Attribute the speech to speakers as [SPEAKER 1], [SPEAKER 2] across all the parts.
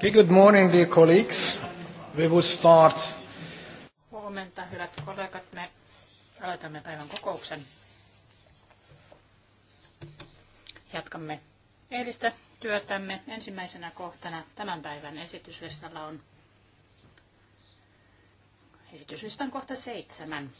[SPEAKER 1] Okay, good morning, dear colleagues. We will start.
[SPEAKER 2] Huomenta, hyvät kollegat. Me aloitamme päivän kokouksen. Jatkamme eilistä työtämme. Ensimmäisenä kohtana tämän päivän esityslistalla on esityslistan kohta seitsemän.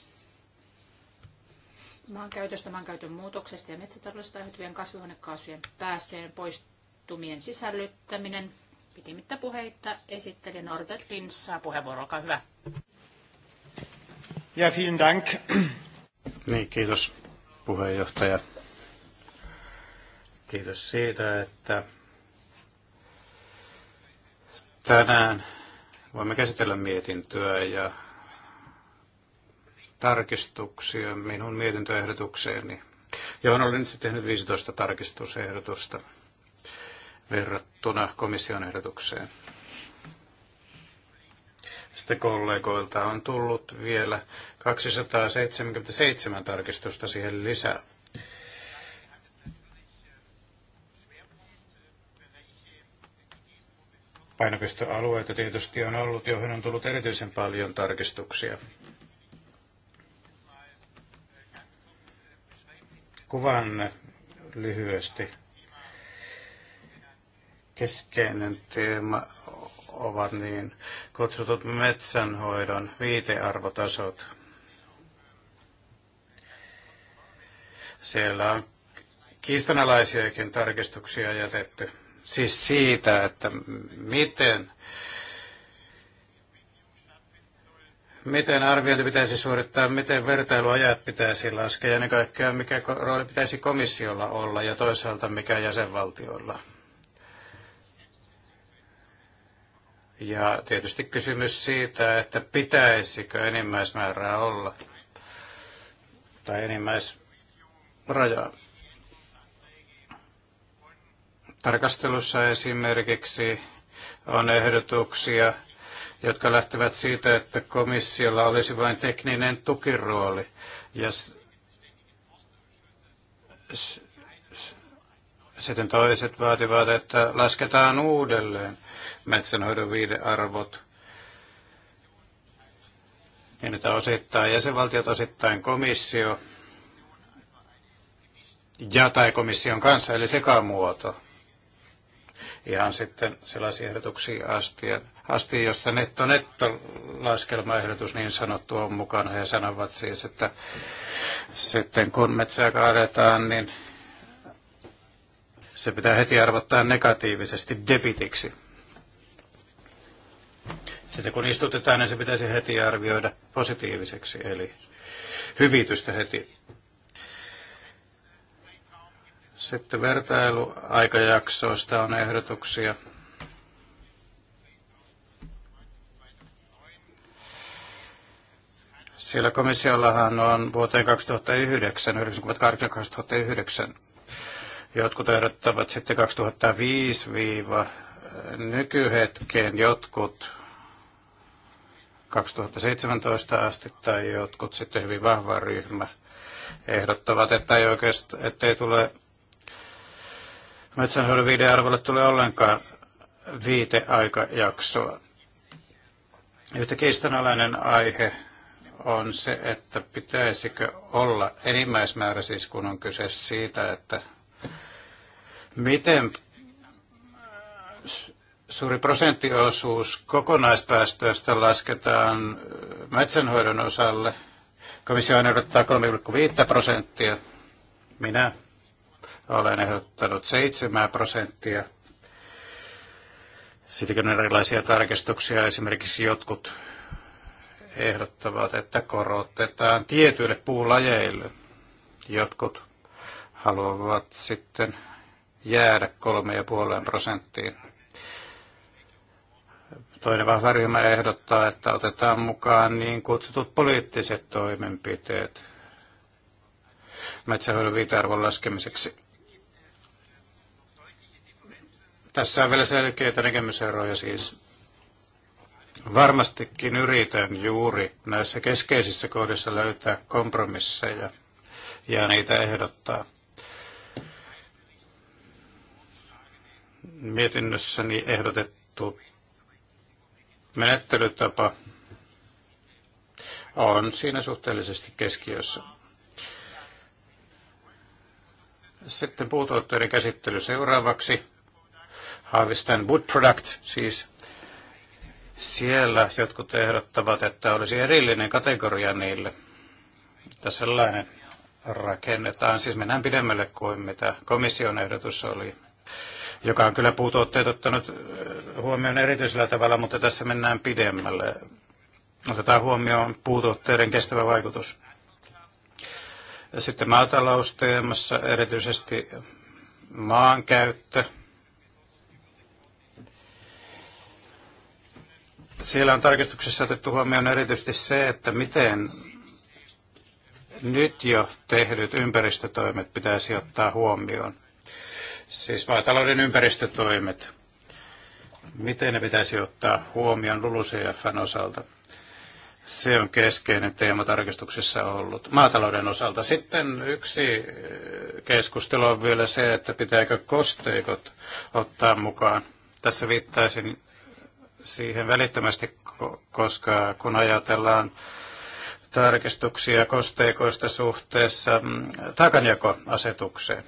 [SPEAKER 2] Maankäytöstä, maankäytön muutoksesta ja metsätaloudesta aiheutuvien kasvihuonekaasujen päästöjen poistumien sisällyttäminen – Pitimmittä puheita esitteli Norbert Linssaa. puheenvuoro, olkaa hyvä.
[SPEAKER 1] Ja, vielen dank. Niin, kiitos puheenjohtaja. Kiitos siitä, että
[SPEAKER 3] tänään
[SPEAKER 1] voimme käsitellä mietintöä ja tarkistuksia minun mietintöehdotukseeni, johon olen nyt tehnyt 15 tarkistusehdotusta verrattuna komission ehdotukseen. Sitten kollegoilta on tullut vielä 277 tarkistusta siihen lisää. Painopistoalueita tietysti on ollut, joihin on tullut erityisen paljon tarkistuksia. Kuvan lyhyesti keskeinen teema ovat niin kutsutut metsänhoidon viitearvotasot. Siellä on kiistanalaisiakin tarkistuksia jätetty. Siis siitä, että miten, miten arviointi pitäisi suorittaa, miten vertailuajat pitäisi laskea ja ennen kaikkea mikä rooli pitäisi komissiolla olla ja toisaalta mikä jäsenvaltioilla. Ja tietysti kysymys siitä, että pitäisikö enimmäismäärää olla tai enimmäisrajaa. Tarkastelussa esimerkiksi on ehdotuksia, jotka lähtevät siitä, että komissiolla olisi vain tekninen tukirooli. Ja sitten toiset vaativat, että lasketaan uudelleen – metsänhoidon viidearvot, ja niitä osittain jäsenvaltiot, osittain komissio ja tai komission kanssa, eli sekamuoto. Ihan sitten sellaisia ehdotuksia asti, asti jossa netto-netto-laskelmaehdotus niin sanottu on mukana. He sanovat siis, että sitten kun metsää kaadetaan, niin se pitää heti arvottaa negatiivisesti debitiksi. Sitten kun istutetaan, niin se pitäisi heti arvioida positiiviseksi, eli hyvitystä heti. Sitten vertailuaikajaksoista on ehdotuksia. Siellä komissiollahan on vuoteen 2009, 98-2009. Jotkut ehdottavat sitten 2005 nykyhetkeen, jotkut 2017 asti tai jotkut sitten hyvin vahva ryhmä ehdottavat, että ei oikeastaan, ei tule metsänhoidon viidearvolle tule ollenkaan viiteaikajaksoa. Yhtä kiistanalainen aihe on se, että pitäisikö olla enimmäismäärä siis, kun on kyse siitä, että miten suuri prosenttiosuus kokonaispäästöistä lasketaan äh, metsänhoidon osalle. Komissio ehdottaa 3,5 prosenttia. Minä olen ehdottanut 7 prosenttia. Sitten on erilaisia tarkistuksia. Esimerkiksi jotkut ehdottavat, että korotetaan tietyille puulajeille. Jotkut haluavat sitten jäädä 3,5 prosenttiin Toinen vahvaryhmä ehdottaa, että otetaan mukaan niin kutsutut poliittiset toimenpiteet metsähoidon viitearvon laskemiseksi. Tässä on vielä selkeitä näkemyseroja siis. Varmastikin yritän juuri näissä keskeisissä kohdissa löytää kompromisseja ja niitä ehdottaa. Mietinnössäni ehdotettu menettelytapa on siinä suhteellisesti keskiössä. Sitten puutuotteiden käsittely seuraavaksi. Harvest and Wood Product siis. Siellä jotkut ehdottavat, että olisi erillinen kategoria niille. Että sellainen rakennetaan. Siis mennään pidemmälle kuin mitä komission ehdotus oli joka on kyllä puutuotteet ottanut huomioon erityisellä tavalla, mutta tässä mennään pidemmälle. Otetaan huomioon puutuotteiden kestävä vaikutus. Sitten maatalousteemassa erityisesti maankäyttö. Siellä on tarkistuksessa otettu huomioon erityisesti se, että miten nyt jo tehdyt ympäristötoimet pitäisi ottaa huomioon Siis maatalouden ympäristötoimet. Miten ne pitäisi ottaa huomioon LULUCFn osalta? Se on keskeinen teema tarkistuksessa ollut maatalouden osalta. Sitten yksi eh, keskustelu on vielä se, että pitääkö kosteikot ottaa mukaan. Tässä viittaisin siihen välittömästi, koska kun ajatellaan tarkistuksia kosteikoista suhteessa mm, takanjakoasetukseen,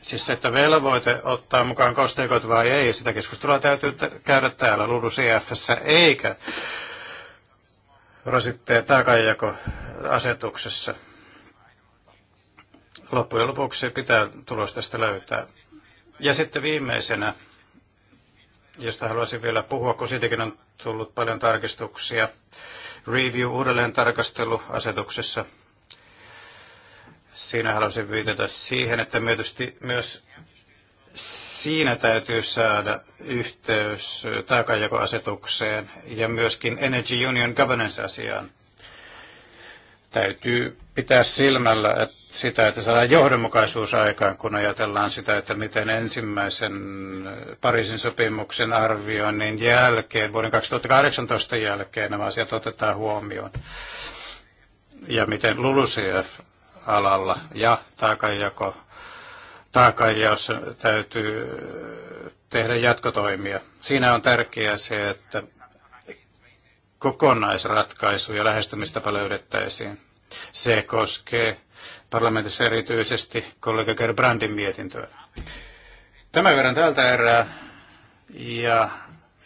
[SPEAKER 1] Siis se, että velvoite ottaa mukaan kosteikot vai ei, sitä keskustelua täytyy käydä täällä LULUCFssä eikä rasitteen taakajako-asetuksessa. Loppujen lopuksi pitää tulos tästä löytää. Ja sitten viimeisenä, josta haluaisin vielä puhua, kun siitäkin on tullut paljon tarkistuksia, review uudelleen tarkastelu asetuksessa – Siinä haluaisin viitata siihen, että myös siinä täytyy saada yhteys taakanjakoasetukseen ja myöskin Energy Union Governance-asiaan. Täytyy pitää silmällä että sitä, että saadaan johdonmukaisuus aikaan, kun ajatellaan sitä, että miten ensimmäisen Pariisin sopimuksen arvioinnin jälkeen, vuoden 2018 jälkeen nämä asiat otetaan huomioon. Ja miten LULUCF alalla ja taakanjako, taakanjaossa täytyy tehdä jatkotoimia. Siinä on tärkeää se, että kokonaisratkaisu ja lähestymistapa löydettäisiin. Se koskee parlamentissa erityisesti kollega Gerbrandin mietintöä. Tämän verran tältä erää ja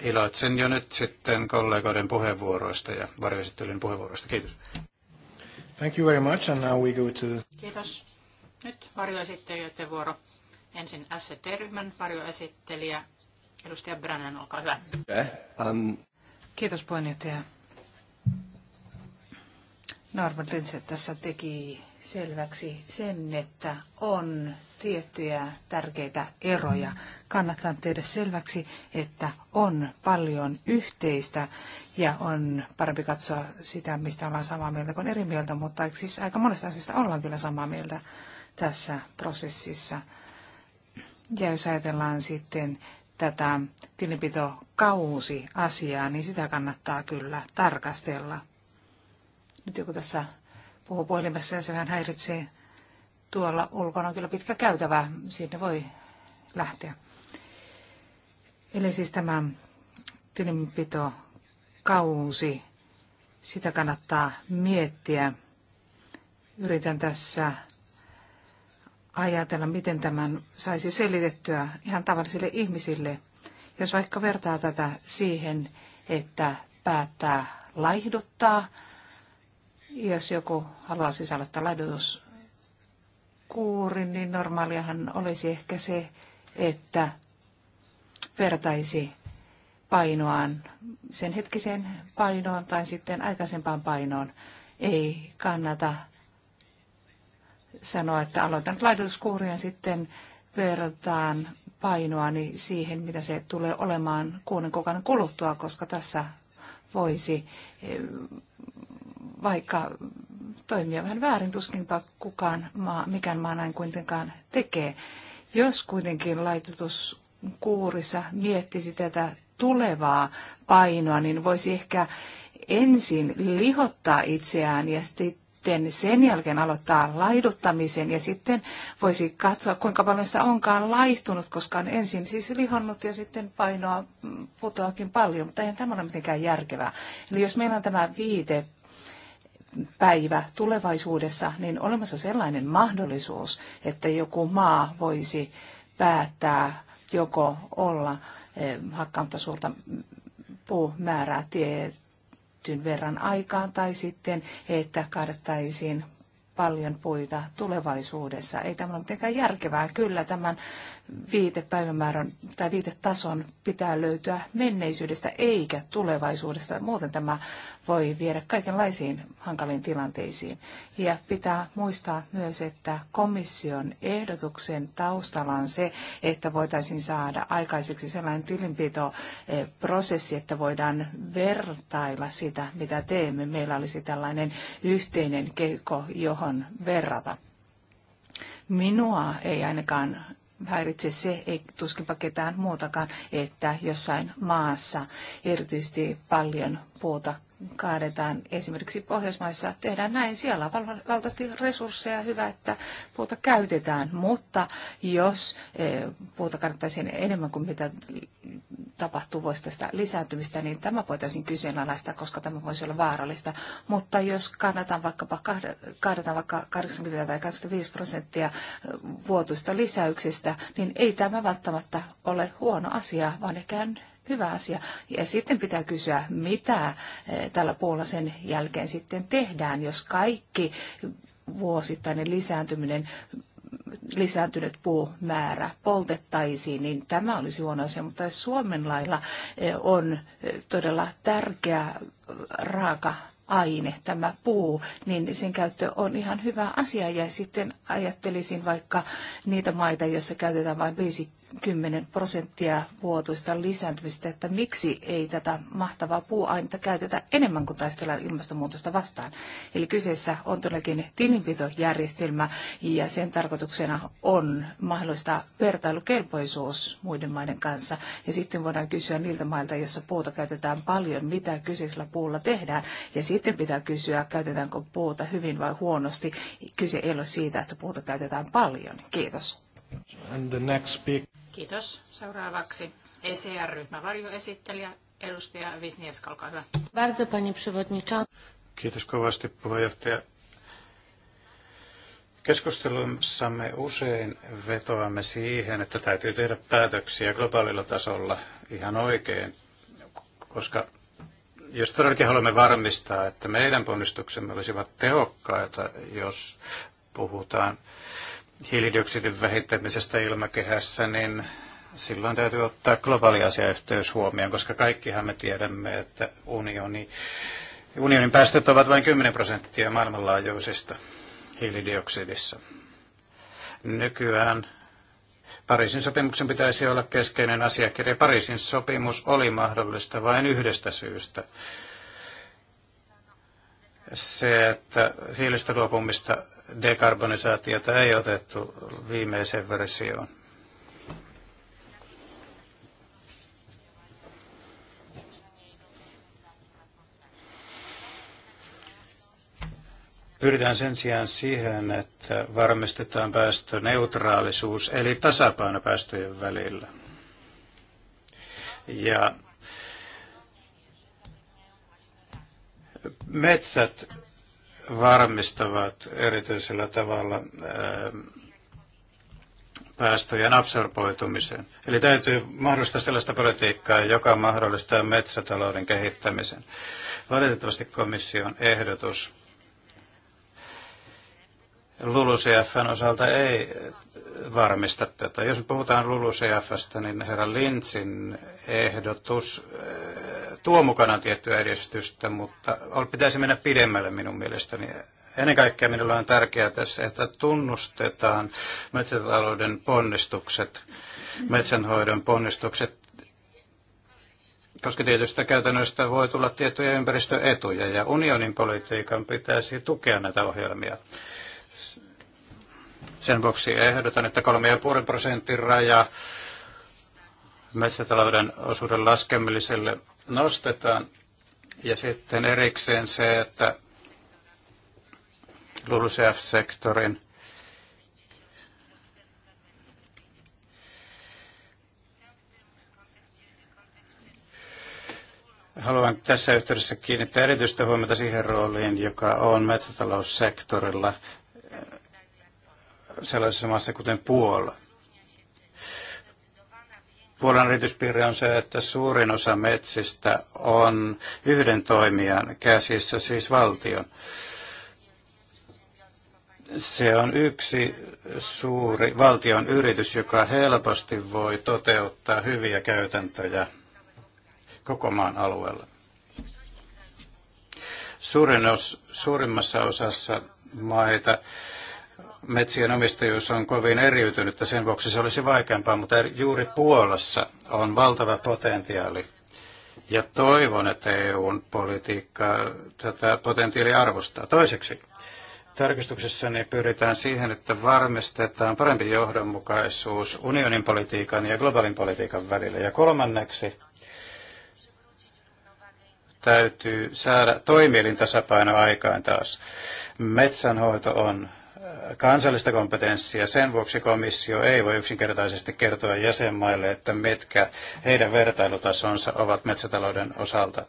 [SPEAKER 1] iloitsen jo nyt sitten kollegoiden puheenvuoroista ja varjoesittelyn puheenvuoroista. Kiitos. Thank you very much, and now we go to...
[SPEAKER 2] Kiitos. Nyt varjoesittelijöiden vuoro. Ensin SCT-ryhmän varjoesittelijä, edustaja Brannan, olkaa hyvä.
[SPEAKER 1] Yeah, um...
[SPEAKER 3] Kiitos puheenjohtaja. Norman Linset tässä teki selväksi sen, että on tiettyjä tärkeitä eroja. Kannattaa tehdä selväksi, että on paljon yhteistä ja on parempi katsoa sitä, mistä ollaan samaa mieltä kuin eri mieltä, mutta siis aika monesta asiasta ollaan kyllä samaa mieltä tässä prosessissa. Ja jos ajatellaan sitten tätä tilinpitokausi-asiaa, niin sitä kannattaa kyllä tarkastella. Nyt joku tässä puhuu puhelimessa ja se vähän häiritsee. Tuolla ulkona on kyllä pitkä käytävä, sinne voi lähteä. Eli siis tämä tilinpito kausi, sitä kannattaa miettiä. Yritän tässä ajatella, miten tämän saisi selitettyä ihan tavallisille ihmisille. Jos vaikka vertaa tätä siihen, että päättää laihduttaa, jos joku haluaa sisällyttää laiduskuurin, niin normaaliahan olisi ehkä se, että vertaisi painoaan sen hetkiseen painoon tai sitten aikaisempaan painoon. Ei kannata sanoa, että aloitan laiduskuurin ja sitten vertaan painoani siihen, mitä se tulee olemaan kuuden kuukauden kuluttua, koska tässä voisi vaikka toimia vähän väärin, tuskinpa kukaan maa, mikään maa näin kuitenkaan tekee. Jos kuitenkin laitutuskuurissa miettisi tätä tulevaa painoa, niin voisi ehkä ensin lihottaa itseään ja sitten sen jälkeen aloittaa laiduttamisen ja sitten voisi katsoa, kuinka paljon sitä onkaan laihtunut, koska on ensin siis lihonnut ja sitten painoa putoakin paljon, mutta eihän tämä ole mitenkään järkevää. Eli jos meillä on tämä viite päivä tulevaisuudessa, niin olemassa sellainen mahdollisuus, että joku maa voisi päättää joko olla eh, hakkaamatta suurta puumäärää tietyn verran aikaan tai sitten, että kaadettaisiin paljon puita tulevaisuudessa. Ei tämä ole mitenkään järkevää. Kyllä tämän viitepäivämäärän tai viitetason pitää löytyä menneisyydestä eikä tulevaisuudesta. Muuten tämä voi viedä kaikenlaisiin hankaliin tilanteisiin. Ja pitää muistaa myös, että komission ehdotuksen taustalla on se, että voitaisiin saada aikaiseksi sellainen tilinpitoprosessi, että voidaan vertailla sitä, mitä teemme. Meillä olisi tällainen yhteinen keiko, johon verrata minua ei ainakaan häiritse se, ei tuskinpa ketään muutakaan, että jossain maassa erityisesti paljon puuta kaadetaan esimerkiksi Pohjoismaissa. Tehdään näin, siellä on valtavasti resursseja, hyvä, että puuta käytetään, mutta jos eh, puuta kannattaisi enemmän kuin mitä tapahtuu voisi tästä lisääntymistä, niin tämä voitaisiin kyseenalaistaa, koska tämä voisi olla vaarallista. Mutta jos kannataan vaikkapa, kaadetaan vaikka 80 tai 85 prosenttia eh, vuotuista lisäyksistä, niin ei tämä välttämättä ole huono asia, vaan ehkä hyvä asia. Ja sitten pitää kysyä, mitä eh, tällä puolella sen jälkeen sitten tehdään, jos kaikki vuosittainen lisääntyminen lisääntynyt puumäärä poltettaisiin, niin tämä olisi huono asia. Mutta Suomen lailla eh, on eh, todella tärkeä raaka aine, tämä puu, niin sen käyttö on ihan hyvä asia. Ja sitten ajattelisin vaikka niitä maita, joissa käytetään vain 5 10 prosenttia vuotuista lisääntymistä, että miksi ei tätä mahtavaa puuainetta käytetä enemmän kuin taistellaan ilmastonmuutosta vastaan. Eli kyseessä on todellakin tilinpitojärjestelmä ja sen tarkoituksena on mahdollista vertailukelpoisuus muiden maiden kanssa. Ja sitten voidaan kysyä niiltä mailta, joissa puuta käytetään paljon, mitä kyseisellä puulla tehdään. Ja sitten pitää kysyä, käytetäänkö puuta hyvin vai huonosti. Kyse ei ole siitä, että puuta käytetään paljon. Kiitos.
[SPEAKER 1] And the next speaker.
[SPEAKER 2] Kiitos. Seuraavaksi ECR-ryhmä varjoesittelijä edustaja Wisniewska, olkaa hyvä. Bardzo, pani, przewodniczący.
[SPEAKER 1] Kiitos kovasti puheenjohtaja. Keskustelussamme usein vetoamme siihen, että täytyy tehdä päätöksiä globaalilla tasolla ihan oikein, koska jos todellakin haluamme varmistaa, että meidän ponnistuksemme olisivat tehokkaita, jos puhutaan hiilidioksidin vähittämisestä ilmakehässä, niin silloin täytyy ottaa globaali asiayhteys huomioon, koska kaikkihan me tiedämme, että unioni, unionin päästöt ovat vain 10 prosenttia maailmanlaajuisista hiilidioksidissa. Nykyään Pariisin sopimuksen pitäisi olla keskeinen asiakirja. Pariisin sopimus oli mahdollista vain yhdestä syystä se, että hiilistä luopumista dekarbonisaatiota ei otettu viimeiseen versioon. Pyritään sen sijaan siihen, että varmistetaan päästöneutraalisuus, eli tasapaino päästöjen välillä. Ja Metsät varmistavat erityisellä tavalla ähm, päästöjen absorboitumisen. Eli täytyy mahdollistaa sellaista politiikkaa, joka mahdollistaa metsätalouden kehittämisen. Valitettavasti komission ehdotus LULUCFn osalta ei varmista tätä. Jos puhutaan LULUCFstä, niin herra Lintzin ehdotus tuo mukanaan tiettyä edistystä, mutta pitäisi mennä pidemmälle minun mielestäni. Ennen kaikkea minulla on tärkeää tässä, että tunnustetaan metsätalouden ponnistukset, metsänhoidon ponnistukset, koska tietystä käytännöstä voi tulla tiettyjä ympäristöetuja ja unionin politiikan pitäisi tukea näitä ohjelmia. Sen vuoksi ehdotan, että 3,5 prosentin raja metsätalouden osuuden laskemiselle nostetaan. Ja sitten erikseen se, että LULUCF-sektorin Haluan tässä yhteydessä kiinnittää erityistä huomiota siihen rooliin, joka on metsätaloussektorilla sellaisessa maassa kuten Puola. Puolan erityispiirre on se, että suurin osa metsistä on yhden toimijan käsissä, siis valtion. Se on yksi suuri valtion yritys, joka helposti voi toteuttaa hyviä käytäntöjä koko maan alueella. Suurin os, suurimmassa osassa maita metsien omistajuus on kovin eriytynyt ja sen vuoksi se olisi vaikeampaa, mutta juuri Puolassa on valtava potentiaali. Ja toivon, että EUn politiikka tätä potentiaalia arvostaa. Toiseksi, tarkistuksessa pyritään siihen, että varmistetaan parempi johdonmukaisuus unionin politiikan ja globaalin politiikan välillä. Ja kolmanneksi, täytyy saada toimielin tasapaino aikaan taas. Metsänhoito on kansallista kompetenssia. Sen vuoksi komissio ei voi yksinkertaisesti kertoa jäsenmaille, että mitkä heidän vertailutasonsa ovat metsätalouden osalta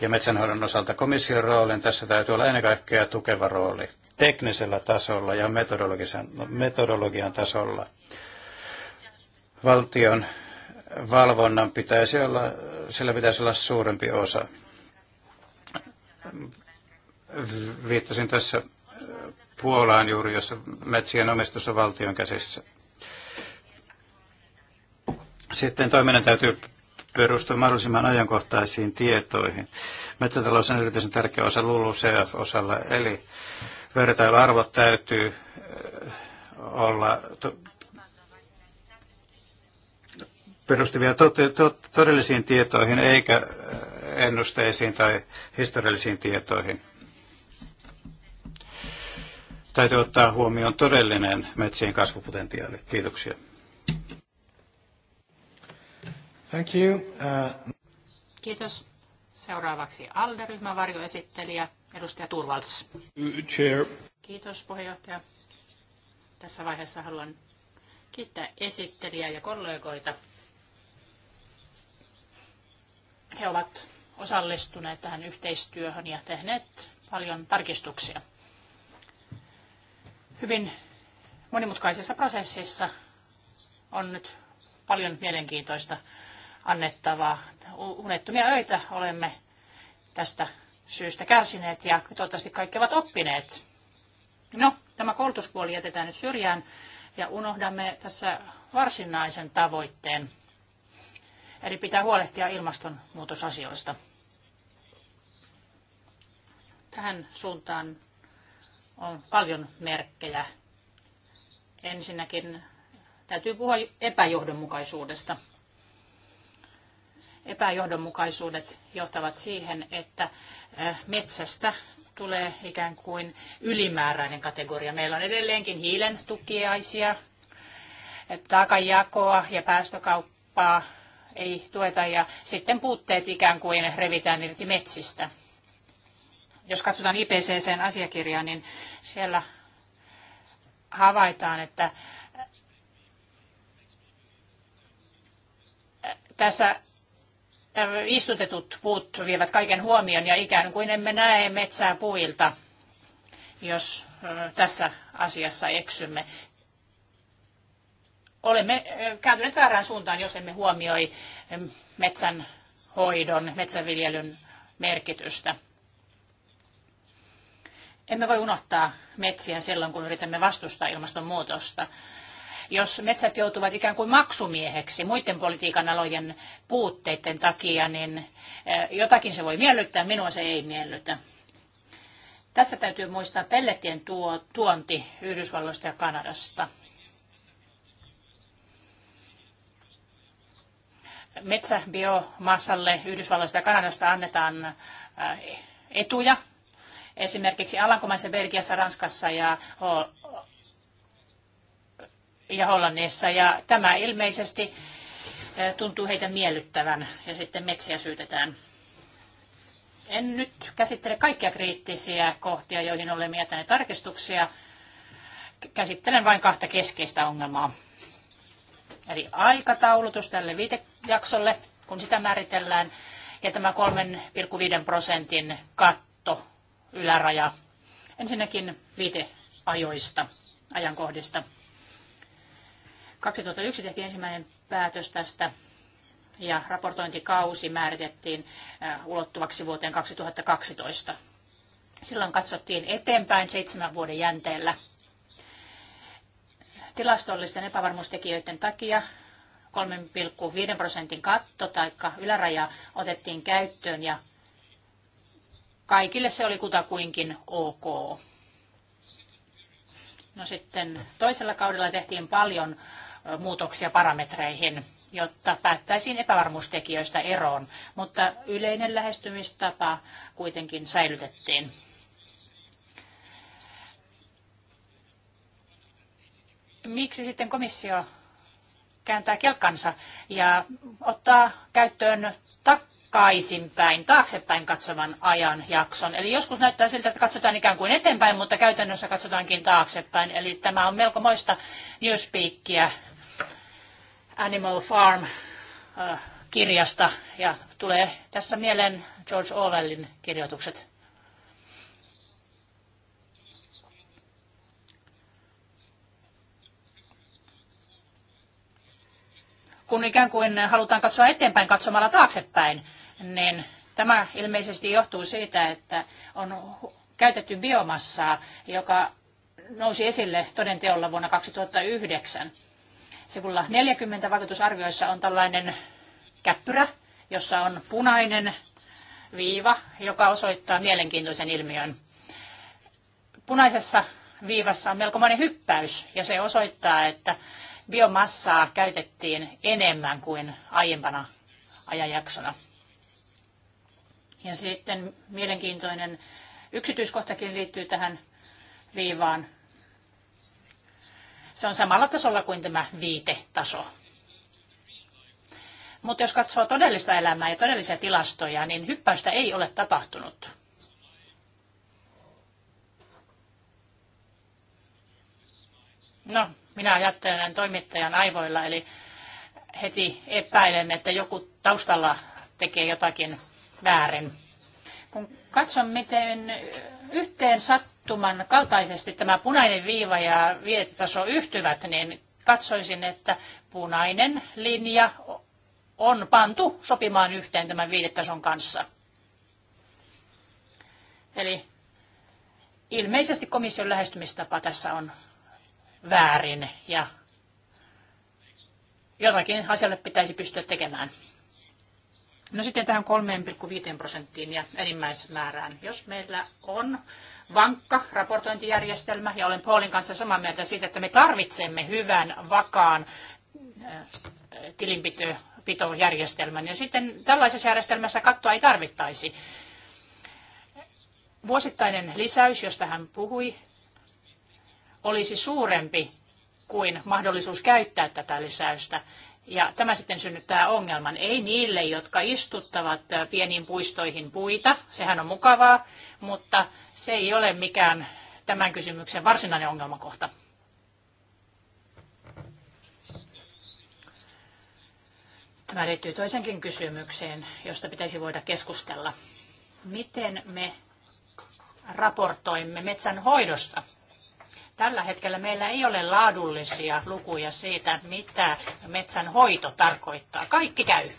[SPEAKER 1] ja metsänhoidon osalta. Komission roolin tässä täytyy olla ennen kaikkea tukeva rooli teknisellä tasolla ja metodologian, metodologian tasolla. Valtion valvonnan pitäisi olla, sillä pitäisi olla suurempi osa. Viittasin tässä Puolaan juuri, jossa metsien omistus on valtion käsissä. Sitten toiminnan täytyy perustua mahdollisimman ajankohtaisiin tietoihin. Metsätalous on erityisen tärkeä osa LULUCF-osalla, eli vertailuarvot täytyy eh, olla to- perustuvia to- to- todellisiin tietoihin eikä eh, ennusteisiin tai historiallisiin tietoihin täytyy ottaa huomioon todellinen metsien kasvupotentiaali. Kiitoksia. Thank you. Uh... Kiitos.
[SPEAKER 2] Seuraavaksi ALDE-ryhmän varjoesittelijä, edustaja Turvalts. Chair. Kiitos puheenjohtaja. Tässä vaiheessa haluan kiittää esittelijää ja kollegoita. He ovat osallistuneet tähän yhteistyöhön ja tehneet paljon tarkistuksia hyvin monimutkaisessa prosessissa on nyt paljon mielenkiintoista annettavaa. Unettomia öitä olemme tästä syystä kärsineet ja toivottavasti kaikki ovat oppineet. No, tämä koulutuspuoli jätetään nyt syrjään ja unohdamme tässä varsinaisen tavoitteen. Eli pitää huolehtia ilmastonmuutosasioista. Tähän suuntaan on paljon merkkejä. Ensinnäkin täytyy puhua epäjohdonmukaisuudesta. Epäjohdonmukaisuudet johtavat siihen, että metsästä tulee ikään kuin
[SPEAKER 1] ylimääräinen
[SPEAKER 2] kategoria. Meillä on edelleenkin hiilen tukiaisia, taakanjakoa ja päästökauppaa ei tueta ja sitten puutteet ikään kuin revitään irti metsistä. Jos katsotaan IPCCn asiakirjaa, niin siellä havaitaan, että äh, tässä äh, istutetut puut vievät kaiken huomion ja ikään kuin emme näe metsää puilta, jos äh, tässä asiassa eksymme. Olemme kääntyneet väärään suuntaan, jos emme huomioi metsän hoidon, metsänviljelyn merkitystä. Emme voi unohtaa metsiä silloin, kun yritämme vastustaa ilmastonmuutosta. Jos metsät joutuvat ikään kuin maksumieheksi muiden politiikan alojen puutteiden takia, niin eh, jotakin se voi miellyttää, minua se ei miellytä. Tässä täytyy muistaa pellettien tuo, tuonti Yhdysvalloista ja Kanadasta. Metsäbiomassalle Yhdysvalloista ja Kanadasta annetaan eh, etuja Esimerkiksi Alankomaissa, Belgiassa, Ranskassa ja, ja Hollannissa. Ja tämä ilmeisesti eh, tuntuu heitä miellyttävän ja sitten metsiä syytetään. En nyt käsittele kaikkia kriittisiä kohtia, joihin olemme jättäneet tarkistuksia. Käsittelen vain kahta keskeistä ongelmaa. Eli aikataulutus tälle viitejaksolle, kun sitä määritellään, ja tämä 3,5 prosentin katto yläraja. Ensinnäkin viiteajoista, ajankohdista. 2001 tehtiin ensimmäinen päätös tästä ja raportointikausi määritettiin äh, ulottuvaksi vuoteen 2012. Silloin katsottiin eteenpäin seitsemän vuoden jänteellä. Tilastollisten epävarmuustekijöiden takia 3,5 prosentin katto tai yläraja otettiin käyttöön ja Kaikille se oli kutakuinkin ok. No sitten toisella kaudella tehtiin paljon muutoksia parametreihin, jotta päättäisiin epävarmuustekijöistä eroon, mutta yleinen lähestymistapa kuitenkin säilytettiin. Miksi sitten komissio kääntää kelkansa ja ottaa käyttöön takaisinpäin, taaksepäin katsovan ajan jakson. Eli joskus näyttää siltä, että katsotaan ikään kuin eteenpäin, mutta käytännössä katsotaankin taaksepäin. Eli tämä on melko moista newspeakia Animal Farm äh, kirjasta ja tulee tässä mieleen George Orwellin kirjoitukset. kun ikään kuin halutaan katsoa eteenpäin katsomalla taaksepäin niin tämä ilmeisesti johtuu siitä, että on käytetty biomassaa, joka nousi esille todenteolla vuonna 2009. Sivulla 40 vaikutusarvioissa on tällainen käppyrä, jossa on punainen viiva, joka osoittaa mielenkiintoisen ilmiön. Punaisessa viivassa on melkoinen hyppäys ja se osoittaa, että biomassaa käytettiin enemmän kuin aiempana ajanjaksona. Ja sitten mielenkiintoinen yksityiskohtakin liittyy tähän viivaan. Se on samalla tasolla kuin tämä viitetaso. Mutta jos katsoo todellista elämää ja todellisia tilastoja, niin hyppäystä ei ole tapahtunut. No, minä ajattelen toimittajan aivoilla, eli heti epäilen, että joku taustalla tekee jotakin väärin. Kun katson, miten yhteen sattuman kaltaisesti tämä punainen viiva ja vietitaso yhtyvät, niin katsoisin, että punainen linja on pantu sopimaan yhteen tämän viitetason kanssa. Eli ilmeisesti komission lähestymistapa tässä on väärin ja jotakin asialle pitäisi pystyä tekemään. No sitten tähän 3,5 prosenttiin ja enimmäismäärään. Jos meillä on vankka raportointijärjestelmä, ja olen Paulin kanssa samaa mieltä siitä, että me tarvitsemme hyvän, vakaan äh, tilinpitojärjestelmän, ja sitten tällaisessa järjestelmässä kattoa ei tarvittaisi. Vuosittainen lisäys, josta hän puhui, olisi suurempi kuin mahdollisuus käyttää tätä lisäystä. Ja tämä sitten synnyttää ongelman. Ei niille, jotka istuttavat äh, pieniin puistoihin puita, sehän on mukavaa, mutta se ei ole mikään tämän kysymyksen varsinainen ongelmakohta. Tämä liittyy toisenkin kysymykseen, josta pitäisi voida keskustella. Miten me raportoimme metsän hoidosta? Tällä hetkellä meillä ei ole laadullisia lukuja siitä, mitä metsän hoito tarkoittaa. Kaikki käy.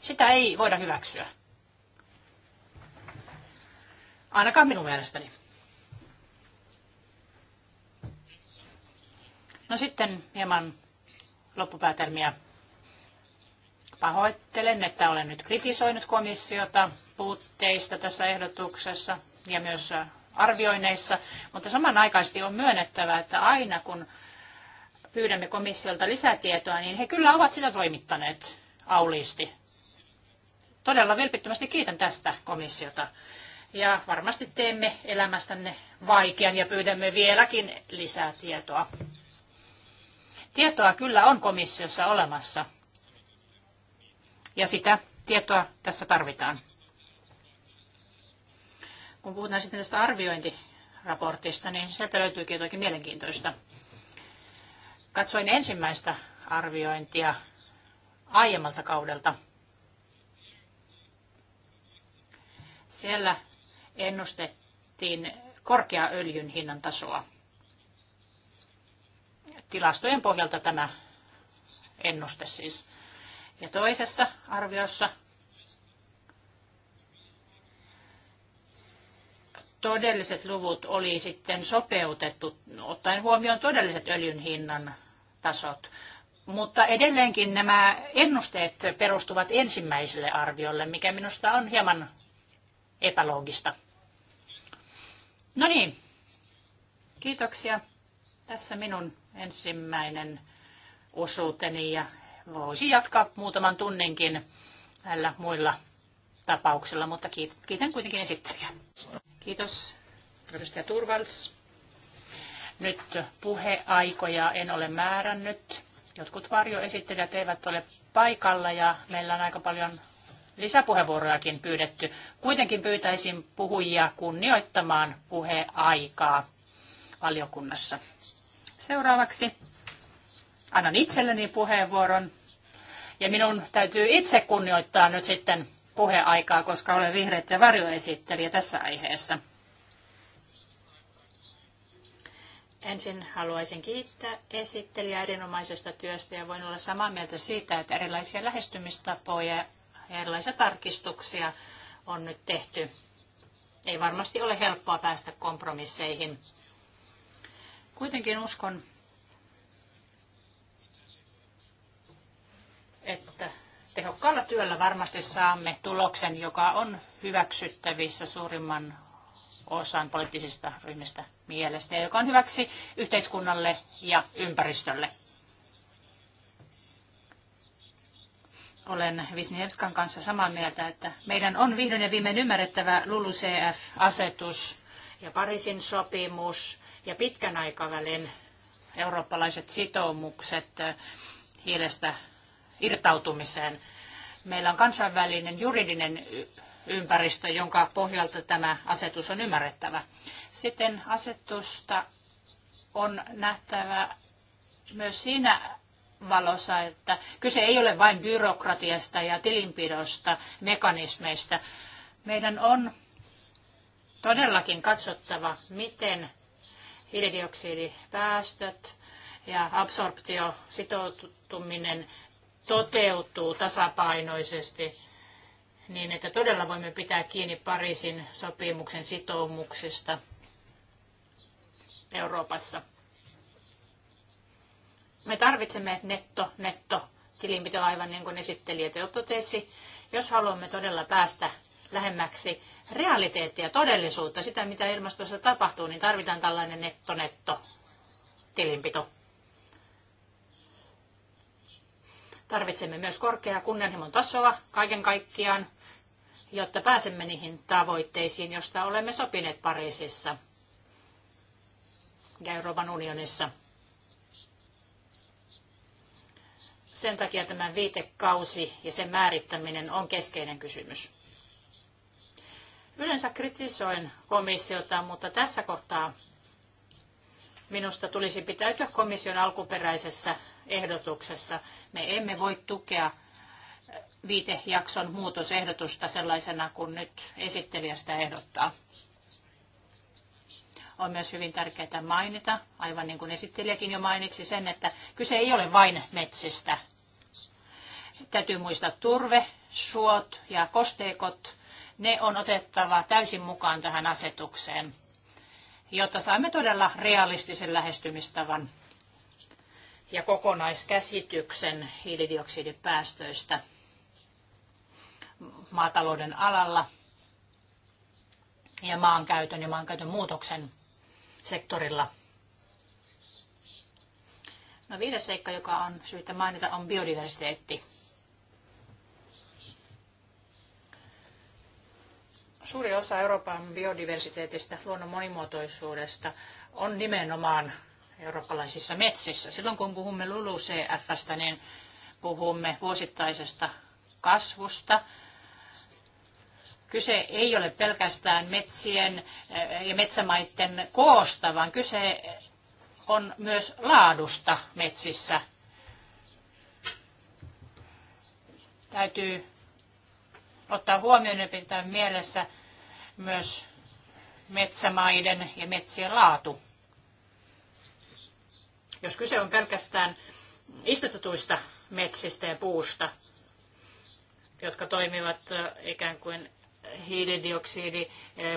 [SPEAKER 2] Sitä ei voida hyväksyä. Ainakaan minun mielestäni. No sitten hieman loppupäätelmiä. Pahoittelen, että olen nyt kritisoinut komissiota puutteista tässä ehdotuksessa ja myös arvioinneissa, mutta samanaikaisesti on myönnettävä, että aina kun pyydämme komissiolta lisätietoa, niin he kyllä ovat sitä toimittaneet auliisti. Todella vilpittömästi kiitän tästä komissiota. Ja varmasti teemme elämästänne vaikean ja pyydämme vieläkin lisää tietoa. Tietoa kyllä on komissiossa olemassa. Ja sitä tietoa tässä tarvitaan kun puhutaan sitten tästä arviointiraportista, niin sieltä löytyykin jotakin mielenkiintoista. Katsoin ensimmäistä arviointia aiemmalta kaudelta. Siellä ennustettiin korkea öljyn hinnan tasoa. Tilastojen pohjalta tämä ennuste siis. Ja toisessa arviossa todelliset luvut oli sitten sopeutettu, ottaen huomioon todelliset öljyn hinnan tasot. Mutta edelleenkin nämä ennusteet perustuvat ensimmäiselle arviolle, mikä minusta on hieman epäloogista. No niin, kiitoksia. Tässä minun ensimmäinen osuuteni ja voisi jatkaa muutaman tunninkin näillä muilla tapauksilla, mutta kiitän kuitenkin esittelijää. Kiitos. Edustaja Turvals. Nyt puheaikoja en ole määrännyt. Jotkut varjoesittelijät eivät ole paikalla ja meillä on aika paljon lisäpuheenvuorojakin pyydetty. Kuitenkin pyytäisin puhujia kunnioittamaan puheaikaa valiokunnassa. Seuraavaksi annan itselleni puheenvuoron ja minun täytyy itse kunnioittaa nyt sitten puheaikaa, koska olen vihreiden varjoesittelijä tässä aiheessa. Ensin haluaisin kiittää esittelijää erinomaisesta työstä ja voin olla samaa mieltä siitä, että erilaisia lähestymistapoja ja erilaisia tarkistuksia on nyt tehty. Ei varmasti ole helppoa päästä kompromisseihin. Kuitenkin uskon, että raskaalla työllä varmasti saamme tuloksen, joka on hyväksyttävissä suurimman osan poliittisista ryhmistä mielestä, ja joka on hyväksi yhteiskunnalle ja ympäristölle. Olen Visnievskan kanssa samaa mieltä, että meidän on vihdoin ja viimein ymmärrettävä LULUCF-asetus ja Pariisin sopimus ja pitkän aikavälin eurooppalaiset sitoumukset hiilestä irtautumiseen – meillä on kansainvälinen juridinen ympäristö, jonka pohjalta tämä asetus on ymmärrettävä. Sitten asetusta on nähtävä myös siinä valossa, että kyse ei ole vain byrokratiasta ja tilinpidosta, mekanismeista. Meidän on todellakin katsottava, miten hiilidioksidipäästöt ja absorptio sitoutuminen toteutuu tasapainoisesti niin, että todella voimme pitää kiinni Pariisin sopimuksen sitoumuksista Euroopassa. Me tarvitsemme netto, netto tilinpito aivan niin kuin esittelijät jo totesi, jos haluamme todella päästä lähemmäksi realiteettia, todellisuutta, sitä mitä ilmastossa tapahtuu, niin tarvitaan tällainen netto, netto tilinpito. Tarvitsemme myös korkeaa kunnianhimon tasoa kaiken kaikkiaan, jotta pääsemme niihin tavoitteisiin, joista olemme sopineet Pariisissa ja Euroopan unionissa. Sen takia tämä viitekausi ja sen määrittäminen on keskeinen kysymys. Yleensä kritisoin komissiota, mutta tässä kohtaa Minusta tulisi pitäytyä komission alkuperäisessä ehdotuksessa. Me emme voi tukea viitejakson muutosehdotusta sellaisena kuin nyt esittelijä sitä ehdottaa. On myös hyvin tärkeää mainita, aivan niin kuin esittelijäkin jo mainitsi sen, että kyse ei ole vain metsistä. Täytyy muistaa turve, suot ja kosteikot. Ne on otettava täysin mukaan tähän asetukseen jotta saamme todella realistisen lähestymistavan ja kokonaiskäsityksen hiilidioksidipäästöistä maatalouden alalla ja maankäytön ja maankäytön muutoksen sektorilla. No viides seikka, joka on syytä mainita, on biodiversiteetti. Suuri osa Euroopan biodiversiteetistä, luonnon monimuotoisuudesta on nimenomaan eurooppalaisissa metsissä. Silloin kun puhumme LULUCFstä, niin puhumme vuosittaisesta kasvusta. Kyse ei ole pelkästään metsien eh, ja metsämaiden koosta, vaan kyse on myös laadusta metsissä. Täytyy ottaa huomioon ja pitää mielessä myös metsämaiden ja metsien laatu. Jos kyse on pelkästään istutetuista metsistä ja puusta, jotka toimivat ikään kuin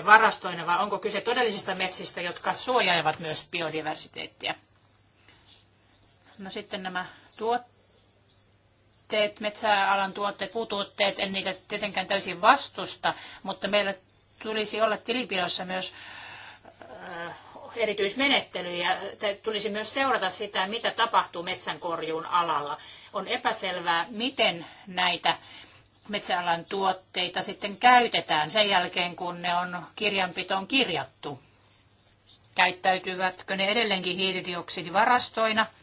[SPEAKER 2] varastoina, vai onko kyse todellisista metsistä, jotka suojelevat myös biodiversiteettiä? No sitten nämä tuotteet tuotteet, metsäalan tuotteet, puutuotteet, en niitä tietenkään täysin vastusta, mutta meillä tulisi olla tilipidossa myös äh, erityismenettelyjä. Tulisi myös seurata sitä, mitä tapahtuu metsänkorjuun alalla. On epäselvää, miten näitä metsäalan tuotteita sitten käytetään sen jälkeen, kun ne on kirjanpitoon kirjattu. Käyttäytyvätkö ne edelleenkin hiilidioksidivarastoina –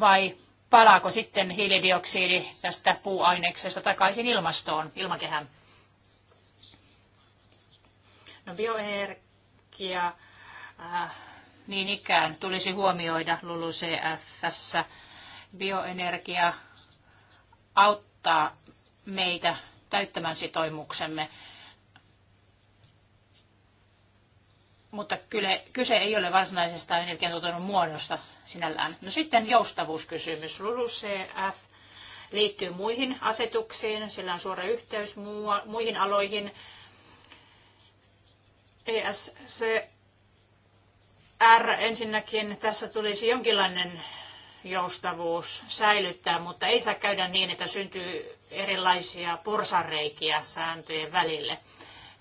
[SPEAKER 2] vai palaako sitten hiilidioksidi tästä puuaineksesta takaisin ilmastoon, ilmakehään? No bioenergia äh, niin ikään tulisi huomioida LULUCFssä. Bioenergia auttaa meitä täyttämään sitoimuksemme. mutta kyllä, kyse ei ole varsinaisesta energiantuotannon muodosta sinällään. No sitten joustavuuskysymys. LULUCF liittyy muihin asetuksiin, sillä on suora yhteys muihin aloihin. ESCR ensinnäkin tässä tulisi jonkinlainen joustavuus säilyttää, mutta ei saa käydä niin, että syntyy erilaisia porsareikiä sääntöjen välille.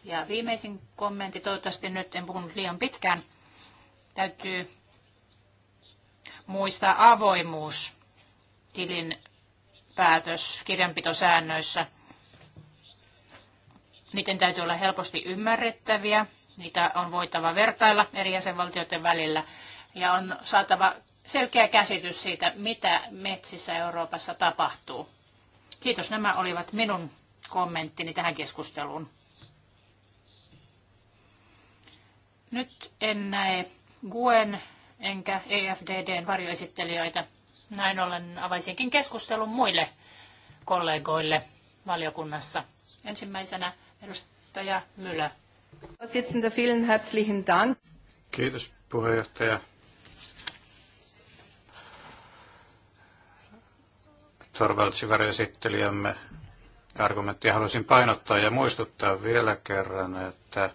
[SPEAKER 2] Ja viimeisin kommentti, toivottavasti nyt en puhunut liian pitkään, täytyy muistaa avoimuus tilin päätös kirjanpitosäännöissä. Niiden täytyy olla helposti ymmärrettäviä. Niitä on voitava vertailla eri jäsenvaltioiden välillä ja on saatava selkeä käsitys siitä, mitä metsissä Euroopassa tapahtuu. Kiitos. Nämä olivat minun kommenttini tähän keskusteluun. Nyt en näe Guen enkä EFDDn varjoesittelijöitä. Näin ollen avaisinkin keskustelun muille kollegoille valiokunnassa. Ensimmäisenä edustaja Mylä.
[SPEAKER 1] Kiitos puheenjohtaja. Torvaltsi varjoesittelijämme argumenttia haluaisin painottaa ja muistuttaa vielä kerran, että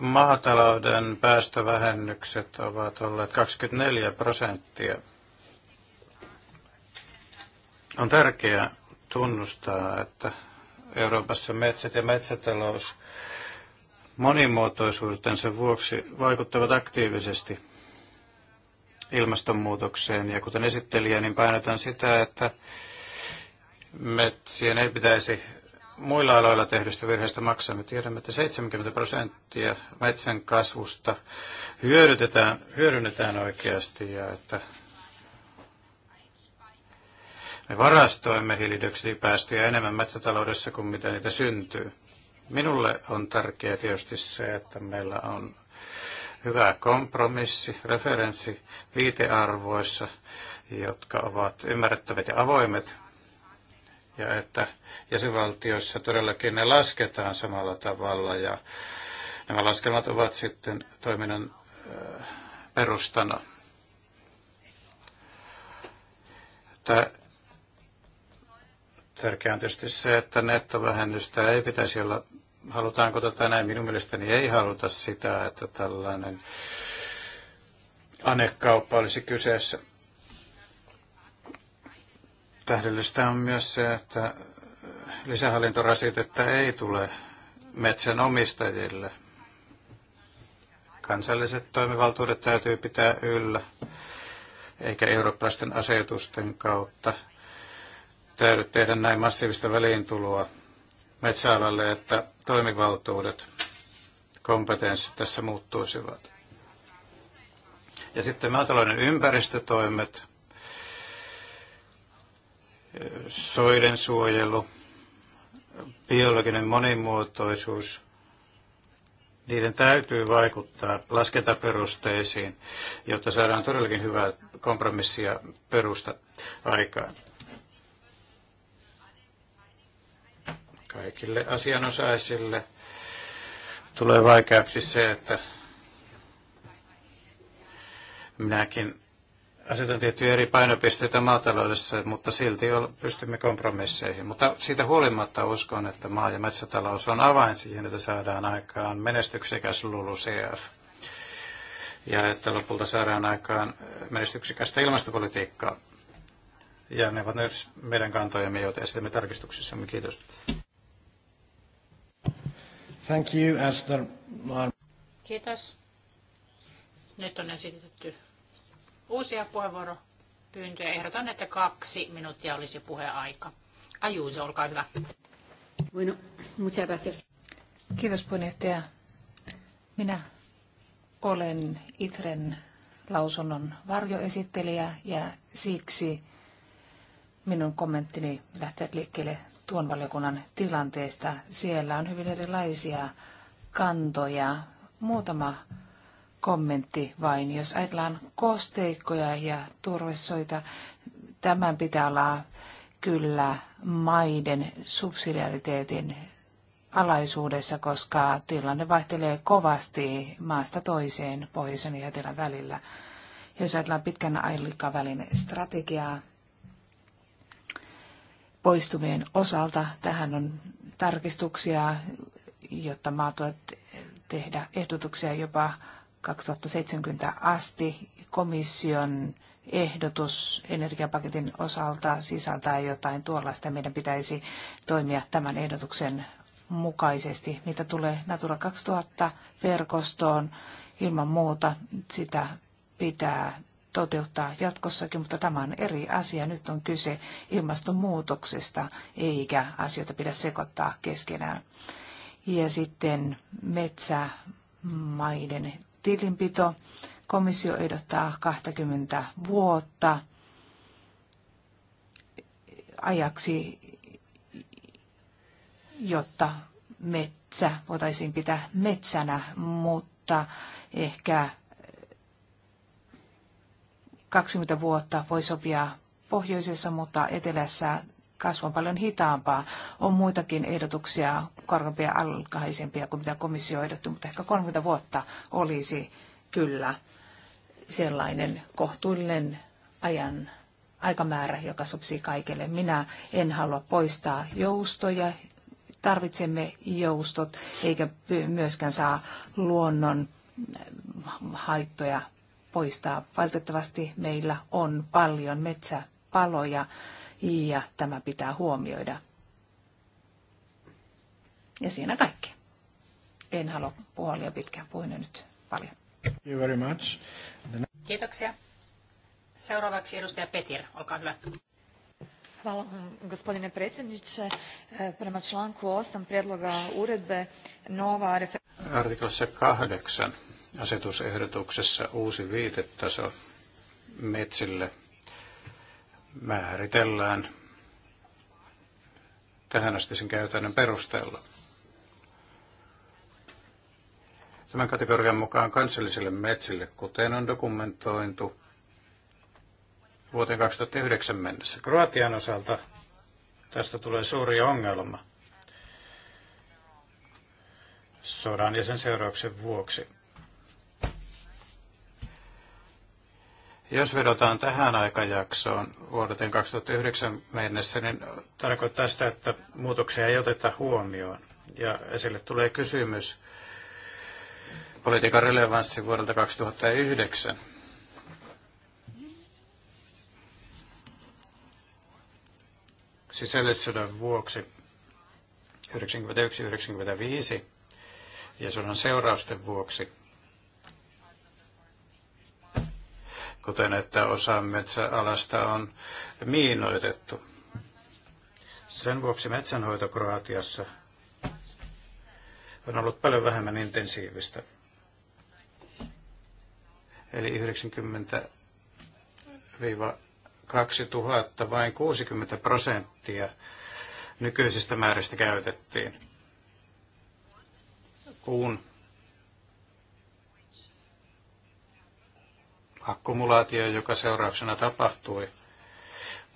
[SPEAKER 1] maatalouden päästövähennykset ovat olleet 24 prosenttia. On tärkeää tunnustaa, että Euroopassa metsät ja metsätalous monimuotoisuutensa vuoksi vaikuttavat aktiivisesti ilmastonmuutokseen. Ja kuten esittelijä, niin painotan sitä, että metsien ei pitäisi muilla aloilla tehdystä virheistä maksamme. Tiedämme, että 70 prosenttia metsän kasvusta hyödytetään, hyödynnetään oikeasti ja että me varastoimme hiilidioksidipäästöjä enemmän metsätaloudessa kuin mitä niitä syntyy. Minulle on tärkeää tietysti se, että meillä on hyvä kompromissi, referenssi viitearvoissa, jotka ovat ymmärrettävät ja avoimet ja että jäsenvaltioissa todellakin ne lasketaan samalla tavalla ja nämä laskelmat ovat sitten toiminnan äh, perustana. Tärkeää on tietysti se, että nettovähennystä ei pitäisi olla, halutaanko tätä näin, minun mielestäni ei haluta sitä, että tällainen anekauppa olisi kyseessä. Tähdellistä on myös se, että lisähallintorasitetta ei tule metsän omistajille. Kansalliset toimivaltuudet täytyy pitää yllä, eikä eurooppalaisten asetusten kautta täydy tehdä näin massiivista väliintuloa metsäalalle, että toimivaltuudet, kompetenssit tässä muuttuisivat. Ja sitten maatalouden ympäristötoimet soiden suojelu, biologinen monimuotoisuus, niiden täytyy vaikuttaa laskentaperusteisiin, jotta saadaan todellakin hyvää kompromissia perusta aikaan. Kaikille asianosaisille tulee vaikeaksi se, että minäkin asetan tiettyjä eri painopisteitä maataloudessa, mutta silti pystymme kompromisseihin. Mutta siitä huolimatta uskon, että maa- ja metsätalous on avain siihen, että saadaan aikaan menestyksekäs LULUCF. Ja että lopulta saadaan aikaan menestyksekästä ilmastopolitiikkaa. Ja ne ovat myös meidän kantojamme, joita esitämme tarkistuksissamme. Kiitos. Thank you, Esther.
[SPEAKER 2] Kiitos. Nyt on esitetty uusia puheenvuoropyyntöjä. Ehdotan, että kaksi minuuttia olisi puheaika. Ajuus, olkaa hyvä.
[SPEAKER 3] Bueno, muchas gracias. Kiitos puheenjohtaja. Minä olen Itren lausunnon varjoesittelijä ja siksi minun kommenttini lähtee liikkeelle tuon valiokunnan tilanteesta. Siellä on hyvin erilaisia kantoja. Muutama kommentti vain. Jos ajatellaan kosteikkoja ja turvesoita, tämän pitää olla kyllä maiden subsidiariteetin alaisuudessa, koska tilanne vaihtelee kovasti maasta toiseen pohjoisen ja etelän välillä. Jos ajatellaan pitkän aikavälin strategiaa poistumien osalta, tähän on tarkistuksia, jotta maat voivat tehdä ehdotuksia jopa 2070 asti komission ehdotus energiapaketin osalta sisältää jotain tuollaista. Meidän pitäisi toimia tämän ehdotuksen mukaisesti, mitä tulee Natura 2000-verkostoon. Ilman muuta sitä pitää toteuttaa jatkossakin, mutta tämä on eri asia. Nyt on kyse ilmastonmuutoksesta, eikä asioita pidä sekoittaa keskenään. Ja sitten metsämaiden tilinpito. Komissio ehdottaa 20 vuotta ajaksi, jotta metsä voitaisiin pitää metsänä, mutta ehkä 20 vuotta voi sopia pohjoisessa, mutta etelässä kasvu on paljon hitaampaa. On muitakin ehdotuksia korkeampia alkaisempia kuin mitä komissio ehdotti, mutta ehkä 30 vuotta olisi kyllä sellainen kohtuullinen ajan aikamäärä, joka sopii kaikille. Minä en halua poistaa joustoja, tarvitsemme joustot, eikä myöskään saa luonnon mm, haittoja poistaa. Valitettavasti meillä on paljon metsäpaloja ja tämä pitää huomioida. Ja siinä kaikki. En halua puhua liian pitkään, puhun nyt paljon. Thank you very much.
[SPEAKER 2] Kiitoksia. Seuraavaksi edustaja Petir, olkaa hyvä.
[SPEAKER 3] Hvala vam, gospodine predsjedniče. E, prema članku 8 prijedloga uredbe nova... Artiklassa
[SPEAKER 1] 8 asetusehdotuksessa uusi viitetaso metsille määritellään tähän asti sen käytännön perusteella. Tämän kategorian mukaan kansallisille metsille, kuten on dokumentointu vuoteen 2009 mennessä. Kroatian osalta tästä tulee suuri ongelma sodan ja sen seurauksen vuoksi. Jos vedotaan tähän aikajaksoon vuoteen 2009 mennessä, niin tarkoittaa sitä, että muutoksia ei oteta huomioon. Ja esille tulee kysymys politiikan relevanssi vuodelta 2009. Sisällissodan vuoksi 1991-1995 ja sodan seurausten vuoksi kuten että osa metsäalasta on miinoitettu. Sen vuoksi metsänhoito Kroatiassa on ollut paljon vähemmän intensiivistä. Eli 90-2000 vain 60 prosenttia nykyisistä määristä käytettiin. Kuun akkumulaatio, joka seurauksena tapahtui,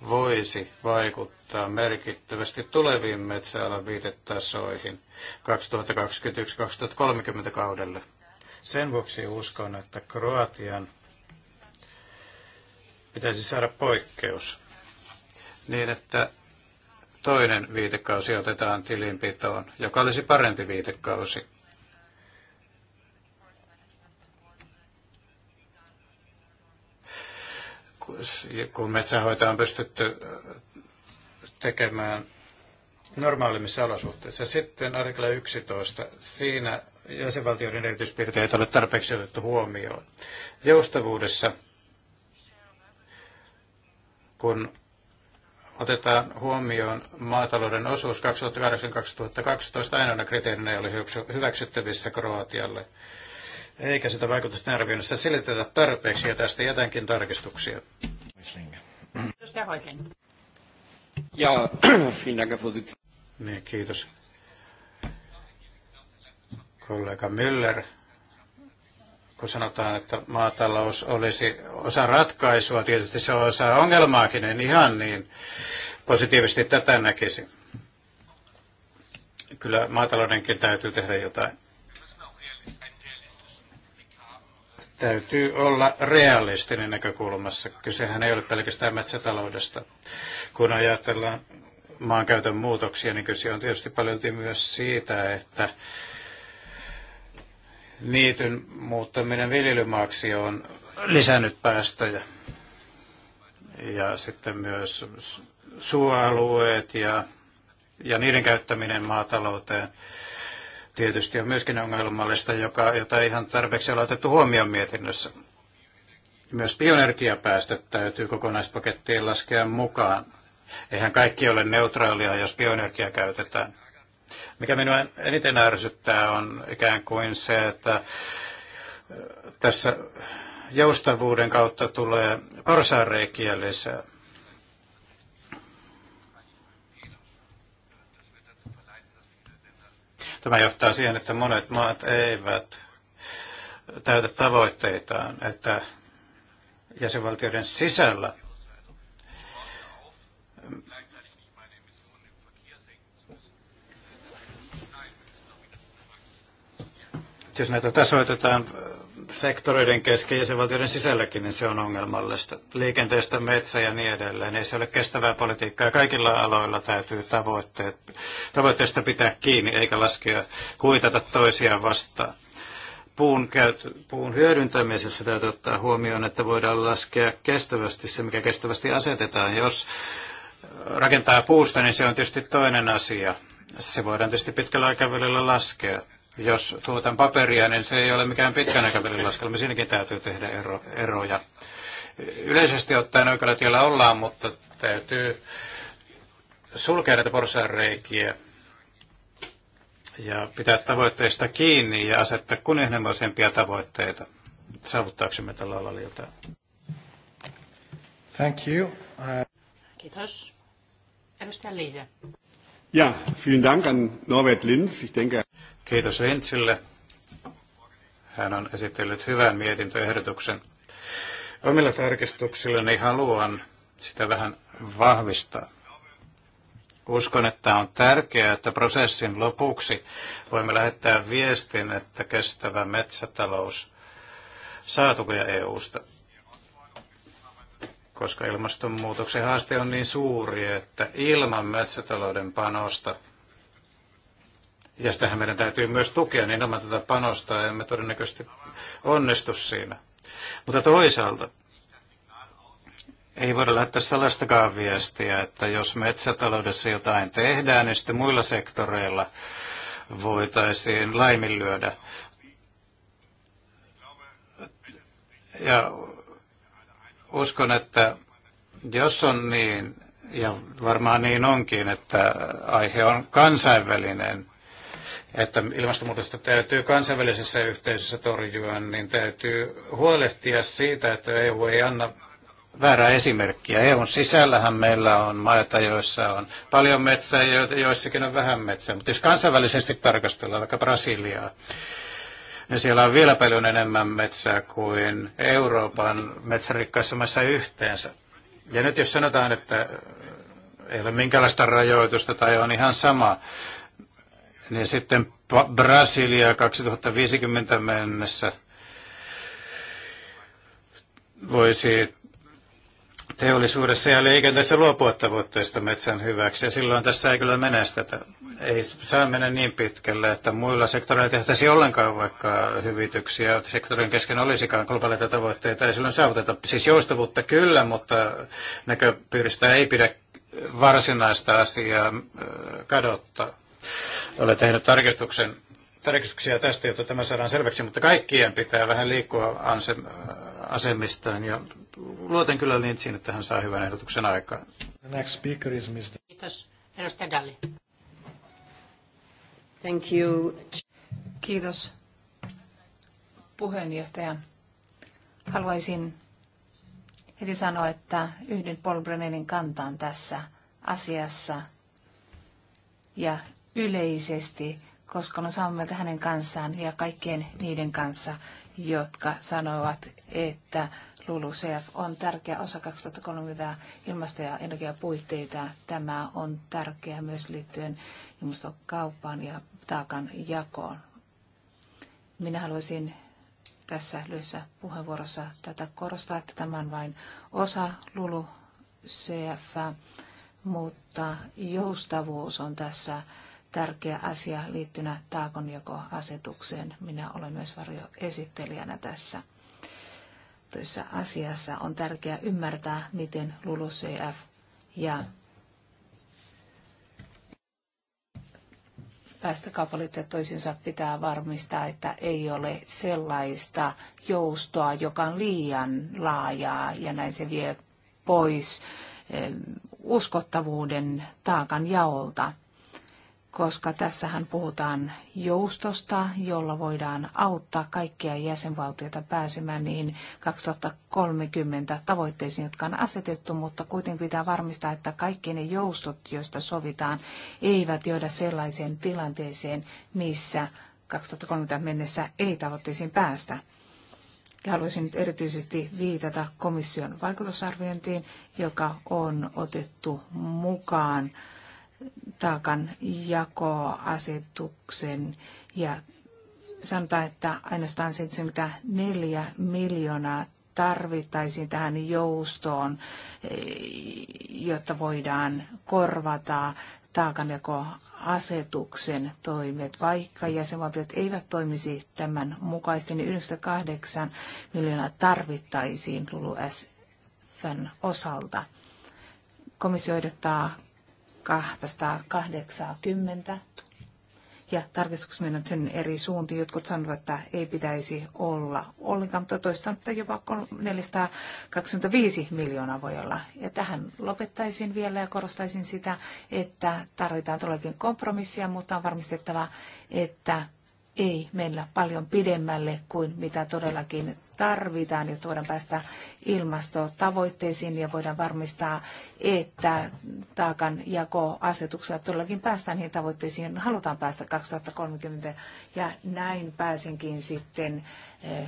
[SPEAKER 1] voisi vaikuttaa merkittävästi tuleviin metsäalan viitetasoihin 2021-2030 kaudelle. Sen vuoksi uskon, että Kroatian pitäisi saada poikkeus niin, että toinen viitekausi otetaan tilinpitoon, joka olisi parempi viitekausi kun metsänhoito on pystytty tekemään normaalimmissa olosuhteissa. Sitten artikla 11. Siinä jäsenvaltioiden erityispiirteitä ei ole tarpeeksi otettu huomioon. Joustavuudessa, kun otetaan huomioon maatalouden osuus 2008-2012, ainoana kriteerinä oli hyväksyttävissä Kroatialle eikä sitä vaikutusten arvioinnissa selitetä tarpeeksi, ja tästä jätänkin tarkistuksia. Ja, niin, kiitos. Kollega Müller, kun sanotaan, että maatalous olisi osa ratkaisua, tietysti se on osa ongelmaakin, en ihan niin positiivisesti tätä näkisi. Kyllä maataloudenkin täytyy tehdä jotain. täytyy olla realistinen näkökulmassa. Kysehän ei ole pelkästään metsätaloudesta. Kun ajatellaan maankäytön muutoksia, niin kyse on tietysti paljon myös siitä, että niityn muuttaminen viljelymaaksi on lisännyt päästöjä. Ja sitten myös suoalueet ja, ja niiden käyttäminen maatalouteen tietysti on myöskin ongelmallista, joka, jota ei ihan tarpeeksi ole otettu huomioon mietinnössä. Myös bioenergiapäästöt täytyy kokonaispakettiin laskea mukaan. Eihän kaikki ole neutraalia, jos bioenergia käytetään. Mikä minua eniten ärsyttää on ikään kuin se, että äh, tässä joustavuuden kautta tulee porsaanreikiä lisää. Tämä johtaa siihen, että monet maat eivät täytä tavoitteitaan, että jäsenvaltioiden sisällä jos näitä tasoitetaan sektoreiden kesken jäsenvaltioiden sisälläkin, niin se on ongelmallista. Liikenteestä metsä ja niin edelleen. Ei se ole kestävää politiikkaa. Kaikilla aloilla täytyy tavoitteet, tavoitteista pitää kiinni, eikä laskea kuitata toisiaan vastaan. Puun, käyt, puun hyödyntämisessä täytyy ottaa huomioon, että voidaan laskea kestävästi se, mikä kestävästi asetetaan. Jos rakentaa puusta, niin se on tietysti toinen asia. Se voidaan tietysti pitkällä aikavälillä laskea jos tuotan paperia, niin se ei ole mikään pitkän aikavälin laskelma. Siinäkin täytyy tehdä ero, eroja. Yleisesti ottaen oikealla tiellä ollaan, mutta täytyy sulkea näitä porsaanreikiä ja pitää tavoitteista kiinni ja asettaa kunnianhimoisempia tavoitteita saavuttaaksemme tällä alalla jotain. Thank you. Uh...
[SPEAKER 2] Kiitos. Edustaja Liise.
[SPEAKER 1] Ja, vielen Dank an Norbert Linz. Ich denke... Kiitos Vintsille. Hän on esitellyt hyvän mietintöehdotuksen. Omilla tarkistuksillani haluan sitä vähän vahvistaa. Uskon, että on tärkeää, että prosessin lopuksi voimme lähettää viestin, että kestävä metsätalous saa tukea EU-sta koska ilmastonmuutoksen haaste on niin suuri, että ilman metsätalouden panosta ja sitähän meidän täytyy myös tukea, niin ilman tätä panostaa emme todennäköisesti onnistu siinä. Mutta toisaalta ei voida lähettää sellaistakaan viestiä, että jos metsätaloudessa jotain tehdään, niin sitten muilla sektoreilla voitaisiin laiminlyödä. Ja uskon, että jos on niin, ja varmaan niin onkin, että aihe on kansainvälinen, että ilmastonmuutosta täytyy kansainvälisessä yhteisössä torjua, niin täytyy huolehtia siitä, että EU ei anna väärää esimerkkiä. EUn sisällähän meillä on maita, joissa on paljon metsää ja joissakin on vähän metsää. Mutta jos kansainvälisesti tarkastellaan vaikka Brasiliaa, niin siellä on vielä paljon enemmän metsää kuin Euroopan metsärikkaissa maissa yhteensä. Ja nyt jos sanotaan, että ei ole minkälaista rajoitusta tai on ihan sama, niin sitten Brasilia 2050 mennessä voisi teollisuudessa ja liikenteessä luopua tavoitteista metsän hyväksi. Ja silloin tässä ei kyllä menestetä. Ei saa mennä niin pitkälle, että muilla sektoreilla tehtäisiin ollenkaan vaikka hyvityksiä. Sektorin kesken olisikaan globaaleita tavoitteita. ja silloin saavuteta. Siis joustavuutta kyllä, mutta näköpiiristä ei pidä varsinaista asiaa kadottaa. Olen tehnyt tarkistuksen, tarkistuksia tästä, jotta tämä saadaan selväksi, mutta kaikkien pitää vähän liikkua asemistaan ja luotan kyllä Lintsiin, että hän saa hyvän ehdotuksen aikaan. The next speaker is Mr.
[SPEAKER 3] Kiitos. Edustaja Dalli. Thank you. Kiitos puheenjohtaja. Haluaisin heti sanoa, että yhden Paul Brennerin kantaan tässä asiassa ja yleisesti, koska on samaa mieltä hänen kanssaan ja kaikkien niiden kanssa, jotka sanovat, että LULUCF on tärkeä osa 2030 ilmasto- ja energiapuitteita. Tämä on tärkeä myös liittyen ilmastokauppaan ja taakan jakoon. Minä haluaisin tässä lyhyessä puheenvuorossa tätä korostaa, että tämä on vain osa LULUCF, mutta joustavuus on tässä tärkeä asia liittynä taakonjakoasetukseen. Minä olen myös varjoesittelijänä tässä. Tuossa asiassa on tärkeää ymmärtää, miten LULUCF ja päästökaupan liittyä pitää varmistaa, että ei ole sellaista joustoa, joka on liian laajaa ja näin se vie pois eh, uskottavuuden taakan jaolta koska tässähän puhutaan joustosta, jolla voidaan auttaa kaikkia jäsenvaltioita pääsemään niihin 2030 tavoitteisiin, jotka on asetettu, mutta kuitenkin pitää varmistaa, että kaikki ne joustot, joista sovitaan, eivät joida sellaiseen tilanteeseen, missä 2030 mennessä ei tavoitteisiin päästä. Ja haluaisin nyt erityisesti viitata komission vaikutusarviointiin, joka on otettu mukaan taakan jakoasetuksen ja sanotaan, että ainoastaan 74 miljoonaa tarvittaisiin tähän joustoon, eh, jotta voidaan korvata taakanjakoasetuksen toimet, vaikka jäsenvaltiot eivät toimisi tämän mukaisesti, niin 98 miljoonaa tarvittaisiin LULUSFn osalta. Komissio ehdottaa 280 ja tarkistuksessa mennään sen eri suuntiin. Jotkut sanovat, että ei pitäisi olla ollenkaan, mutta toista että jopa 425 miljoonaa voi olla. Ja tähän lopettaisin vielä ja korostaisin sitä, että tarvitaan todellakin kompromissia, mutta on varmistettava, että ei mennä paljon pidemmälle kuin mitä todellakin tarvitaan, jotta voidaan päästä ilmastotavoitteisiin ja voidaan varmistaa, että taakan jakoasetuksella todellakin päästään niihin tavoitteisiin, joihin halutaan päästä 2030. Ja näin pääsenkin sitten eh,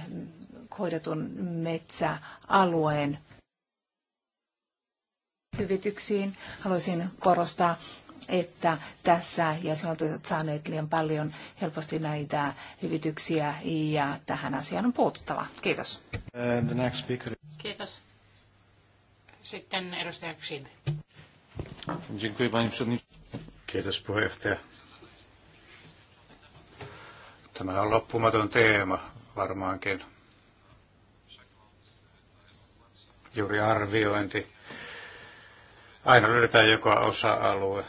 [SPEAKER 3] hoidetun metsäalueen hyvityksiin. Haluaisin korostaa että tässä jäsenet ovat saaneet liian paljon helposti näitä hyvityksiä ja tähän asiaan on puututtava. Kiitos.
[SPEAKER 2] Kiitos. Sitten edustaja Ksim.
[SPEAKER 1] Kiitos puheenjohtaja. Tämä on loppumaton teema varmaankin. Juuri arviointi. Aina löydetään joka osa-alue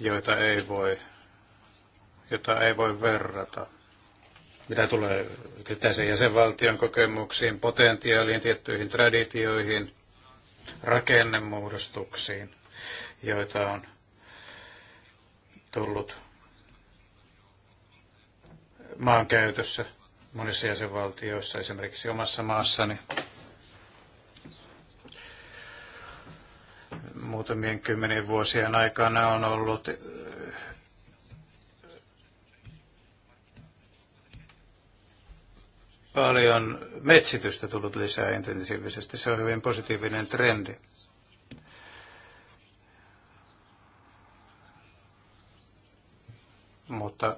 [SPEAKER 1] joita ei voi, jota ei voi verrata. Mitä tulee yksittäisen jäsenvaltion kokemuksiin, potentiaaliin, tiettyihin traditioihin, rakennemuodostuksiin, joita on tullut maankäytössä monissa jäsenvaltioissa, esimerkiksi omassa maassani. Muutamien kymmenien vuosien aikana on ollut eh, paljon metsitystä tullut lisää intensiivisesti. Se on hyvin positiivinen trendi. Mutta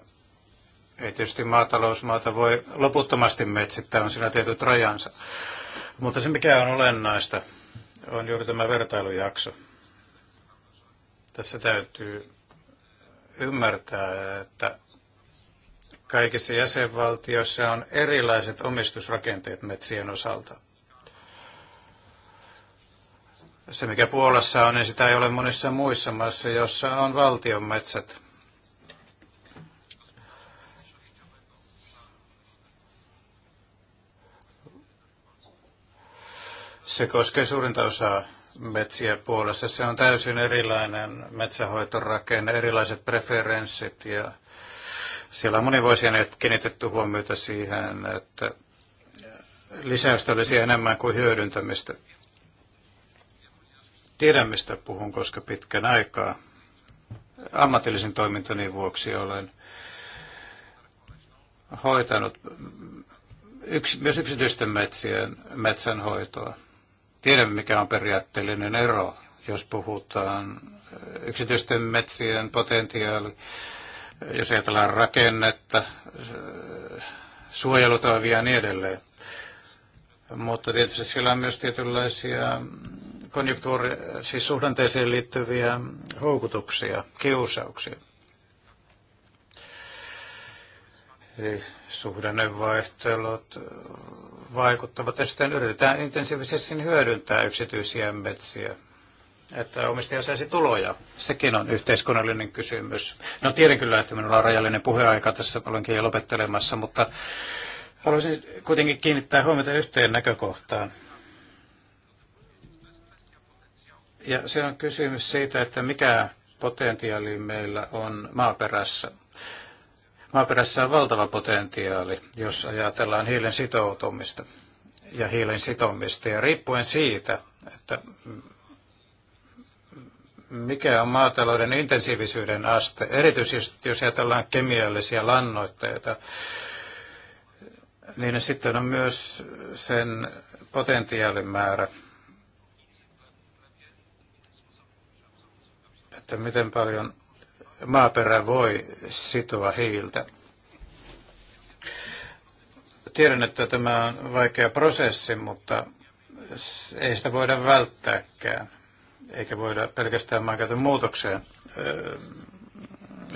[SPEAKER 1] ei tietysti maatalousmaata voi loputtomasti metsittää, on siinä tietyt rajansa. Mutta se mikä on olennaista, on juuri tämä vertailujakso. Tässä täytyy ymmärtää, että kaikissa jäsenvaltioissa on erilaiset omistusrakenteet metsien osalta. Se, mikä Puolassa on, niin sitä ei ole monissa muissa maissa, jossa on valtion metsät. Se koskee suurinta osaa metsiä puolessa. Se on täysin erilainen metsähoitorakenne, erilaiset preferenssit ja siellä on monivuosien kiinnitetty huomiota siihen, että lisäystä olisi enemmän kuin hyödyntämistä. Tiedän, mistä puhun, koska pitkän aikaa ammatillisen toimintani vuoksi olen hoitanut yks, myös yksityisten metsien metsänhoitoa. Tiedämme, mikä on periaatteellinen ero, jos puhutaan yksityisten metsien potentiaali, jos ajatellaan rakennetta, suojelutoimia ja niin edelleen. Mutta tietysti siellä on myös tietynlaisia konjunktuuri, siis suhdanteeseen liittyviä houkutuksia, kiusauksia. Eli suhdannevaihtelut vaikuttavat ja sitten yritetään intensiivisesti hyödyntää yksityisiä metsiä että omistaja saisi tuloja. Sekin on yhteiskunnallinen kysymys. No tiedän kyllä, että minulla on rajallinen puheaika tässä, olenkin jo lopettelemassa, mutta haluaisin kuitenkin kiinnittää huomiota yhteen näkökohtaan. Ja se on kysymys siitä, että mikä potentiaali meillä on maaperässä. Maaperässä on valtava potentiaali, jos ajatellaan hiilen sitoutumista ja hiilen sitomista. Ja riippuen siitä, että mikä on maatalouden intensiivisyyden aste, erityisesti jos ajatellaan kemiallisia lannoitteita, niin sitten on myös sen potentiaalin määrä, että miten paljon maaperä voi sitoa hiiltä. Tiedän, että tämä on vaikea prosessi, mutta ei sitä voida välttääkään, eikä voida pelkästään maankäytön muutokseen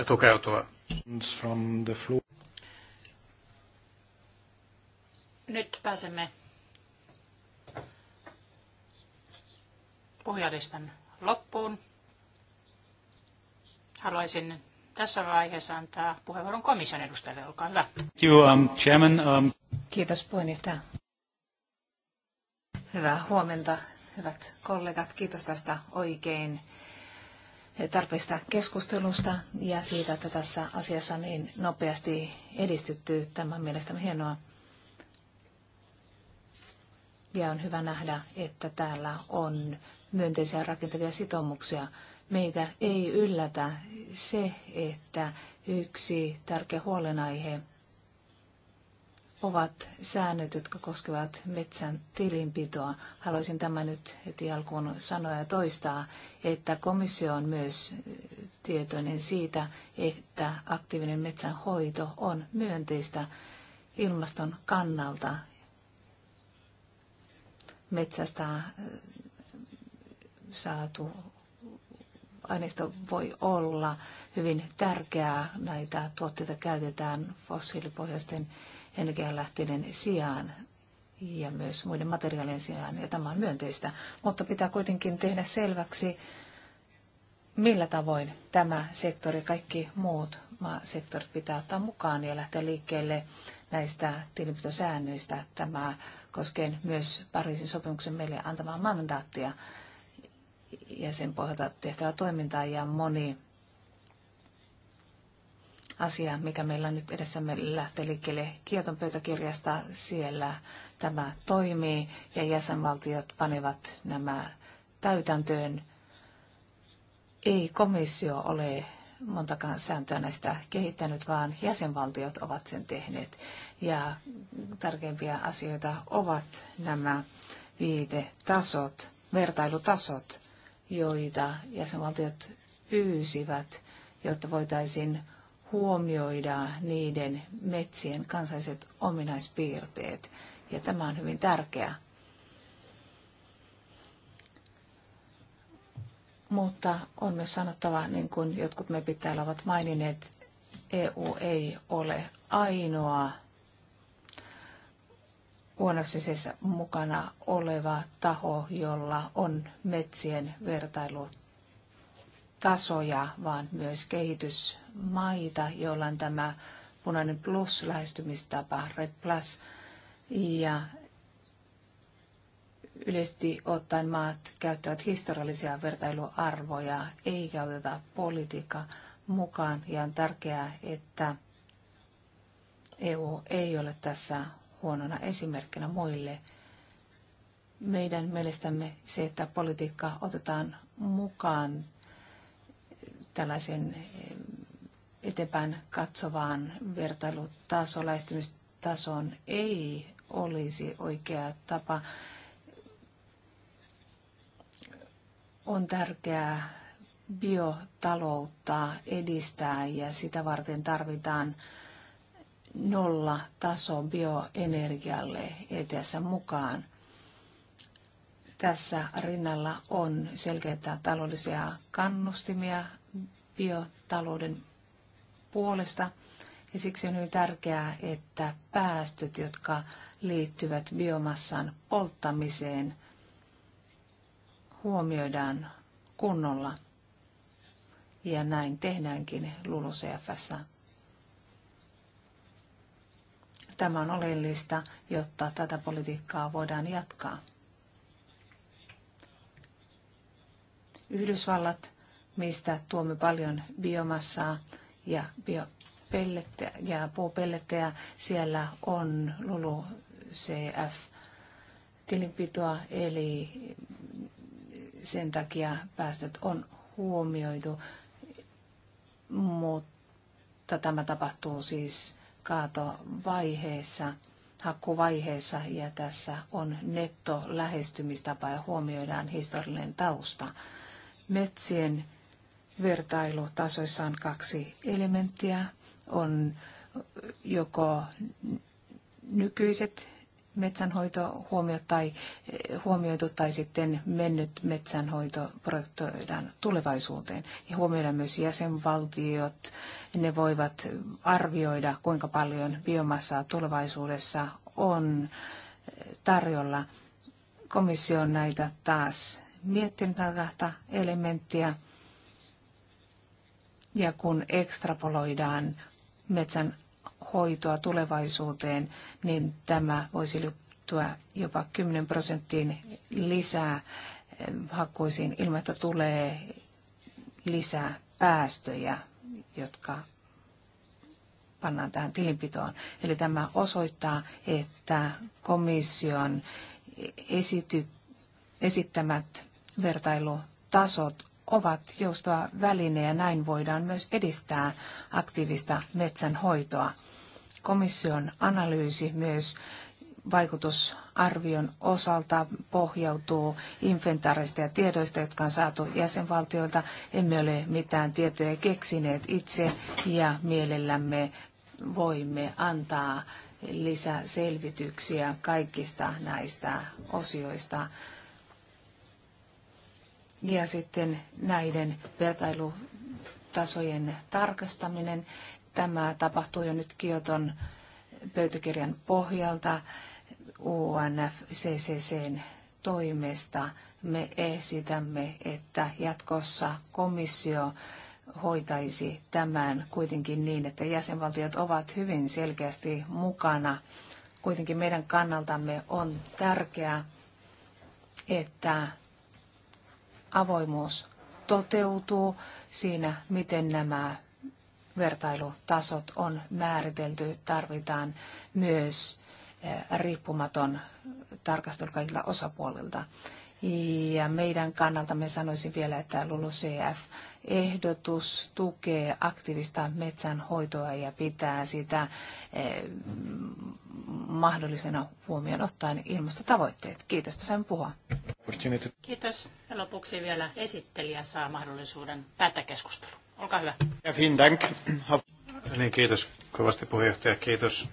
[SPEAKER 1] tukeutua.
[SPEAKER 2] Nyt pääsemme puhujalistan loppuun. Haluaisin tässä vaiheessa antaa puheenvuoron
[SPEAKER 3] komission edustajalle. Olkaa hyvä.
[SPEAKER 4] Um, um,
[SPEAKER 3] Kiitos puheenjohtaja. Hyvää huomenta, hyvät kollegat. Kiitos tästä oikein tarpeesta keskustelusta ja siitä, että tässä asiassa niin nopeasti edistytty. Tämä mielestäni hienoa. Ja on hyvä nähdä, että täällä on myönteisiä rakentavia sitoumuksia. Meitä ei yllätä se, että yksi tärkeä huolenaihe ovat säännöt, jotka koskevat metsän tilinpitoa. Haluaisin tämän nyt heti alkuun sanoa ja toistaa, että komissio on myös tietoinen siitä, että aktiivinen metsänhoito on myönteistä ilmaston kannalta. Metsästä saatu aineisto voi olla hyvin tärkeää. Näitä tuotteita käytetään fossiilipohjaisten energialähteiden sijaan ja myös muiden materiaalien sijaan, ja tämä on myönteistä. Mutta pitää kuitenkin tehdä selväksi, millä tavoin tämä sektori ja kaikki muut sektorit pitää ottaa mukaan ja lähteä liikkeelle näistä tilinpitosäännöistä. Tämä koskee myös Pariisin sopimuksen meille antamaa mandaattia ja sen pohjalta tehtävä toimintaa ja moni asia, mikä meillä nyt edessämme lähtee liikkeelle Kioton pöytäkirjasta. Siellä tämä toimii ja jäsenvaltiot panevat nämä täytäntöön. Ei komissio ole montakaan sääntöä näistä kehittänyt, vaan jäsenvaltiot ovat sen tehneet. Ja tärkeimpiä asioita ovat nämä viitetasot, vertailutasot joita jäsenvaltiot pyysivät, jotta voitaisiin huomioida niiden metsien kansalliset ominaispiirteet. Ja tämä on hyvin tärkeää. Mutta on myös sanottava, niin kuin jotkut me pitää ovat maininneet, EU ei ole ainoa huonossisessa mukana oleva taho, jolla on metsien vertailutasoja, vaan myös kehitysmaita, joilla on tämä punainen plus lähestymistapa, red plus, ja yleisesti ottaen maat käyttävät historiallisia vertailuarvoja, ei oteta politiikka mukaan, ja on tärkeää, että EU ei ole tässä huonona esimerkkinä muille. Meidän mielestämme se, että politiikka otetaan mukaan tällaisen eh, eteenpäin katsovaan vertailutasoon, lähestymistasoon ei olisi oikea tapa. On tärkeää biotaloutta edistää ja sitä varten tarvitaan nolla taso bioenergialle ETS mukaan. Tässä rinnalla on selkeitä taloudellisia kannustimia biotalouden puolesta. Ja siksi on hyvin tärkeää, että päästöt, jotka liittyvät biomassan polttamiseen, huomioidaan kunnolla. Ja näin tehdäänkin LULUCFssä Tämä on oleellista, jotta tätä politiikkaa voidaan jatkaa. Yhdysvallat, mistä tuomme paljon biomassaa ja biopellettejä ja puupellettejä, siellä on lulu CF tilinpitoa, eli sen takia päästöt on huomioitu, mutta tämä tapahtuu siis kaatovaiheessa, hakkuvaiheessa ja tässä on netto lähestymistapa ja huomioidaan historiallinen tausta. Metsien vertailutasoissa on kaksi elementtiä. On joko nykyiset metsänhoito huomio tai, eh, huomioitu tai sitten mennyt metsänhoito projektoidaan tulevaisuuteen. Ja huomioidaan myös jäsenvaltiot. Ne voivat arvioida, kuinka paljon biomassaa tulevaisuudessa on eh, tarjolla. Komissio on näitä taas miettinyt näitä elementtiä. Ja kun ekstrapoloidaan metsän hoitoa tulevaisuuteen, niin tämä voisi liittyä jopa 10 prosenttiin lisää eh, hakkuisiin ilman, että tulee lisää päästöjä, jotka pannaan tähän tilinpitoon. Eli tämä osoittaa, että komission esity, esittämät vertailutasot ovat joustava väline ja näin voidaan myös edistää aktiivista metsänhoitoa. Komission analyysi myös vaikutusarvion osalta pohjautuu inventaarista ja tiedoista, jotka on saatu jäsenvaltioilta. Emme ole mitään tietoja keksineet itse ja mielellämme voimme antaa lisäselvityksiä kaikista näistä osioista ja sitten näiden vertailutasojen tarkastaminen. Tämä tapahtuu jo nyt Kioton pöytäkirjan pohjalta UNFCCCn toimesta. Me esitämme, että jatkossa komissio hoitaisi tämän kuitenkin niin, että jäsenvaltiot ovat hyvin selkeästi mukana. Kuitenkin meidän kannaltamme on tärkeää, että avoimuus toteutuu siinä, miten nämä vertailutasot on määritelty. Tarvitaan myös eh, riippumaton tarkastelu kaikilla osapuolilta. Ja meidän kannalta me sanoisin vielä, että LULUCF ehdotus tukee aktiivista metsänhoitoa ja pitää sitä eh, mahdollisena huomioon ottaen ilmastotavoitteet. Kiitos, että sain puhua.
[SPEAKER 2] Kiitos. Ja lopuksi vielä esittelijä saa mahdollisuuden päättää keskustelun. Olkaa hyvä.
[SPEAKER 1] Ja dank. Niin, kiitos kovasti puheenjohtaja. Kiitos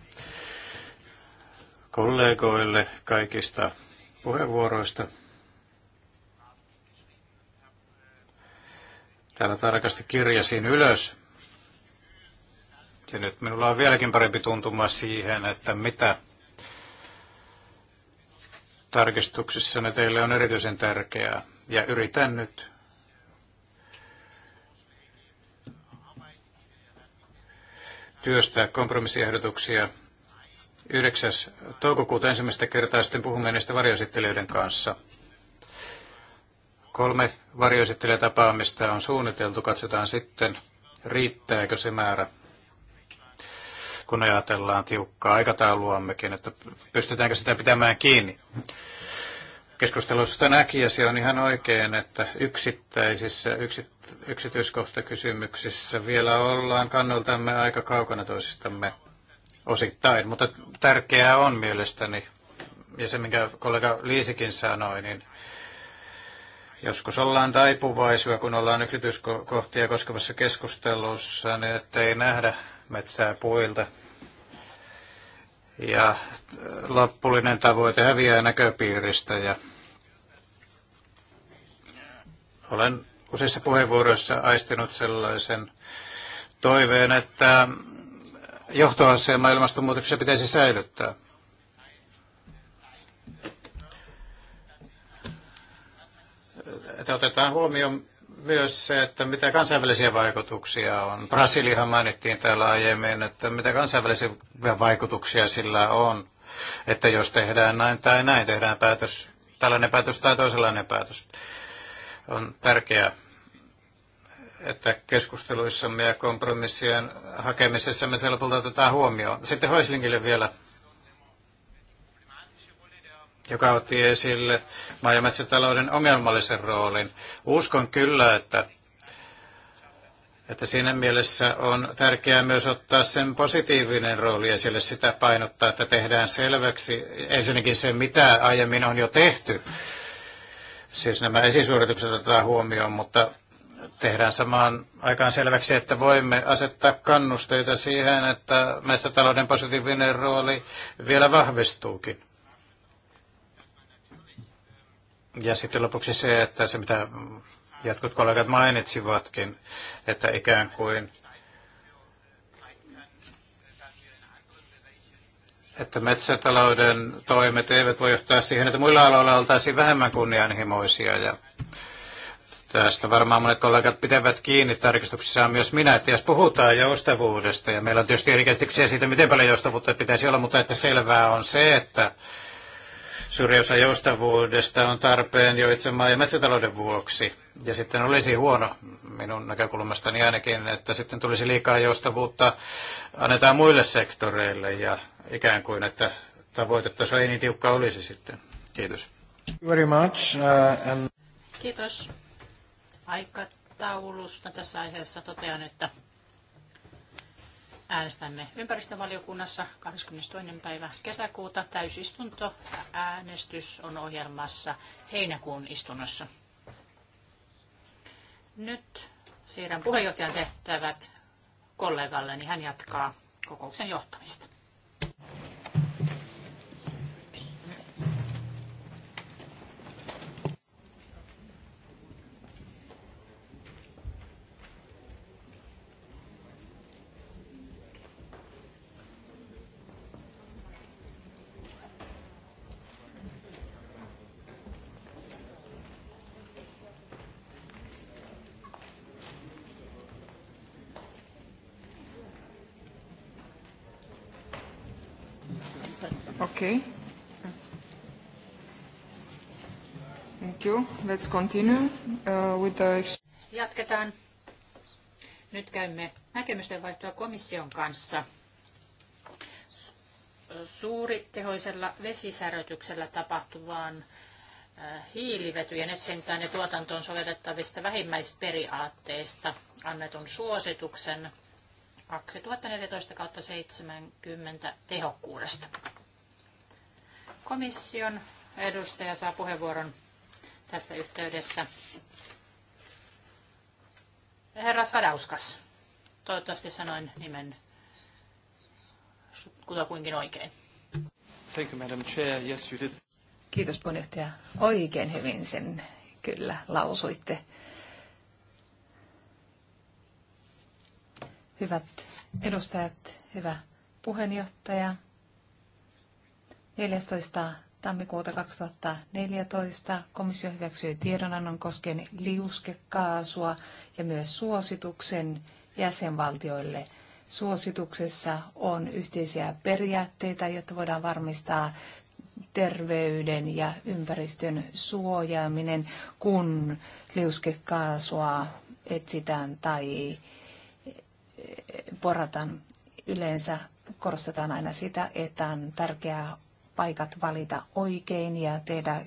[SPEAKER 1] kollegoille kaikista
[SPEAKER 3] puheenvuoroista.
[SPEAKER 1] Täällä tarkasti kirjasin ylös. Ja nyt minulla on vieläkin parempi tuntuma siihen, että mitä tarkistuksissa ne teille on erityisen tärkeää. Ja yritän nyt työstää kompromissiehdotuksia 9. toukokuuta ensimmäistä kertaa sitten puhumme niistä varjoesittelijöiden kanssa. Kolme varjoesittelijätapaamista on suunniteltu. Katsotaan sitten, riittääkö se määrä, kun ajatellaan tiukkaa aikatauluammekin, että pystytäänkö sitä pitämään kiinni. Keskustelussa näki ja se on ihan oikein, että yksittäisissä yksi, yksityiskohtakysymyksissä vielä ollaan kannaltamme aika kaukana toisistamme osittain, mutta tärkeää on mielestäni, ja se minkä kollega Liisikin sanoi, niin Joskus ollaan taipuvaisia, kun ollaan yksityiskohtia koskevassa keskustelussa, niin ettei nähdä metsää puilta. Ja äh, loppullinen tavoite häviää näköpiiristä. Ja olen useissa puheenvuoroissa aistinut sellaisen toiveen, että johtoasema ilmastonmuutoksessa pitäisi säilyttää. että otetaan huomioon myös se, että mitä kansainvälisiä vaikutuksia on. Brasiliahan mainittiin täällä aiemmin, että mitä kansainvälisiä vaikutuksia sillä on, että jos tehdään näin tai näin, tehdään päätös, tällainen päätös tai toisenlainen päätös. On tärkeää, että keskusteluissamme ja kompromissien hakemisessa me se lopulta otetaan huomioon. Sitten Hoislingille vielä joka otti esille maa- ja metsätalouden ongelmallisen roolin. Uskon kyllä, että, että siinä mielessä on tärkeää myös ottaa sen positiivinen rooli esille, sitä painottaa, että tehdään selväksi ensinnäkin se, mitä aiemmin on jo tehty. Siis nämä esisuoritukset otetaan huomioon, mutta tehdään samaan aikaan selväksi, että voimme asettaa kannusteita siihen, että metsätalouden positiivinen rooli vielä vahvistuukin. Ja sitten lopuksi se, että se mitä jotkut kollegat mainitsivatkin, että ikään kuin että metsätalouden toimet eivät voi johtaa siihen, että muilla aloilla oltaisiin vähemmän kunnianhimoisia. Ja tästä varmaan monet kollegat pitävät kiinni tarkistuksissa, myös minä, että jos puhutaan joustavuudesta, ja meillä on tietysti eri käsityksiä siitä, miten paljon joustavuutta pitäisi olla, mutta että selvää on se, että Suuri osa joustavuudesta on tarpeen jo itse maa- ja metsätalouden vuoksi. Ja sitten olisi huono, minun näkökulmastani ainakin, että sitten tulisi liikaa joustavuutta, annetaan muille sektoreille ja ikään kuin, että tavoitetaso ei niin tiukka olisi sitten. Kiitos. Very much, uh, and...
[SPEAKER 2] Kiitos aikataulusta tässä aiheessa. Totean, että äänestämme ympäristövaliokunnassa 22. päivä kesäkuuta. Täysistunto äänestys on ohjelmassa heinäkuun istunnossa. Nyt siirrän puheenjohtajan tehtävät kollegalleni. Hän jatkaa kokouksen johtamista.
[SPEAKER 3] Okay. Thank you. Let's continue uh, with the...
[SPEAKER 2] Jatketaan. Nyt käymme näkemysten vaihtoa komission kanssa. Suuri tehoisella vesisärötyksellä tapahtuvaan äh, hiilivetyjen etsintään ja tuotantoon sovellettavista vähimmäisperiaatteista annetun suosituksen 2014-70 tehokkuudesta. Komission edustaja saa puheenvuoron tässä yhteydessä. Herra Sadauskas, toivottavasti sanoin nimen kutakuinkin oikein.
[SPEAKER 3] Thank you, Madam Chair. Yes, you did. Kiitos puheenjohtaja. Oikein hyvin sen kyllä lausuitte. Hyvät edustajat, hyvä puheenjohtaja. 14. tammikuuta 2014 komissio hyväksyi tiedonannon koskien liuskekaasua ja myös suosituksen jäsenvaltioille. Suosituksessa on yhteisiä periaatteita, jotta voidaan varmistaa terveyden ja ympäristön suojaaminen, kun liuskekaasua etsitään tai eh, porataan. Yleensä korostetaan aina sitä, että on tärkeää paikat valita oikein ja tehdä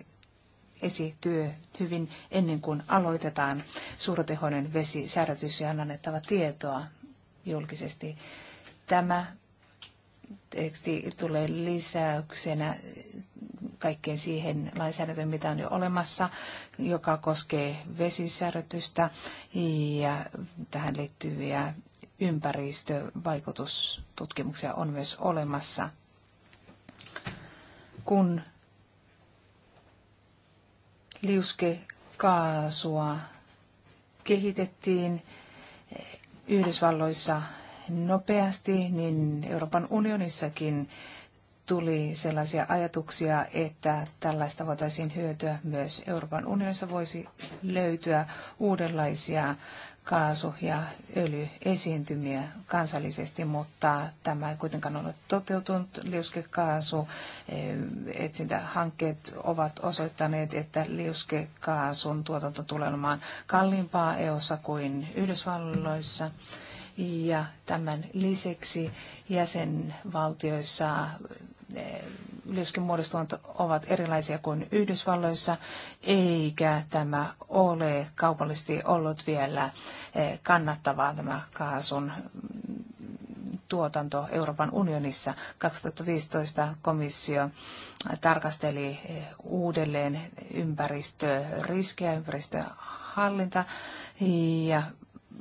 [SPEAKER 3] esityö hyvin ennen kuin aloitetaan suurtehoinen vesisärätys ja annettava tietoa julkisesti. Tämä teksti tulee lisäyksenä kaikkeen siihen lainsäädäntöön, mitä on jo olemassa, joka koskee vesisärätystä ja tähän liittyviä ympäristövaikutustutkimuksia on myös olemassa kun liuskekaasua kehitettiin Yhdysvalloissa nopeasti, niin Euroopan unionissakin tuli sellaisia ajatuksia, että tällaista voitaisiin hyötyä myös Euroopan unionissa voisi löytyä uudenlaisia kaasu- ja öljyesiintymiä kansallisesti, mutta tämä ei kuitenkaan ole toteutunut. Liuskekaasu eh, etsintähankkeet ovat osoittaneet, että liuskekaasun tuotanto tulee olemaan kalliimpaa EU:ssa kuin Yhdysvalloissa. Ja tämän lisäksi jäsenvaltioissa eh, myöskin muodostumat ovat erilaisia kuin Yhdysvalloissa, eikä tämä ole kaupallisesti ollut vielä eh, kannattavaa tämä kaasun mm, tuotanto Euroopan unionissa. 2015 komissio tarkasteli eh, uudelleen ympäristöriskejä, ympäristöhallinta ja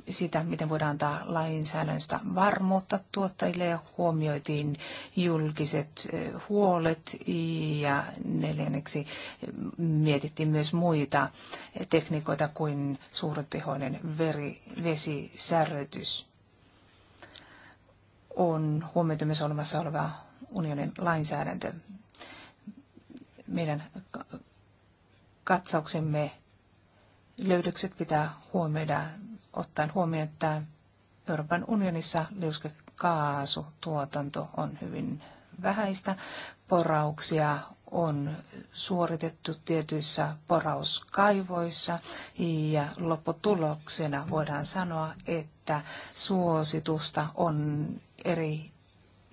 [SPEAKER 3] sitä, miten voidaan antaa lainsäädännöstä varmuutta tuottajille ja huomioitiin julkiset eh, huolet ja neljänneksi eh, mietittiin myös muita tekniikoita kuin suurtehoinen veri, vesisärrytys. On huomioitu myös olemassa oleva unionin lainsäädäntö. Meidän katsauksemme löydökset pitää huomioida ottaen huomioon, että Euroopan unionissa liuskekaasutuotanto on hyvin vähäistä. Porauksia on suoritettu tietyissä porauskaivoissa ja lopputuloksena voidaan sanoa, että suositusta on eri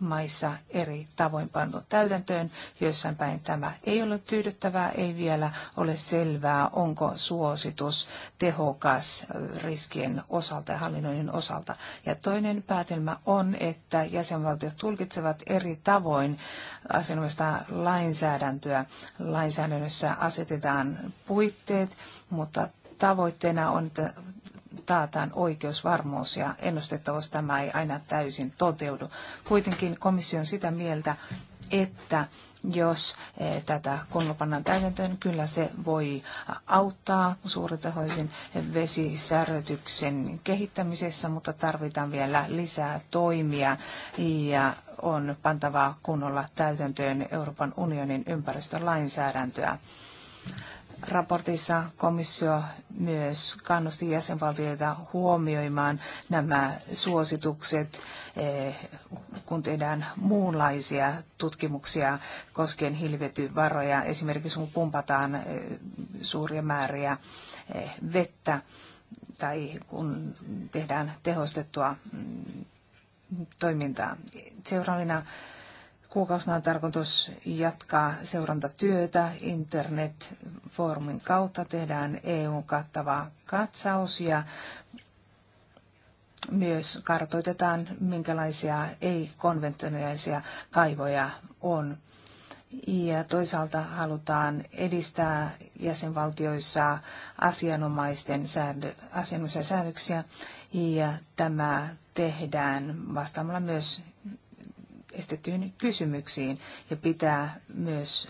[SPEAKER 3] maissa eri tavoin pannu täytäntöön. Jossain päin tämä ei ole tyydyttävää, ei vielä ole selvää, onko suositus tehokas riskien osalta ja hallinnoinnin osalta. Ja toinen päätelmä on, että jäsenvaltiot tulkitsevat eri tavoin asianomaista lainsäädäntöä. Lainsäädännössä asetetaan puitteet, mutta tavoitteena on, että taataan oikeusvarmuus ja ennustettavuus. Tämä ei aina täysin toteudu. Kuitenkin komissio on sitä mieltä, että jos eh, tätä kun pannaan täytäntöön, kyllä se voi auttaa suuritahoisen vesisärötyksen kehittämisessä, mutta tarvitaan vielä lisää toimia ja on pantavaa kunnolla täytäntöön Euroopan unionin ympäristölainsäädäntöä. lainsäädäntöä raportissa komissio myös kannusti jäsenvaltioita huomioimaan nämä suositukset, eh, kun tehdään muunlaisia tutkimuksia koskien hilvetyvaroja. Esimerkiksi kun pumpataan eh, suuria määriä eh, vettä tai kun tehdään tehostettua mm, toimintaa. Seuraavina kuukausina on tarkoitus jatkaa seurantatyötä internetfoorumin kautta. Tehdään eu kattava katsaus ja myös kartoitetaan, minkälaisia ei-konventionaalisia kaivoja on. Ja toisaalta halutaan edistää jäsenvaltioissa asianomaisten säädö, asianomaisia säännöksiä ja tämä tehdään vastaamalla myös esitettyihin kysymyksiin ja pitää myös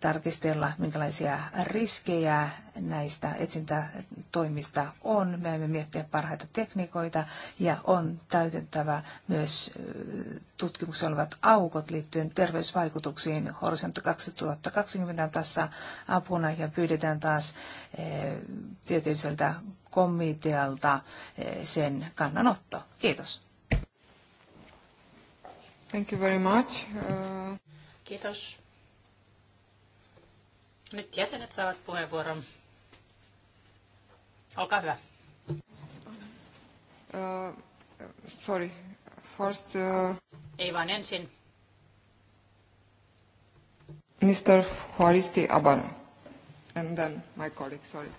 [SPEAKER 3] tarkistella, minkälaisia riskejä näistä etsintätoimista on. Me emme miettiä parhaita tekniikoita ja on täytettävä myös tutkimuksessa olevat aukot liittyen terveysvaikutuksiin. Horisontti 2020 on tässä apuna ja pyydetään taas tieteelliseltä komitealta sen kannanotto. Kiitos. Thank you very much. Uh...
[SPEAKER 2] Kiitos. Nyt jäsenet saavat puheenvuoron. Olkaa hyvä.
[SPEAKER 3] Uh, sorry, first... Uh...
[SPEAKER 2] Ei vaan ensin.
[SPEAKER 3] Mr. Huaristi Abar, And then my colleague, sorry.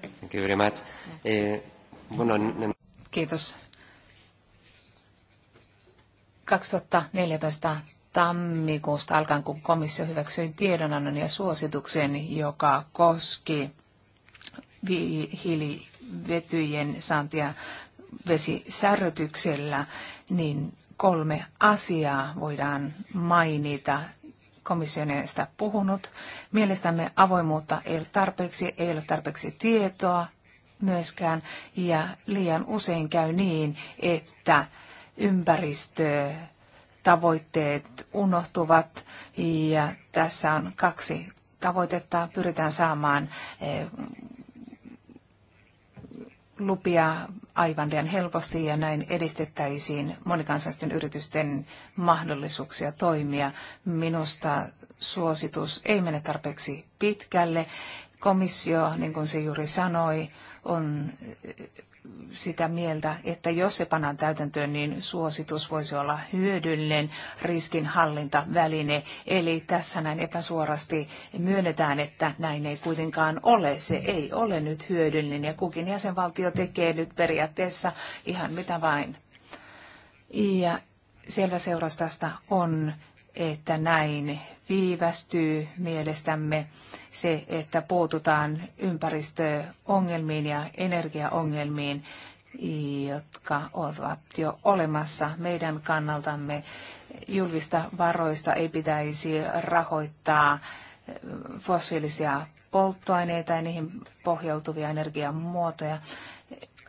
[SPEAKER 3] Thank you very much. Eh, bueno, Kiitos. 2014 tammikuusta alkaen, kun komissio hyväksyi tiedonannon ja suosituksen, joka koski hiilivetyjen saantia vesisärrytyksellä, niin kolme asiaa voidaan mainita komissioneista puhunut. Mielestämme avoimuutta ei ole tarpeeksi, ei ole tarpeeksi tietoa myöskään, ja liian usein käy niin, että ympäristötavoitteet unohtuvat ja tässä on kaksi tavoitetta. Pyritään saamaan eh, lupia aivan liian helposti ja näin edistettäisiin monikansallisten yritysten mahdollisuuksia toimia. Minusta suositus ei mene tarpeeksi pitkälle. Komissio, niin kuin se juuri sanoi, on sitä mieltä, että jos se pannaan täytäntöön, niin suositus voisi olla hyödyllinen riskinhallintaväline. Eli tässä näin epäsuorasti myönnetään, että näin ei kuitenkaan ole. Se ei ole nyt hyödyllinen ja kukin jäsenvaltio tekee nyt periaatteessa ihan mitä vain. Ja selvä seuraus tästä on, että näin viivästyy mielestämme se, että puututaan ympäristöongelmiin ja energiaongelmiin, jotka ovat jo olemassa meidän kannaltamme. Julkista varoista ei pitäisi rahoittaa fossiilisia polttoaineita ja niihin pohjautuvia energiamuotoja.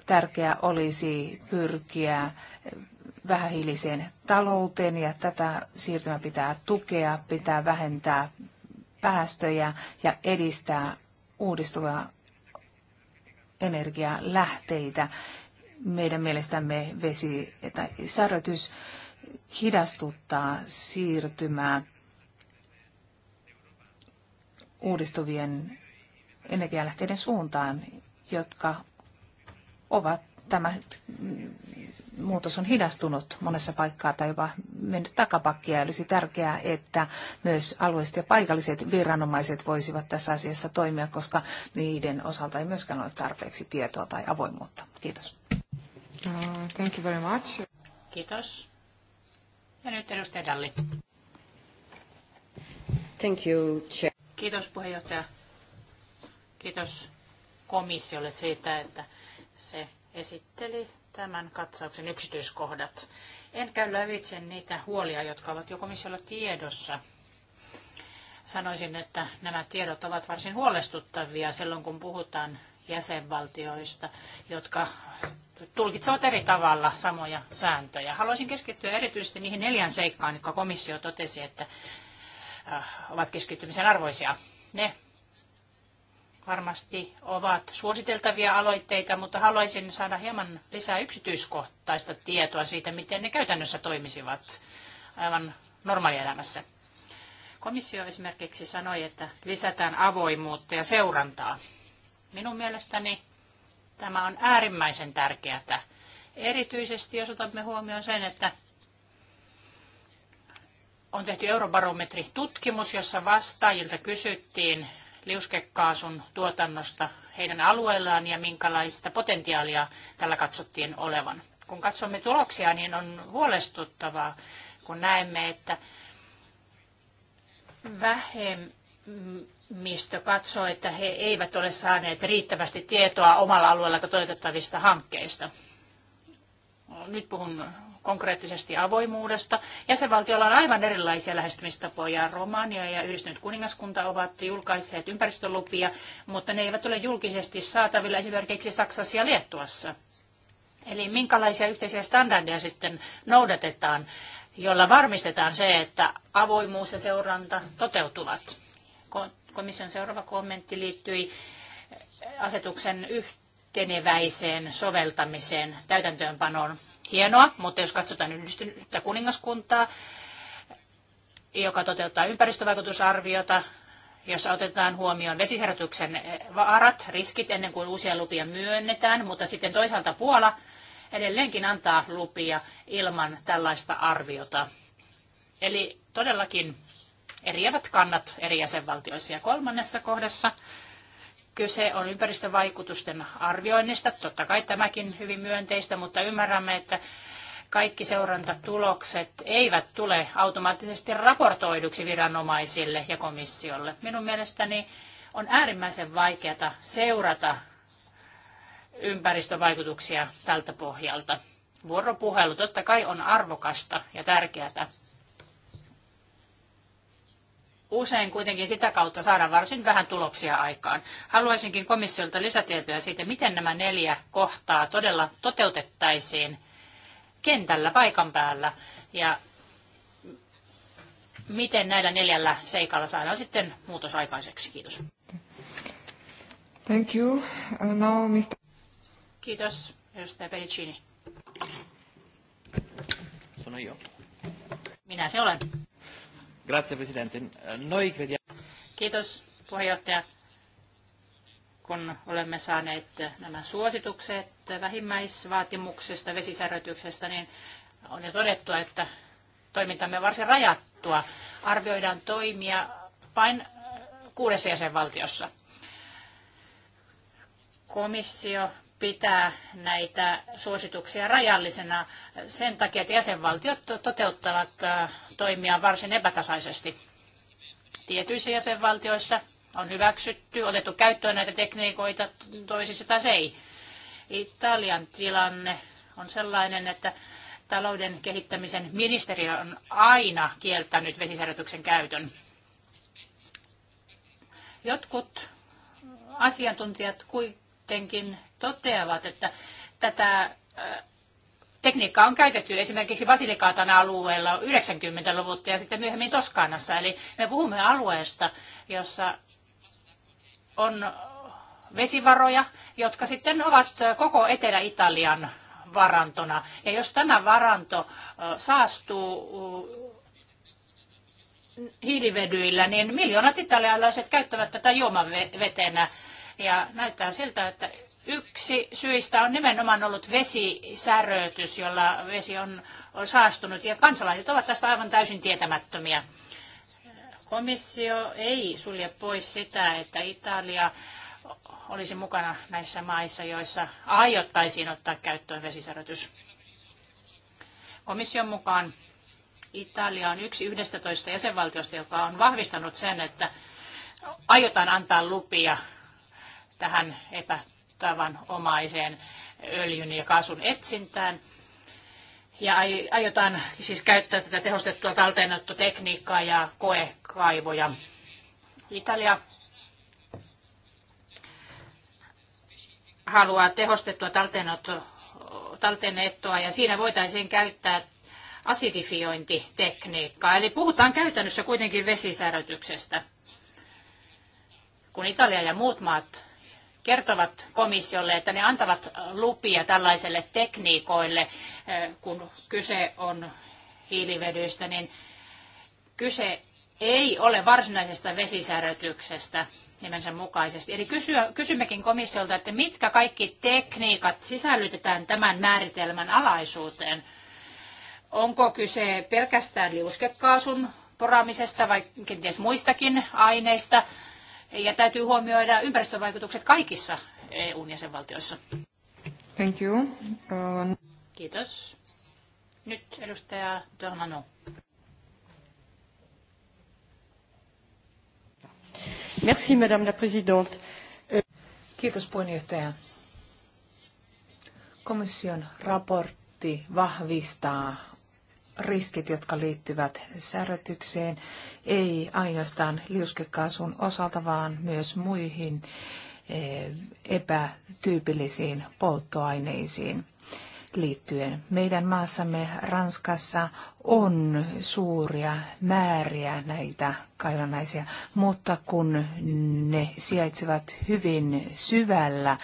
[SPEAKER 3] Tärkeää olisi pyrkiä vähähiiliseen talouteen ja tätä siirtymää pitää tukea, pitää vähentää päästöjä ja edistää uudistuvia energialähteitä. Meidän mielestämme vesi- tai särötys hidastuttaa siirtymää uudistuvien energialähteiden suuntaan, jotka ovat tämä muutos on hidastunut monessa paikkaa tai jopa mennyt takapakkia. Olisi tärkeää, että myös alueelliset ja paikalliset viranomaiset voisivat tässä asiassa toimia, koska niiden osalta ei myöskään ole tarpeeksi tietoa tai avoimuutta. Kiitos. Uh, thank you very much.
[SPEAKER 2] Kiitos. Ja nyt edustaja Dalli.
[SPEAKER 3] Thank you, Chair.
[SPEAKER 2] Kiitos puheenjohtaja. Kiitos komissiolle siitä, että se esitteli tämän katsauksen yksityiskohdat. En käy lävitse niitä huolia, jotka ovat jo komissiolla tiedossa. Sanoisin, että nämä tiedot ovat varsin huolestuttavia silloin, kun puhutaan jäsenvaltioista, jotka tulkitsevat eri tavalla samoja sääntöjä. Haluaisin keskittyä erityisesti niihin neljän seikkaan, jotka komissio totesi, että äh, ovat keskittymisen arvoisia. Ne varmasti ovat suositeltavia aloitteita, mutta haluaisin saada hieman lisää yksityiskohtaista tietoa siitä, miten ne käytännössä toimisivat aivan normaalielämässä. Komissio esimerkiksi sanoi, että lisätään avoimuutta ja seurantaa. Minun mielestäni tämä on äärimmäisen tärkeää. Erityisesti jos otamme huomioon sen, että on tehty eurobarometri-tutkimus, jossa vastaajilta kysyttiin liuskekaasun tuotannosta heidän alueellaan ja minkälaista potentiaalia tällä katsottiin olevan. Kun katsomme tuloksia, niin on huolestuttavaa, kun näemme, että vähemmistö katsoo, että he eivät ole saaneet riittävästi tietoa omalla alueella toteutettavista hankkeista. Nyt puhun konkreettisesti avoimuudesta. Jäsenvaltioilla on aivan erilaisia lähestymistapoja. Romania ja yhdistynyt kuningaskunta ovat julkaisseet ympäristölupia, mutta ne eivät ole julkisesti saatavilla esimerkiksi Saksassa ja Liettuassa. Eli minkälaisia yhteisiä standardeja sitten noudatetaan, jolla varmistetaan se, että avoimuus ja seuranta toteutuvat. Komission seuraava kommentti liittyi asetuksen yhteneväiseen soveltamiseen, täytäntöönpanoon hienoa, mutta jos katsotaan yhdistynyttä kuningaskuntaa, joka toteuttaa ympäristövaikutusarviota, jossa otetaan huomioon vesisärjytyksen eh, vaarat, riskit ennen kuin uusia lupia myönnetään, mutta sitten toisaalta Puola edelleenkin antaa lupia ilman tällaista arviota. Eli todellakin eriävät kannat eri jäsenvaltioissa. Ja kolmannessa kohdassa Kyse on ympäristövaikutusten arvioinnista. Totta kai tämäkin hyvin myönteistä, mutta ymmärrämme, että kaikki seurantatulokset eivät tule automaattisesti raportoiduksi viranomaisille ja komissiolle. Minun mielestäni on äärimmäisen vaikeata seurata ympäristövaikutuksia tältä pohjalta. Vuoropuhelu totta kai on arvokasta ja tärkeää usein kuitenkin sitä kautta saada varsin vähän tuloksia aikaan. Haluaisinkin komissiolta lisätietoja siitä, miten nämä neljä kohtaa todella toteutettaisiin kentällä paikan päällä ja miten näillä neljällä seikalla saadaan sitten muutos aikaiseksi. Kiitos.
[SPEAKER 3] Thank you. Uh, now, Mr.
[SPEAKER 2] Kiitos, edustaja Pericini. Sano jo. Minä se olen. Grazie, Presidente. Noi crediamo... Kiitos, puheenjohtaja. Kun olemme saaneet nämä suositukset vähimmäisvaatimuksesta, vesisäröityksestä, niin on jo todettu, että toimintamme on varsin rajattua. Arvioidaan toimia vain äh, kuudessa jäsenvaltiossa. Komissio pitää näitä suosituksia rajallisena sen takia, että jäsenvaltiot toteuttavat toimia varsin epätasaisesti. Tietyissä jäsenvaltioissa on hyväksytty, otettu käyttöön näitä tekniikoita, toisissa taas ei. Italian tilanne on sellainen, että talouden kehittämisen ministeriö on aina kieltänyt vesisärjytyksen käytön. Jotkut asiantuntijat kuitenkin toteavat, että tätä tekniikkaa on käytetty esimerkiksi Basilikaatan alueella 90-luvulta ja sitten myöhemmin Toskaanassa. Eli me puhumme alueesta, jossa on vesivaroja, jotka sitten ovat koko Etelä-Italian varantona. Ja jos tämä varanto saastuu hiilivedyillä, niin miljoonat italialaiset käyttävät tätä juomavetenä. Ja näyttää siltä, että Yksi syistä on nimenomaan ollut vesisäröitys, jolla vesi on, on saastunut ja kansalaiset ovat tästä aivan täysin tietämättömiä. Komissio ei sulje pois sitä, että Italia olisi mukana näissä maissa, joissa aiottaisiin ottaa käyttöön vesisäröitys. Komission mukaan Italia on yksi 11 jäsenvaltiosta, joka on vahvistanut sen, että aiotaan antaa lupia tähän epä omaiseen öljyn ja kaasun etsintään. Ja aiotaan siis käyttää tätä tehostettua talteenottotekniikkaa ja koekaivoja. Italia haluaa tehostettua talteenottoa ja siinä voitaisiin käyttää asidifiointitekniikkaa. Eli puhutaan käytännössä kuitenkin vesisärätyksestä. Kun Italia ja muut maat kertovat komissiolle, että ne antavat lupia tällaiselle tekniikoille, eh, kun kyse on hiilivedyistä, niin kyse ei ole varsinaisesta vesisärötyksestä nimensä mukaisesti. Eli kysyä, kysymmekin komissiolta, että mitkä kaikki tekniikat sisällytetään tämän määritelmän alaisuuteen. Onko kyse pelkästään liuskekaasun poraamisesta vai kenties muistakin aineista? ja täytyy huomioida ympäristövaikutukset kaikissa EUn jäsenvaltioissa.
[SPEAKER 4] Thank you. Um...
[SPEAKER 2] Kiitos. Nyt edustaja Dornano.
[SPEAKER 3] Merci, madame la présidente. Kiitos puheenjohtaja. Komission raportti vahvistaa riskit, jotka liittyvät särötykseen, ei ainoastaan liuskekaasun osalta, vaan myös muihin eh, epätyypillisiin polttoaineisiin liittyen. Meidän maassamme Ranskassa on suuria määriä näitä kaivannaisia, mutta kun ne sijaitsevat hyvin syvällä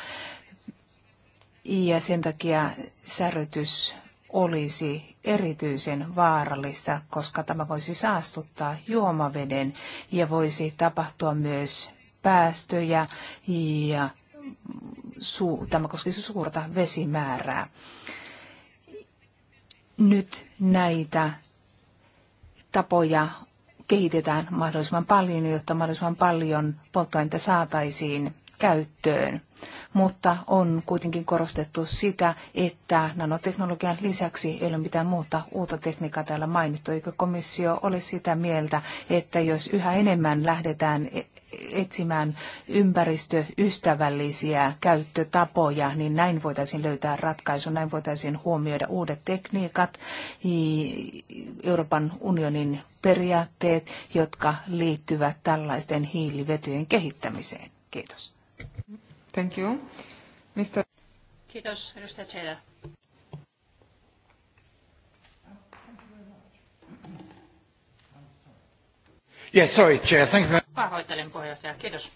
[SPEAKER 3] ja sen takia särötys olisi erityisen vaarallista, koska tämä voisi saastuttaa juomaveden ja voisi tapahtua myös päästöjä ja su- tämä koskisi suurta vesimäärää. Nyt näitä tapoja kehitetään mahdollisimman paljon, jotta mahdollisimman paljon polttoainetta saataisiin käyttöön. Mutta on kuitenkin korostettu sitä, että nanoteknologian lisäksi ei ole mitään muuta uutta tekniikkaa täällä mainittu. Eikö komissio ole sitä mieltä, että jos yhä enemmän lähdetään e- etsimään ympäristöystävällisiä käyttötapoja, niin näin voitaisiin löytää ratkaisu, näin voitaisiin huomioida uudet tekniikat, Euroopan unionin periaatteet, jotka liittyvät tällaisten hiilivetyjen kehittämiseen. Kiitos. Thank you. Mr.
[SPEAKER 2] Kiitos, edustaja Tseda.
[SPEAKER 1] Yes, sorry, Chair. Thank you.
[SPEAKER 2] Pahoittelen puheenjohtaja. Kiitos.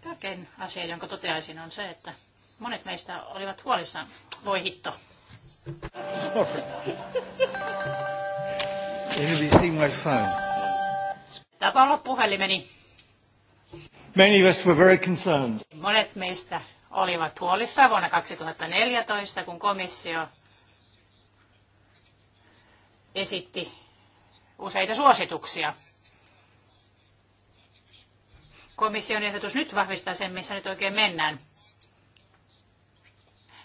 [SPEAKER 2] Tärkein asia, jonka toteaisin, on se, että monet meistä olivat huolissaan. Voi hitto. Sorry.
[SPEAKER 1] Everybody's seeing my phone.
[SPEAKER 2] Tapa olla puhelimeni.
[SPEAKER 1] Many of us were very
[SPEAKER 4] concerned.
[SPEAKER 2] Monet meistä olivat huolissa vuonna 2014, kun komissio esitti useita suosituksia. Komission ehdotus nyt vahvistaa sen, missä nyt oikein mennään.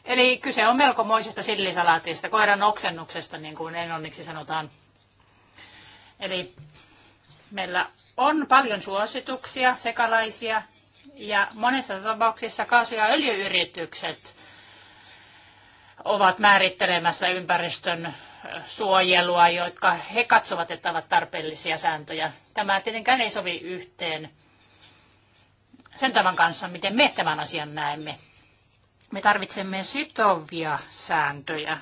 [SPEAKER 2] Eli kyse on melkomoisesta sillisalaatista, koiran oksennuksesta, niin kuin englanniksi sanotaan. Eli Meillä on paljon suosituksia, sekalaisia ja monessa tapauksessa kaasu- ja öljyyritykset ovat määrittelemässä ympäristön suojelua, jotka he katsovat, että ovat tarpeellisia sääntöjä. Tämä tietenkään ei sovi yhteen sen tavan kanssa, miten me tämän asian näemme. Me tarvitsemme sitovia sääntöjä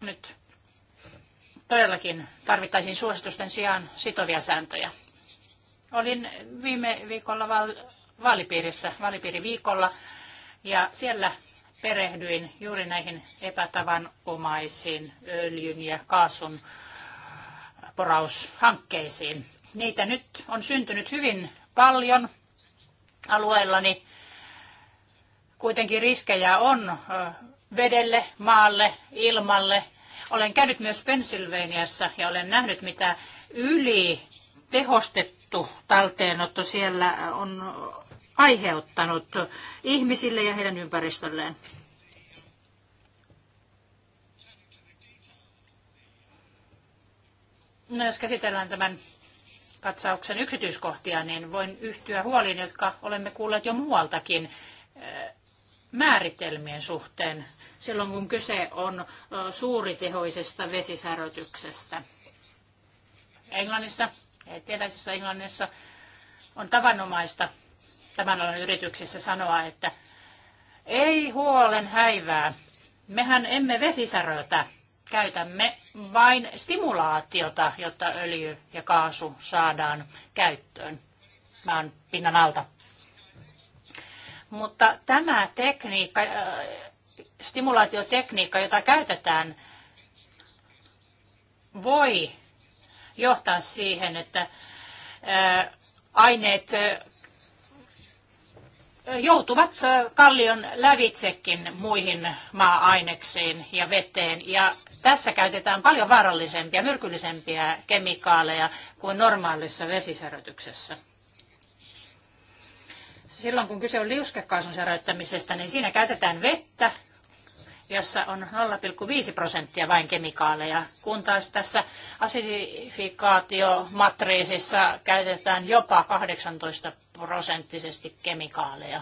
[SPEAKER 2] Nyt todellakin tarvittaisiin suositusten sijaan sitovia sääntöjä. Olin viime viikolla val- vaalipiirissä, vaalipiiriviikolla, ja siellä perehdyin juuri näihin epätavanomaisiin öljyn ja kaasun poraushankkeisiin. Niitä nyt on syntynyt hyvin paljon alueellani. Kuitenkin riskejä on vedelle, maalle, ilmalle. Olen käynyt myös Pennsylvaniassa ja olen nähnyt, mitä yli tehostettu talteenotto siellä on aiheuttanut ihmisille ja heidän ympäristölleen. No, jos käsitellään tämän katsauksen yksityiskohtia, niin voin yhtyä huoliin, jotka olemme kuulleet jo muualtakin eh, määritelmien suhteen silloin, kun kyse on suuritehoisesta vesisärötyksestä. Englannissa, eteläisessä Englannissa on tavanomaista tämän alan yrityksissä sanoa, että ei huolen häivää, mehän emme vesisärötä, käytämme vain stimulaatiota, jotta öljy ja kaasu saadaan käyttöön maan pinnan alta. Mutta tämä tekniikka stimulaatiotekniikka, jota käytetään, voi johtaa siihen, että aineet joutuvat kallion lävitsekin muihin maa-aineksiin ja veteen. Ja tässä käytetään paljon vaarallisempia, myrkyllisempiä kemikaaleja kuin normaalissa vesisärötyksessä. Silloin kun kyse on liuskekaasun säröittämisestä, niin siinä käytetään vettä jossa on 0,5 prosenttia vain kemikaaleja, kun taas tässä asidifikaatiomatriisissa käytetään jopa 18 prosenttisesti kemikaaleja.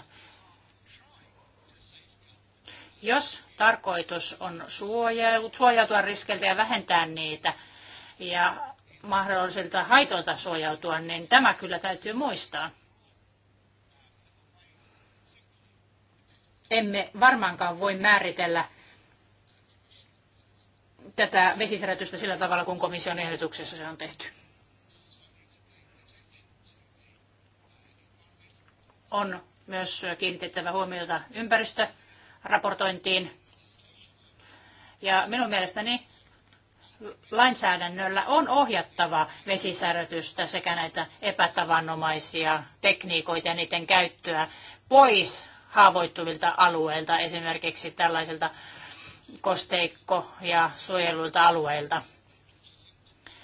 [SPEAKER 2] Jos tarkoitus on suojautua riskeiltä ja vähentää niitä ja mahdollisilta haitoilta suojautua, niin tämä kyllä täytyy muistaa. Emme varmaankaan voi määritellä tätä vesisärätystä sillä tavalla, kun komission ehdotuksessa se on tehty. On myös kiinnitettävä huomiota ympäristöraportointiin. Ja minun mielestäni lainsäädännöllä on ohjattava vesisärötystä sekä näitä epätavanomaisia tekniikoita ja niiden käyttöä pois haavoittuvilta alueilta, esimerkiksi tällaisilta kosteikko- ja suojeluilta alueilta,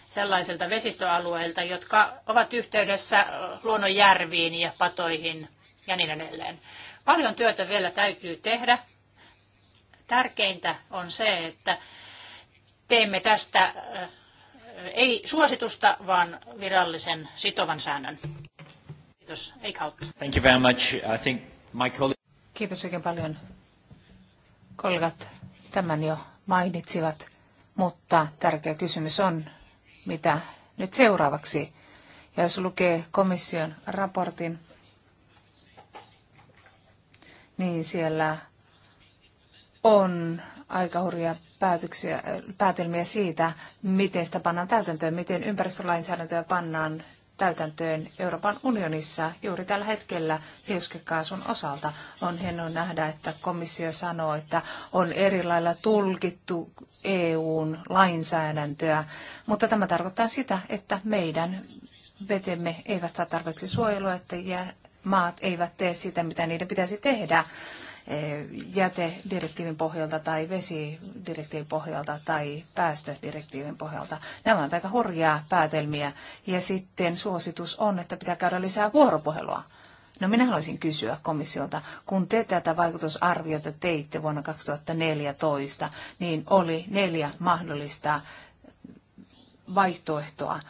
[SPEAKER 2] sellaisilta vesistöalueilta, jotka ovat yhteydessä luonnonjärviin ja patoihin ja niin edelleen. Paljon työtä vielä täytyy tehdä. Tärkeintä on se, että teemme tästä ei suositusta, vaan virallisen sitovan säännön. Kiitos. kautta. Thank you very
[SPEAKER 4] much. I think
[SPEAKER 1] my colleague...
[SPEAKER 3] Kiitos oikein paljon. Kollegat tämän jo mainitsivat, mutta tärkeä kysymys on, mitä nyt seuraavaksi. Ja jos lukee komission raportin, niin siellä on aika hurjia päätöksiä, päätelmiä siitä, miten sitä pannaan täytäntöön, miten ympäristölainsäädäntöä pannaan täytäntöön Euroopan unionissa juuri tällä hetkellä liuskekaasun osalta. On hienoa nähdä, että komissio sanoo, että on eri lailla tulkittu EUn lainsäädäntöä, mutta tämä tarkoittaa sitä, että meidän vetemme eivät saa tarpeeksi suojelua, että maat eivät tee sitä, mitä niiden pitäisi tehdä. Eh, jätedirektiivin pohjalta tai vesidirektiivin pohjalta tai päästödirektiivin pohjalta. Nämä ovat aika hurjaa päätelmiä. Ja sitten suositus on, että pitää käydä lisää vuoropuhelua. No minä haluaisin kysyä komissiolta, kun te tätä vaikutusarviota teitte vuonna 2014, niin oli neljä mahdollista vaihtoehtoa.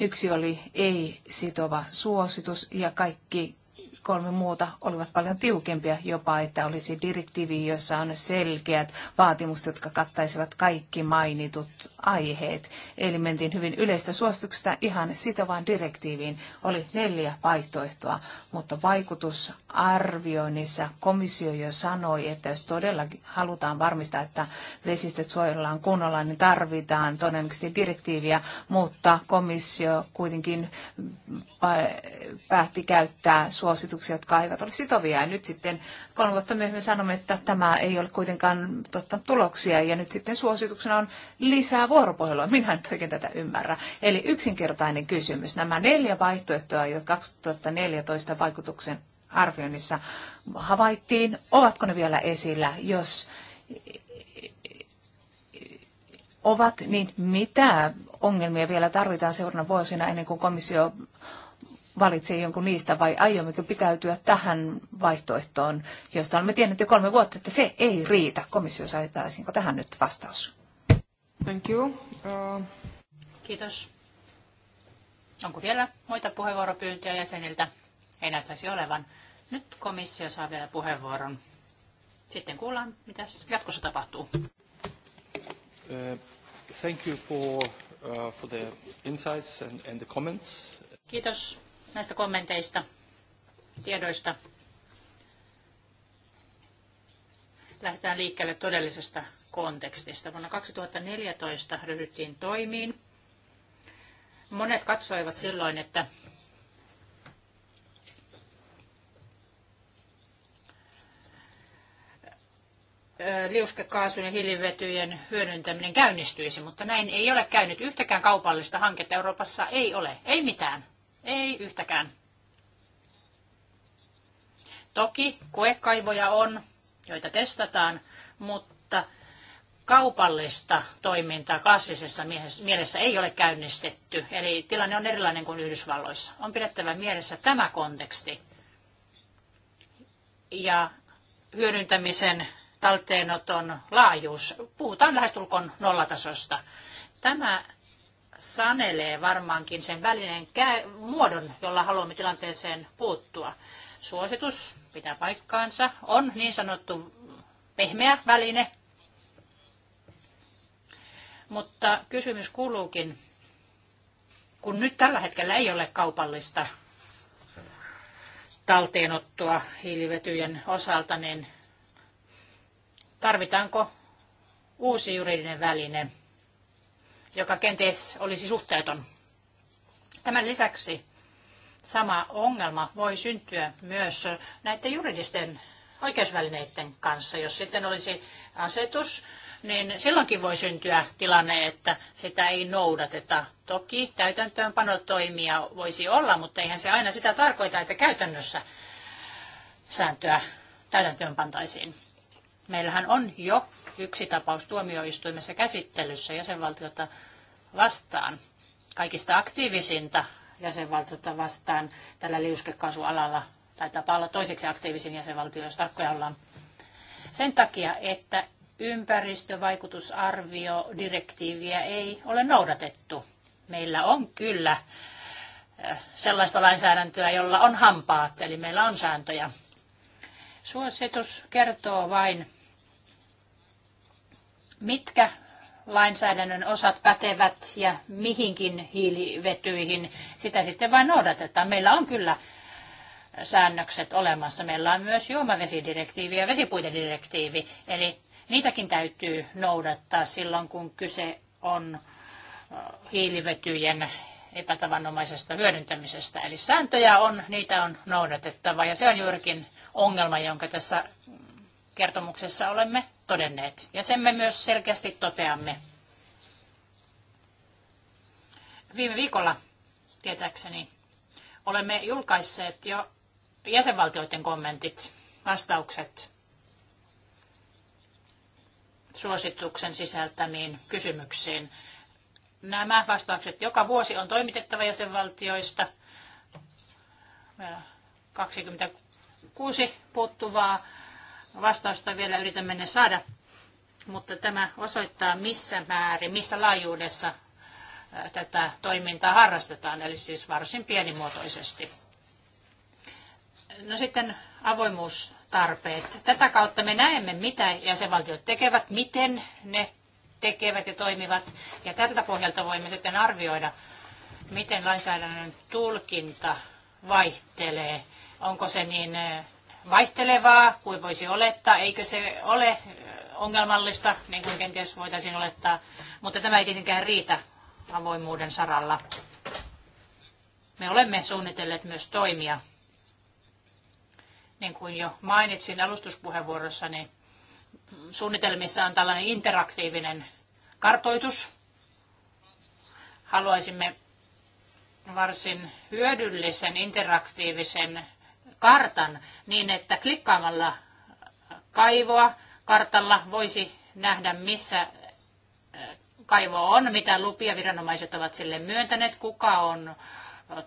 [SPEAKER 3] Yksi oli ei-sitova suositus ja kaikki kolme muuta olivat paljon tiukempia jopa, että olisi direktiivi, jossa on selkeät vaatimukset, jotka kattaisivat kaikki mainitut aiheet. Eli mentiin hyvin yleistä suosituksesta ihan sitovaan direktiiviin. Oli neljä vaihtoehtoa, mutta vaikutusarvioinnissa komissio jo sanoi, että jos todella halutaan varmistaa, että vesistöt suojellaan kunnolla, niin tarvitaan todennäköisesti direktiiviä, mutta komissio kuitenkin päätti käyttää suositusta suosituksia, jotka eivät ole sitovia. Ja nyt sitten kolme vuotta myöhemmin sanomme, että tämä ei ole kuitenkaan tuottanut tuloksia. Ja nyt sitten suosituksena on lisää vuoropuhelua. Minä en oikein tätä ymmärrä. Eli yksinkertainen kysymys. Nämä neljä vaihtoehtoa, jotka 2014 vaikutuksen arvioinnissa havaittiin, ovatko ne vielä esillä, jos ovat, niin mitä ongelmia vielä tarvitaan seuraavana vuosina ennen kuin komissio valitsee jonkun niistä vai aiommeko pitäytyä tähän vaihtoehtoon, josta olemme tienneet jo kolme vuotta, että se ei riitä. Komissio saitaisinko tähän nyt vastaus? Thank you.
[SPEAKER 2] Uh... Kiitos. Onko vielä muita puheenvuoropyyntöjä jäseniltä? Ei näyttäisi olevan. Nyt komissio saa vielä puheenvuoron. Sitten kuullaan, mitä jatkossa tapahtuu.
[SPEAKER 3] Uh, thank you for, uh, for the insights and, and the comments.
[SPEAKER 2] Kiitos näistä kommenteista, tiedoista. Lähdetään liikkeelle todellisesta kontekstista. Vuonna 2014 ryhdyttiin toimiin. Monet katsoivat silloin, että liuskekaasun ja hiilivetyjen hyödyntäminen käynnistyisi, mutta näin ei ole käynyt. Yhtäkään kaupallista hanketta Euroopassa ei ole, ei mitään. Ei yhtäkään. Toki koekaivoja on, joita testataan, mutta kaupallista toimintaa klassisessa mielessä ei ole käynnistetty. Eli tilanne on erilainen kuin Yhdysvalloissa. On pidettävä mielessä tämä konteksti ja hyödyntämisen talteenoton laajuus. Puhutaan lähestulkoon nollatasosta. Tämä sanelee varmaankin sen välineen muodon, jolla haluamme tilanteeseen puuttua. Suositus pitää paikkaansa, on niin sanottu pehmeä väline, mutta kysymys kuuluukin, kun nyt tällä hetkellä ei ole kaupallista talteenottoa hiilivetyjen osalta, niin tarvitaanko uusi juridinen väline – joka kenties olisi suhteeton. Tämän lisäksi sama ongelma voi syntyä myös näiden juridisten oikeusvälineiden kanssa. Jos sitten olisi asetus, niin silloinkin voi syntyä tilanne, että sitä ei noudateta. Toki täytäntöönpanotoimia voisi olla, mutta eihän se aina sitä tarkoita, että käytännössä sääntöä täytäntöönpantaisiin. Meillähän on jo yksi tapaus tuomioistuimessa käsittelyssä jäsenvaltiota vastaan, kaikista aktiivisinta jäsenvaltiota vastaan tällä liuskekaasualalla, tai tapaa olla toiseksi aktiivisin jäsenvaltio, jos tarkkoja ollaan. Sen takia, että ympäristövaikutusarviodirektiiviä ei ole noudatettu. Meillä on kyllä sellaista lainsäädäntöä, jolla on hampaat, eli meillä on sääntöjä. Suositus kertoo vain mitkä lainsäädännön osat pätevät ja mihinkin hiilivetyihin sitä sitten vain noudatetaan. Meillä on kyllä säännökset olemassa. Meillä on myös juomavesidirektiivi ja vesipuitedirektiivi, eli niitäkin täytyy noudattaa silloin, kun kyse on hiilivetyjen epätavanomaisesta hyödyntämisestä. Eli sääntöjä on, niitä on noudatettava ja se on juurikin ongelma, jonka tässä kertomuksessa olemme todenneet. Ja sen me myös selkeästi toteamme. Viime viikolla, tietääkseni, olemme julkaisseet jo jäsenvaltioiden kommentit, vastaukset suosituksen sisältämiin kysymyksiin. Nämä vastaukset joka vuosi on toimitettava jäsenvaltioista. Meillä on 26 puuttuvaa Vastausta vielä yritämme ne saada, mutta tämä osoittaa missä määrin, missä laajuudessa tätä toimintaa harrastetaan, eli siis varsin pienimuotoisesti. No sitten avoimuustarpeet. Tätä kautta me näemme, mitä jäsenvaltiot tekevät, miten ne tekevät ja toimivat. Ja tältä pohjalta voimme sitten arvioida, miten lainsäädännön tulkinta vaihtelee. Onko se niin vaihtelevaa kuin voisi olettaa. Eikö se ole ongelmallista, niin kuin kenties voitaisiin olettaa, mutta tämä ei tietenkään riitä avoimuuden saralla. Me olemme suunnitelleet myös toimia. Niin kuin jo mainitsin alustuspuheenvuorossa, niin suunnitelmissa on tällainen interaktiivinen kartoitus. Haluaisimme varsin hyödyllisen interaktiivisen kartan niin, että klikkaamalla kaivoa kartalla voisi nähdä, missä äh, kaivo on, mitä lupia viranomaiset ovat sille myöntäneet, kuka on äh,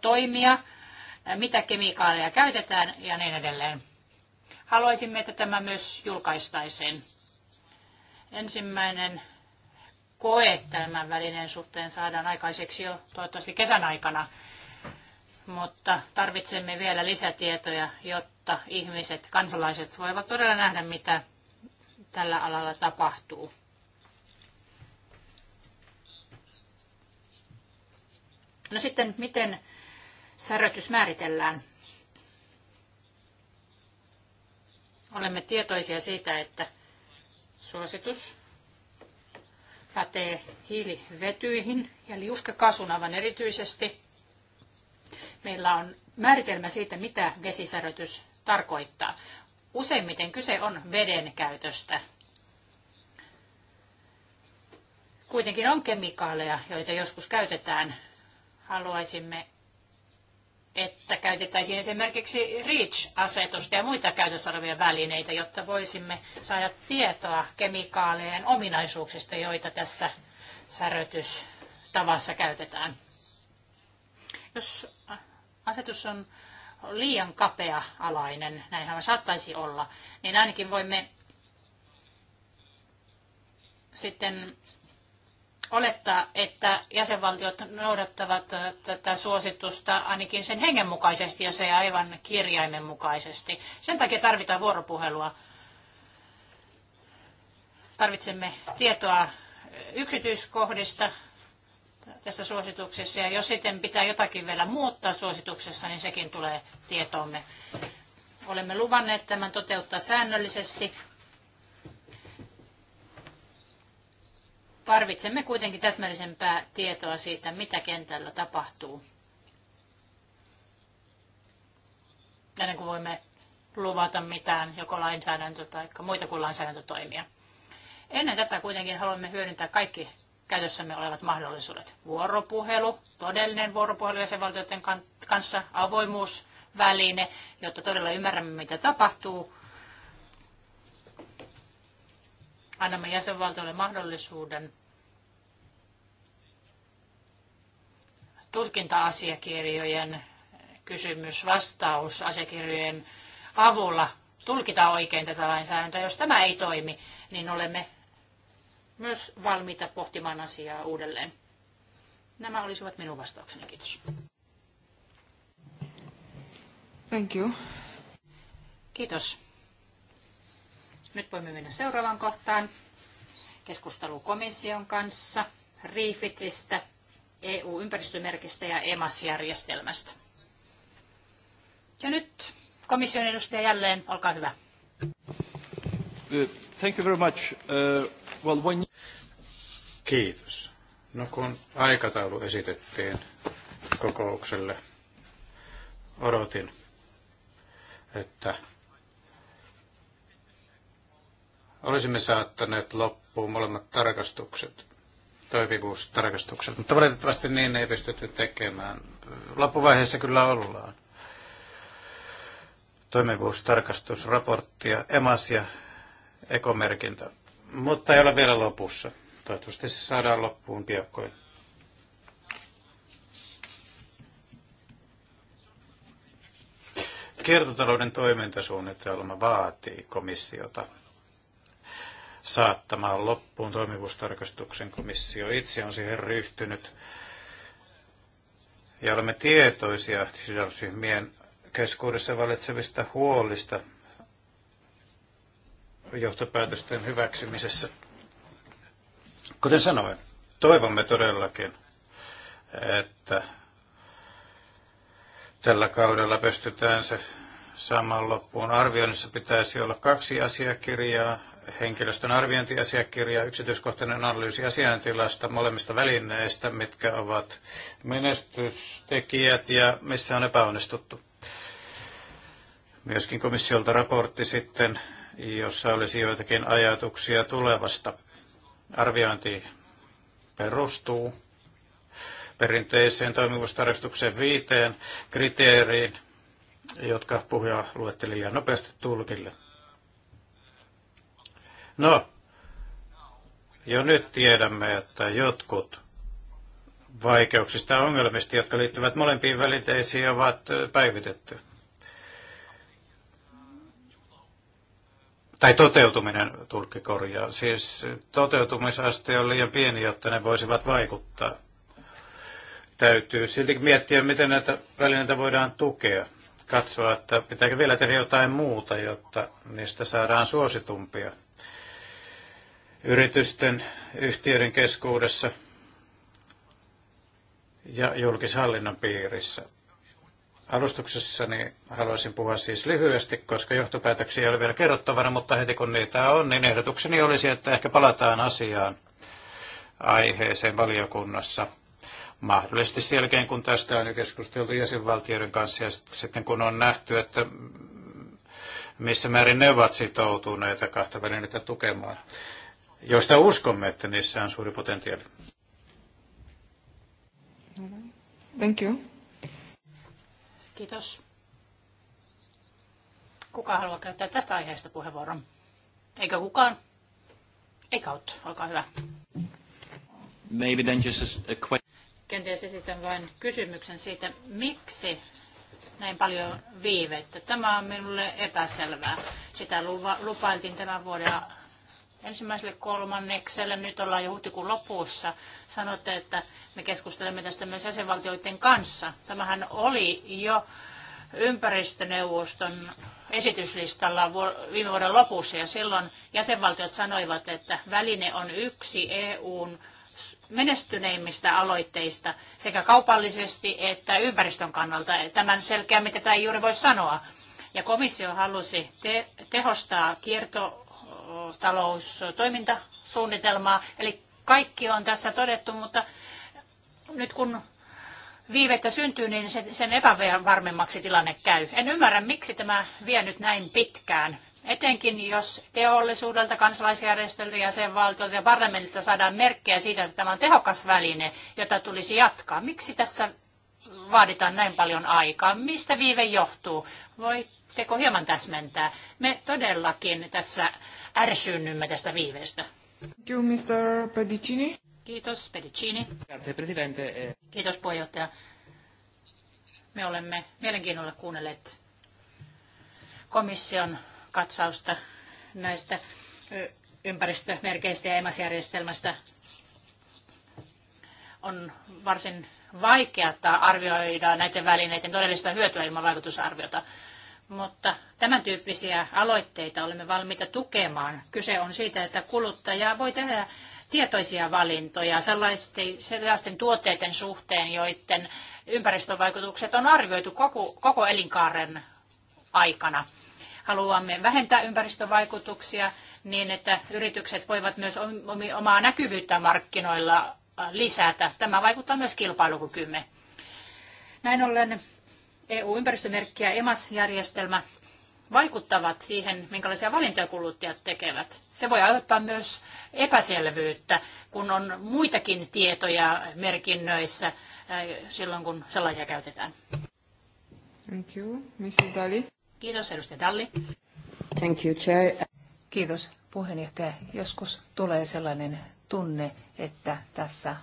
[SPEAKER 2] toimija, äh, mitä kemikaaleja käytetään ja niin edelleen. Haluaisimme, että tämä myös julkaistaisiin. Ensimmäinen koe tämän välineen suhteen saadaan aikaiseksi jo toivottavasti kesän aikana mutta tarvitsemme vielä lisätietoja, jotta ihmiset, kansalaiset voivat todella nähdä, mitä tällä alalla tapahtuu. No sitten, miten särötys määritellään? Olemme tietoisia siitä, että suositus pätee hiilivetyihin ja liuskakasuna aivan erityisesti – meillä on määritelmä siitä, mitä vesisärötys tarkoittaa. Useimmiten kyse on veden käytöstä. Kuitenkin on kemikaaleja, joita joskus käytetään. Haluaisimme, että käytettäisiin esimerkiksi REACH-asetusta ja muita käytössä olevia välineitä, jotta voisimme saada tietoa kemikaalien ominaisuuksista, joita tässä särötystavassa käytetään. Jos asetus on liian kapea-alainen, näinhän saattaisi olla, niin ainakin voimme sitten olettaa, että jäsenvaltiot noudattavat tätä suositusta ainakin sen hengen mukaisesti, jos ei aivan kirjaimen mukaisesti. Sen takia tarvitaan vuoropuhelua. Tarvitsemme tietoa yksityiskohdista, tässä suosituksessa. Ja jos sitten pitää jotakin vielä muuttaa suosituksessa, niin sekin tulee tietoomme. Olemme luvanneet tämän toteuttaa säännöllisesti. Tarvitsemme kuitenkin täsmällisempää tietoa siitä, mitä kentällä tapahtuu. Ennen kuin voimme luvata mitään, joko lainsäädäntö tai muita kuin lainsäädäntötoimia. Ennen tätä kuitenkin haluamme hyödyntää kaikki käytössämme olevat mahdollisuudet. Vuoropuhelu, todellinen vuoropuhelu jäsenvaltioiden kanssa, avoimuusväline, jotta todella ymmärrämme, mitä tapahtuu. Annamme jäsenvaltioille mahdollisuuden tulkinta-asiakirjojen kysymys-vastaus-asiakirjojen avulla tulkita oikein tätä lainsäädäntöä. Jos tämä ei toimi, niin olemme myös valmiita pohtimaan asiaa uudelleen. Nämä olisivat minun vastaukseni. Kiitos. Thank you. Kiitos. Nyt voimme mennä seuraavaan kohtaan. Keskustelu komission kanssa, Riifitistä, EU-ympäristömerkistä ja EMAS-järjestelmästä. Ja nyt komission edustaja jälleen, olkaa hyvä.
[SPEAKER 1] Thank you very much. Uh, well, when... Kiitos. No kun aikataulu esitettiin kokoukselle, odotin, että olisimme saattaneet loppuun molemmat tarkastukset, toimivuustarkastukset, mutta valitettavasti niin ei pystytty tekemään. Loppuvaiheessa kyllä ollaan. Toimivuustarkastusraporttia EMAS ja ekomerkintä. Mutta ei ole vielä lopussa. Toivottavasti se saadaan loppuun piakkoin. Kiertotalouden toimintasuunnitelma vaatii komissiota saattamaan loppuun toimivuustarkastuksen. Komissio itse on siihen ryhtynyt. Ja olemme tietoisia sidosryhmien keskuudessa valitsevista huolista johtopäätösten hyväksymisessä. Kuten sanoin, toivomme todellakin, että tällä kaudella pystytään se saamaan loppuun. Arvioinnissa pitäisi olla kaksi asiakirjaa, henkilöstön arviointiasiakirja, yksityiskohtainen analyysi asiantilasta molemmista välineistä, mitkä ovat menestystekijät ja missä on epäonnistuttu. Myöskin komissiolta raportti sitten jossa olisi joitakin ajatuksia tulevasta. Arviointi perustuu perinteiseen toimivuustarkastukseen viiteen kriteeriin, jotka puhuja luetteli liian nopeasti tulkille. No, jo nyt tiedämme, että jotkut vaikeuksista ja ongelmista, jotka liittyvät molempiin väliteisiin, ovat päivitetty. tai toteutuminen, tulkki korjaa, siis toteutumisaste on liian pieni, jotta ne voisivat vaikuttaa. Täytyy silti miettiä, miten näitä välineitä voidaan tukea. Katsoa, että pitääkö vielä tehdä jotain muuta, jotta niistä saadaan suositumpia yritysten, yhtiöiden keskuudessa ja julkishallinnon piirissä. Alustuksessani haluaisin puhua siis lyhyesti, koska johtopäätöksiä ei ole vielä kerrottavana, mutta heti kun niitä on, niin ehdotukseni olisi, että ehkä palataan asiaan aiheeseen valiokunnassa. Mahdollisesti sen jälkeen, kun tästä on jo keskusteltu jäsenvaltioiden kanssa ja sitten kun on nähty, että missä määrin ne ovat sitoutuneita kahta välineitä tukemaan, joista uskomme, että niissä on suuri potentiaali.
[SPEAKER 4] Thank you.
[SPEAKER 2] Kiitos. Kuka haluaa käyttää tästä aiheesta puheenvuoron? Eikä kukaan? Eikä out. Olkaa hyvä. Maybe then just a question. Kenties esitän vain kysymyksen siitä, miksi näin paljon viivettä. Tämä on minulle epäselvää. Sitä lupailtiin tämän vuoden ensimmäiselle kolmannekselle, nyt ollaan jo huhtikuun lopussa, sanotte, että me keskustelemme tästä myös jäsenvaltioiden kanssa. Tämähän oli jo ympäristöneuvoston esityslistalla viime vuoden lopussa ja silloin jäsenvaltiot sanoivat, että väline on yksi EUn menestyneimmistä aloitteista sekä kaupallisesti että ympäristön kannalta. Tämän selkeämmin tätä ei juuri voi sanoa. Ja komissio halusi te- tehostaa kierto taloustoimintasuunnitelmaa. Eli kaikki on tässä todettu, mutta nyt kun viivettä syntyy, niin sen epävarmemmaksi tilanne käy. En ymmärrä, miksi tämä vie nyt näin pitkään. Etenkin jos teollisuudelta, kansalaisjärjestöltä, jäsenvaltiolta ja parlamentilta saadaan merkkejä siitä, että tämä on tehokas väline, jota tulisi jatkaa. Miksi tässä vaaditaan näin paljon aikaa? Mistä viive johtuu? Voit voisitteko hieman täsmentää? Me todellakin tässä ärsynnymme tästä viiveestä.
[SPEAKER 3] Thank you, Mr. Pedicini.
[SPEAKER 2] Kiitos, Pedicini. Kiitos, puheenjohtaja. Me olemme mielenkiinnolla kuunnelleet komission katsausta näistä ympäristömerkeistä ja emasjärjestelmästä. On varsin vaikeaa arvioida näiden välineiden todellista hyötyä ilman vaikutusarviota mutta tämän tyyppisiä aloitteita olemme valmiita tukemaan. Kyse on siitä, että kuluttaja voi tehdä tietoisia valintoja sellaisten, sellaisten tuotteiden suhteen, joiden ympäristövaikutukset on arvioitu koko, koko elinkaaren aikana. Haluamme vähentää ympäristövaikutuksia niin, että yritykset voivat myös omaa näkyvyyttä markkinoilla lisätä. Tämä vaikuttaa myös kilpailukykymme. Näin ollen EU-ympäristömerkki ja EMAS-järjestelmä vaikuttavat siihen, minkälaisia valintoja kuluttajat tekevät. Se voi aiheuttaa myös epäselvyyttä, kun on muitakin tietoja merkinnöissä eh, silloin, kun sellaisia käytetään.
[SPEAKER 3] Thank you. Mrs. Dali.
[SPEAKER 2] Kiitos, edustaja Dalli.
[SPEAKER 3] Thank you, Chair. Kiitos, puheenjohtaja. Joskus tulee sellainen tunne, että tässä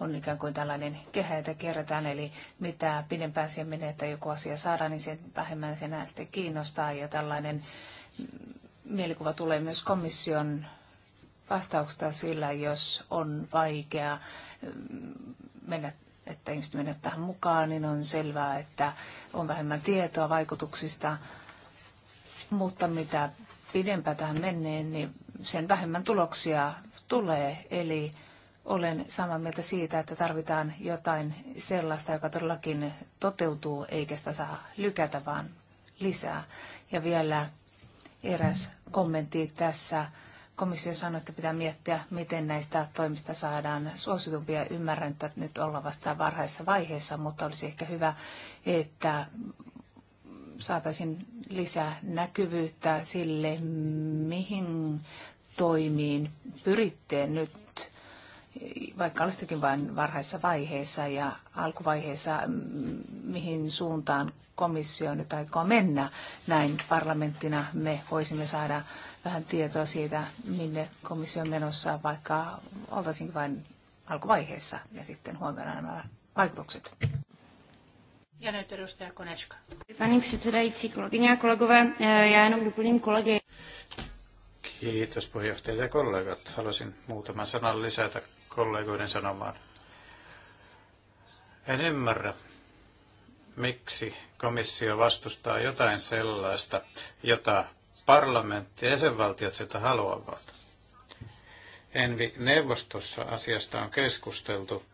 [SPEAKER 3] on ikään kuin tällainen kehä, jota kerätään, eli mitä pidempään siihen menee, että joku asia saadaan, niin sen vähemmän se enää sitten kiinnostaa, ja tällainen mm, mielikuva tulee myös komission vastauksesta sillä, jos on vaikea mm, mennä että ihmiset menevät tähän mukaan, niin on selvää, että on vähemmän tietoa vaikutuksista. Mutta mitä pidempään tähän menee, niin sen vähemmän tuloksia tulee. Eli olen samaa mieltä siitä, että tarvitaan jotain sellaista, joka todellakin toteutuu, eikä sitä saa lykätä, vaan lisää. Ja vielä eräs kommentti tässä. Komissio sanoi, että pitää miettiä, miten näistä toimista saadaan suositumpia. Ymmärrän, että nyt ollaan vasta varhaisessa vaiheessa, mutta olisi ehkä hyvä, että saataisiin lisää näkyvyyttä sille, mihin toimiin pyritte nyt vaikka olisitkin vain varhaisessa vaiheessa ja alkuvaiheessa, mihin suuntaan komissio nyt aikoo mennä. Näin parlamenttina me voisimme saada vähän tietoa siitä, minne komissio on menossa, vaikka oltaisinkin vain alkuvaiheessa ja sitten huomioida nämä vaikutukset.
[SPEAKER 2] Ja nyt edustaja Konečka.
[SPEAKER 3] Pani předsedající, kolegyně a kolegové, eh, já jenom doplním
[SPEAKER 2] kolegy.
[SPEAKER 1] Kiitos puheenjohtaja ja kollegat. Haluaisin muutaman sanan lisätä kollegoiden sanomaan. En ymmärrä, miksi komissio vastustaa jotain sellaista, jota parlamentti ja jäsenvaltiot sitä haluavat. Envi-neuvostossa asiasta on keskusteltu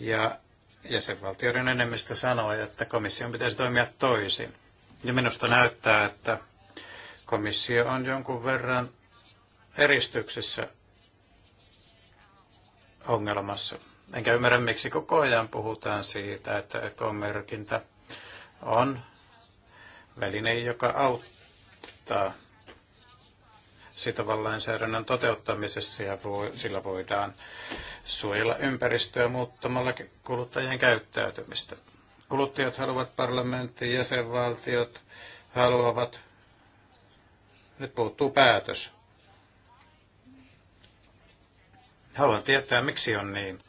[SPEAKER 1] ja jäsenvaltioiden enemmistö sanoi, että komission pitäisi toimia toisin. Ja minusta näyttää, että komissio on jonkun verran eristyksessä ongelmassa. Enkä ymmärrä, miksi koko ajan puhutaan siitä, että ekomerkintä on väline, joka auttaa sitovan lainsäädännön toteuttamisessa ja voi, sillä voidaan suojella ympäristöä muuttamalla kuluttajien käyttäytymistä. Kuluttajat haluavat parlamentti, jäsenvaltiot haluavat, nyt puuttuu päätös, Haluan tietää, miksi on niin,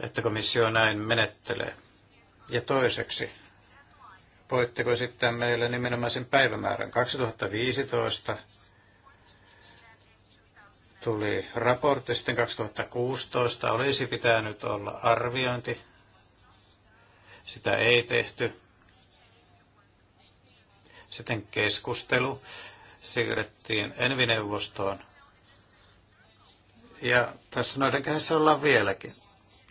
[SPEAKER 1] että komissio näin menettelee. Ja toiseksi, voitteko esittää meille sen päivämäärän 2015 tuli raportti, sitten 2016 olisi pitänyt olla arviointi. Sitä ei tehty. Sitten keskustelu siirrettiin Envineuvostoon ja tässä noiden kädessä ollaan vieläkin.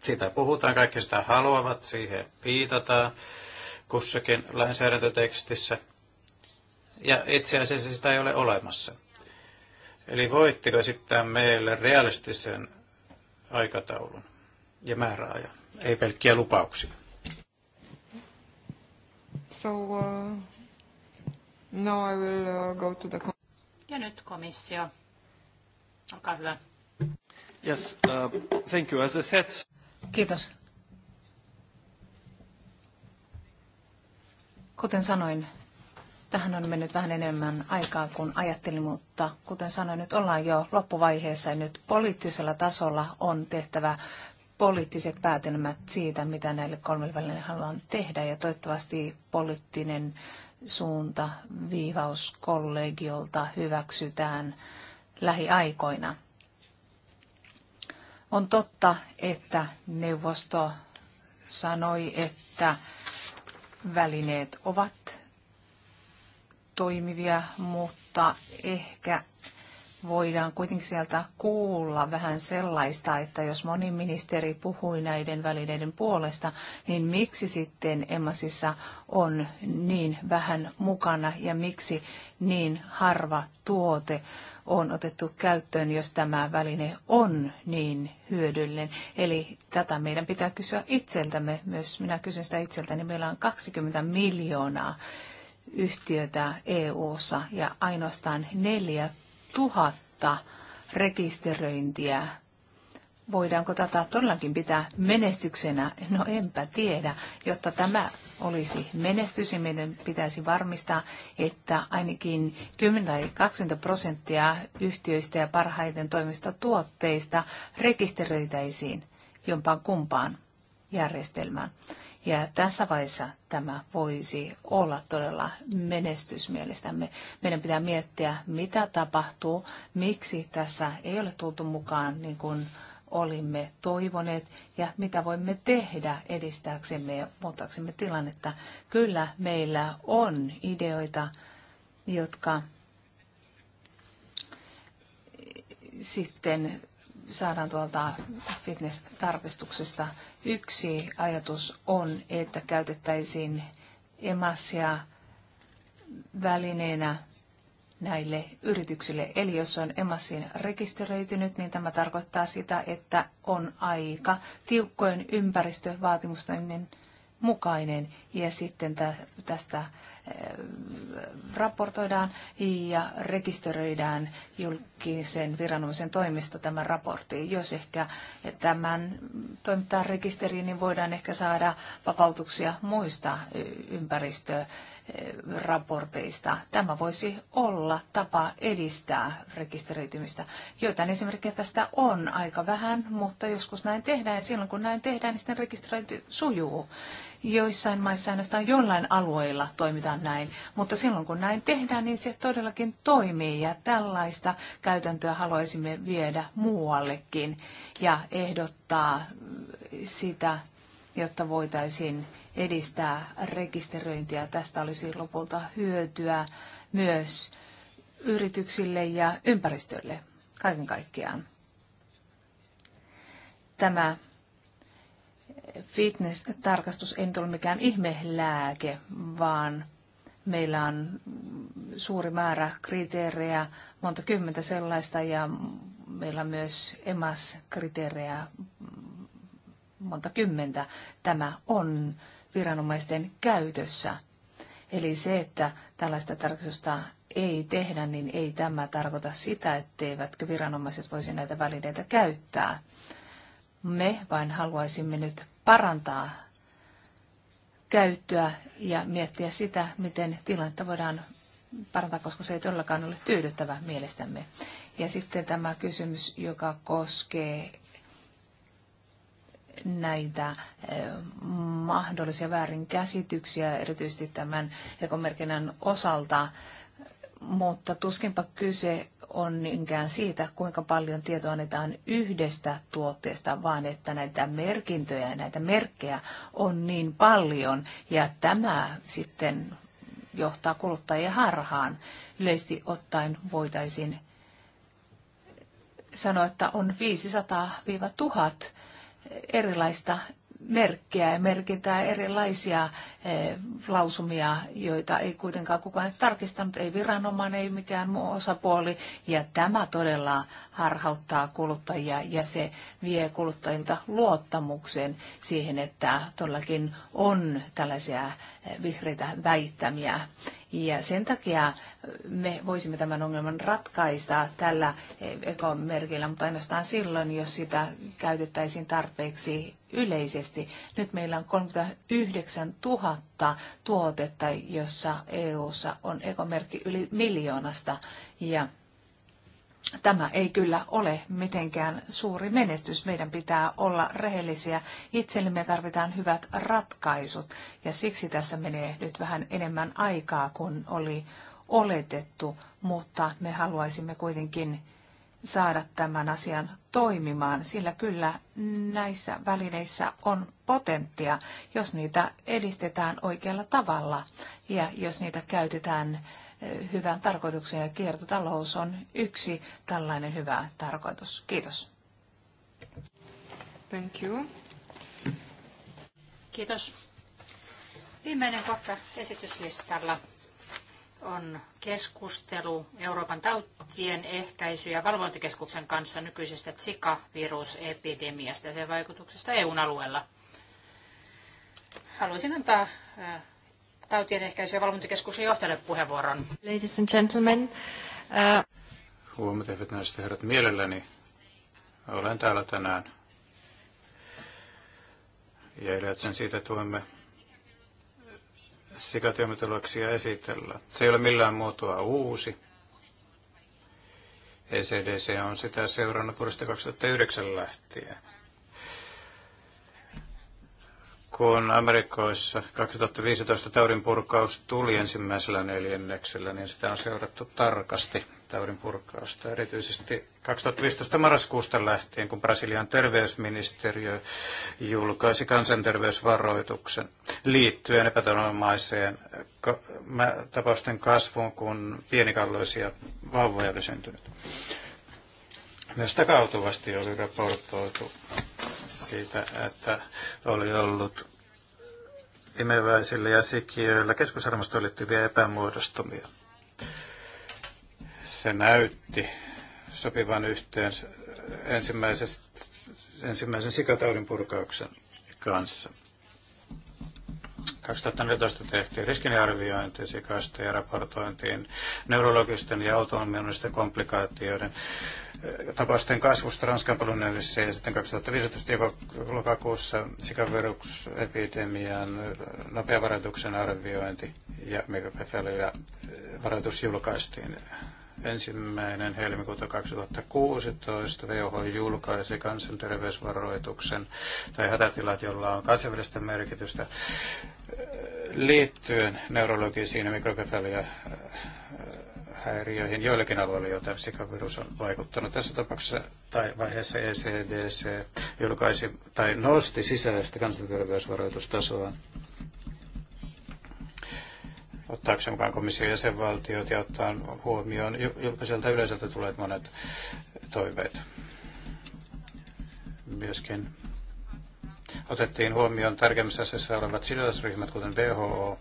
[SPEAKER 1] Siitä puhutaan, kaikki sitä haluavat, siihen viitataan kussakin lainsäädäntötekstissä. Ja itse asiassa sitä ei ole olemassa. Eli voitteko esittää meille realistisen aikataulun ja määräajan, ei pelkkiä lupauksia?
[SPEAKER 4] So, uh,
[SPEAKER 3] now I will uh, go to the...
[SPEAKER 2] Ja nyt komissio. Olkaa hyvä.
[SPEAKER 3] Yes, uh, thank you. As I said... Kiitos. Kuten sanoin, tähän on mennyt vähän enemmän aikaa kuin ajattelin, mutta kuten sanoin, nyt ollaan jo loppuvaiheessa ja nyt poliittisella tasolla on tehtävä poliittiset päätelmät siitä, mitä näille kolmelle välille haluan tehdä ja toivottavasti poliittinen suunta viivaus kollegiolta hyväksytään lähiaikoina. On totta, että neuvosto sanoi, että välineet ovat toimivia, mutta ehkä voidaan kuitenkin sieltä kuulla vähän sellaista, että jos moni ministeri puhui näiden välineiden puolesta, niin miksi sitten Emmasissa on niin vähän mukana ja miksi niin harva tuote on otettu käyttöön, jos tämä väline on niin hyödyllinen. Eli tätä meidän pitää kysyä itseltämme, myös minä kysyn sitä itseltäni, niin meillä on 20 miljoonaa yhtiötä EU-ssa ja ainoastaan neljä Tuhatta rekisteröintiä. Voidaanko tätä todellakin pitää menestyksenä? No enpä tiedä. Jotta tämä olisi menestys ja niin meidän pitäisi varmistaa, että ainakin 10 tai 20 prosenttia yhtiöistä ja parhaiten toimista tuotteista rekisteröitäisiin jompaan kumpaan järjestelmään. Ja tässä vaiheessa tämä voisi olla todella menestys mielestämme. Meidän pitää miettiä, mitä tapahtuu, miksi tässä ei ole tultu mukaan niin kuin olimme toivoneet ja mitä voimme tehdä edistääksemme ja muuttaaksemme tilannetta. Kyllä meillä on ideoita, jotka sitten saadaan tuolta fitness-tarkistuksesta. Yksi ajatus on, että käytettäisiin emassia välineenä näille yrityksille. Eli jos on emassiin rekisteröitynyt, niin tämä tarkoittaa sitä, että on aika tiukkojen ympäristövaatimusten mukainen. Ja sitten tästä eh, raportoidaan ja rekisteröidään julkisen viranomaisen toimesta tämä raportti. Jos ehkä tämän toimittajan rekisteriin, niin voidaan ehkä saada vapautuksia muista eh, ympäristöraporteista. Eh, tämä voisi olla tapa edistää rekisteröitymistä. Joitain esimerkkejä tästä on aika vähän, mutta joskus näin tehdään. Ja silloin kun näin tehdään, niin sitten rekisteröinti sujuu. Joissain maissa ainoastaan jollain alueilla toimitaan näin, mutta silloin kun näin tehdään, niin se todellakin toimii ja tällaista käytäntöä haluaisimme viedä muuallekin ja ehdottaa sitä, jotta voitaisiin edistää rekisteröintiä. Tästä olisi lopulta hyötyä myös yrityksille ja ympäristölle kaiken kaikkiaan. Tämä fitness-tarkastus ei ole mikään ihmelääke, vaan meillä on suuri määrä kriteerejä, monta kymmentä sellaista, ja meillä on myös EMAS-kriteerejä monta kymmentä. Tämä on viranomaisten käytössä. Eli se, että tällaista tarkastusta ei tehdä, niin ei tämä tarkoita sitä, etteivätkö viranomaiset voisi näitä välineitä käyttää. Me vain haluaisimme nyt parantaa käyttöä ja miettiä sitä, miten tilannetta voidaan parantaa, koska se ei todellakaan ole tyydyttävä mielestämme. Ja sitten tämä kysymys, joka koskee näitä mahdollisia väärinkäsityksiä, erityisesti tämän ekomerkinnän osalta, mutta tuskinpa kyse on niinkään siitä, kuinka paljon tietoa annetaan yhdestä tuotteesta, vaan että näitä merkintöjä ja näitä merkkejä on niin paljon. Ja tämä sitten johtaa kuluttajia harhaan. Yleisesti ottaen voitaisiin sanoa, että on 500-1000 erilaista merkkejä ja merkitään erilaisia eh, lausumia, joita ei kuitenkaan kukaan tarkistanut, ei viranomainen, ei mikään muu osapuoli. Ja tämä todella harhauttaa kuluttajia ja se vie kuluttajilta luottamuksen siihen, että todellakin on tällaisia eh, vihreitä väittämiä ja sen takia me voisimme tämän ongelman ratkaista tällä ekomerkillä, mutta ainoastaan silloin, jos sitä käytettäisiin tarpeeksi yleisesti. Nyt meillä on 39 000 tuotetta, jossa EU:ssa on ekomerkki yli miljoonasta. Ja Tämä ei kyllä ole mitenkään suuri menestys. Meidän pitää olla rehellisiä. me tarvitaan hyvät ratkaisut ja siksi tässä menee nyt vähän enemmän aikaa kuin oli oletettu, mutta me haluaisimme kuitenkin saada tämän asian toimimaan, sillä kyllä näissä välineissä on potentiaa, jos niitä edistetään oikealla tavalla ja jos niitä käytetään hyvään tarkoitukseen ja kiertotalous on yksi tällainen hyvä tarkoitus. Kiitos. Thank you.
[SPEAKER 2] Kiitos. Viimeinen kohta esityslistalla on keskustelu Euroopan tautien ehkäisy- ja valvontakeskuksen kanssa nykyisestä Zika-virusepidemiasta ja sen vaikutuksesta eu alueella. Haluaisin antaa äh, tautien ehkäisy- ja valvontakeskuksen johtajalle puheenvuoron. Ladies and gentlemen. Uh...
[SPEAKER 1] Huomenta, hyvät naiset herrat, mielelläni olen täällä tänään. Ja iloitsen siitä, että voimme sikatyömetuloksia esitellä. Se ei ole millään muotoa uusi. ECDC on sitä seurannut vuodesta 2009 lähtien kun Amerikoissa 2015 taudin purkaus tuli ensimmäisellä neljänneksellä, niin sitä on seurattu tarkasti taudin purkausta. Erityisesti 2015 marraskuusta lähtien, kun Brasilian terveysministeriö julkaisi kansanterveysvaroituksen liittyen epätavanomaiseen tapausten kasvuun, kun pienikalloisia vauvoja oli syntynyt. Myös takautuvasti oli raportoitu siitä, että oli ollut imeväisillä ja sikiöillä keskushermostoon liittyviä epämuodostumia. Se näytti sopivan yhteen ensimmäisen sikataudin purkauksen kanssa. 2014 tehtiin riskinarviointi sikasta ja raportointiin neurologisten ja autoimmuunisten komplikaatioiden eh, tapausten kasvusta Ranskan ja sitten 2015 lokakuussa sikavirusepidemian eh, nopea varoituksen arviointi ja mikropefelillä eh, varoitus julkaistiin ensimmäinen helmikuuta 2016 WHO julkaisi kansanterveysvaroituksen tai hätätilat, jolla on kansainvälistä merkitystä liittyen neurologisiin ja mikrokefalia äh, häiriöihin joillakin alueilla, joita sikavirus on vaikuttanut. Tässä tapauksessa tai vaiheessa ECDC julkaisi tai nosti sisäistä kansanterveysvaroitustasoa ottaakseen mukaan komission jäsenvaltiot ja ottaa huomioon julkiselta yleisöltä tulee monet toiveet. Myöskin otettiin huomioon tarkemmissa asiassa olevat sidosryhmät, kuten WHO,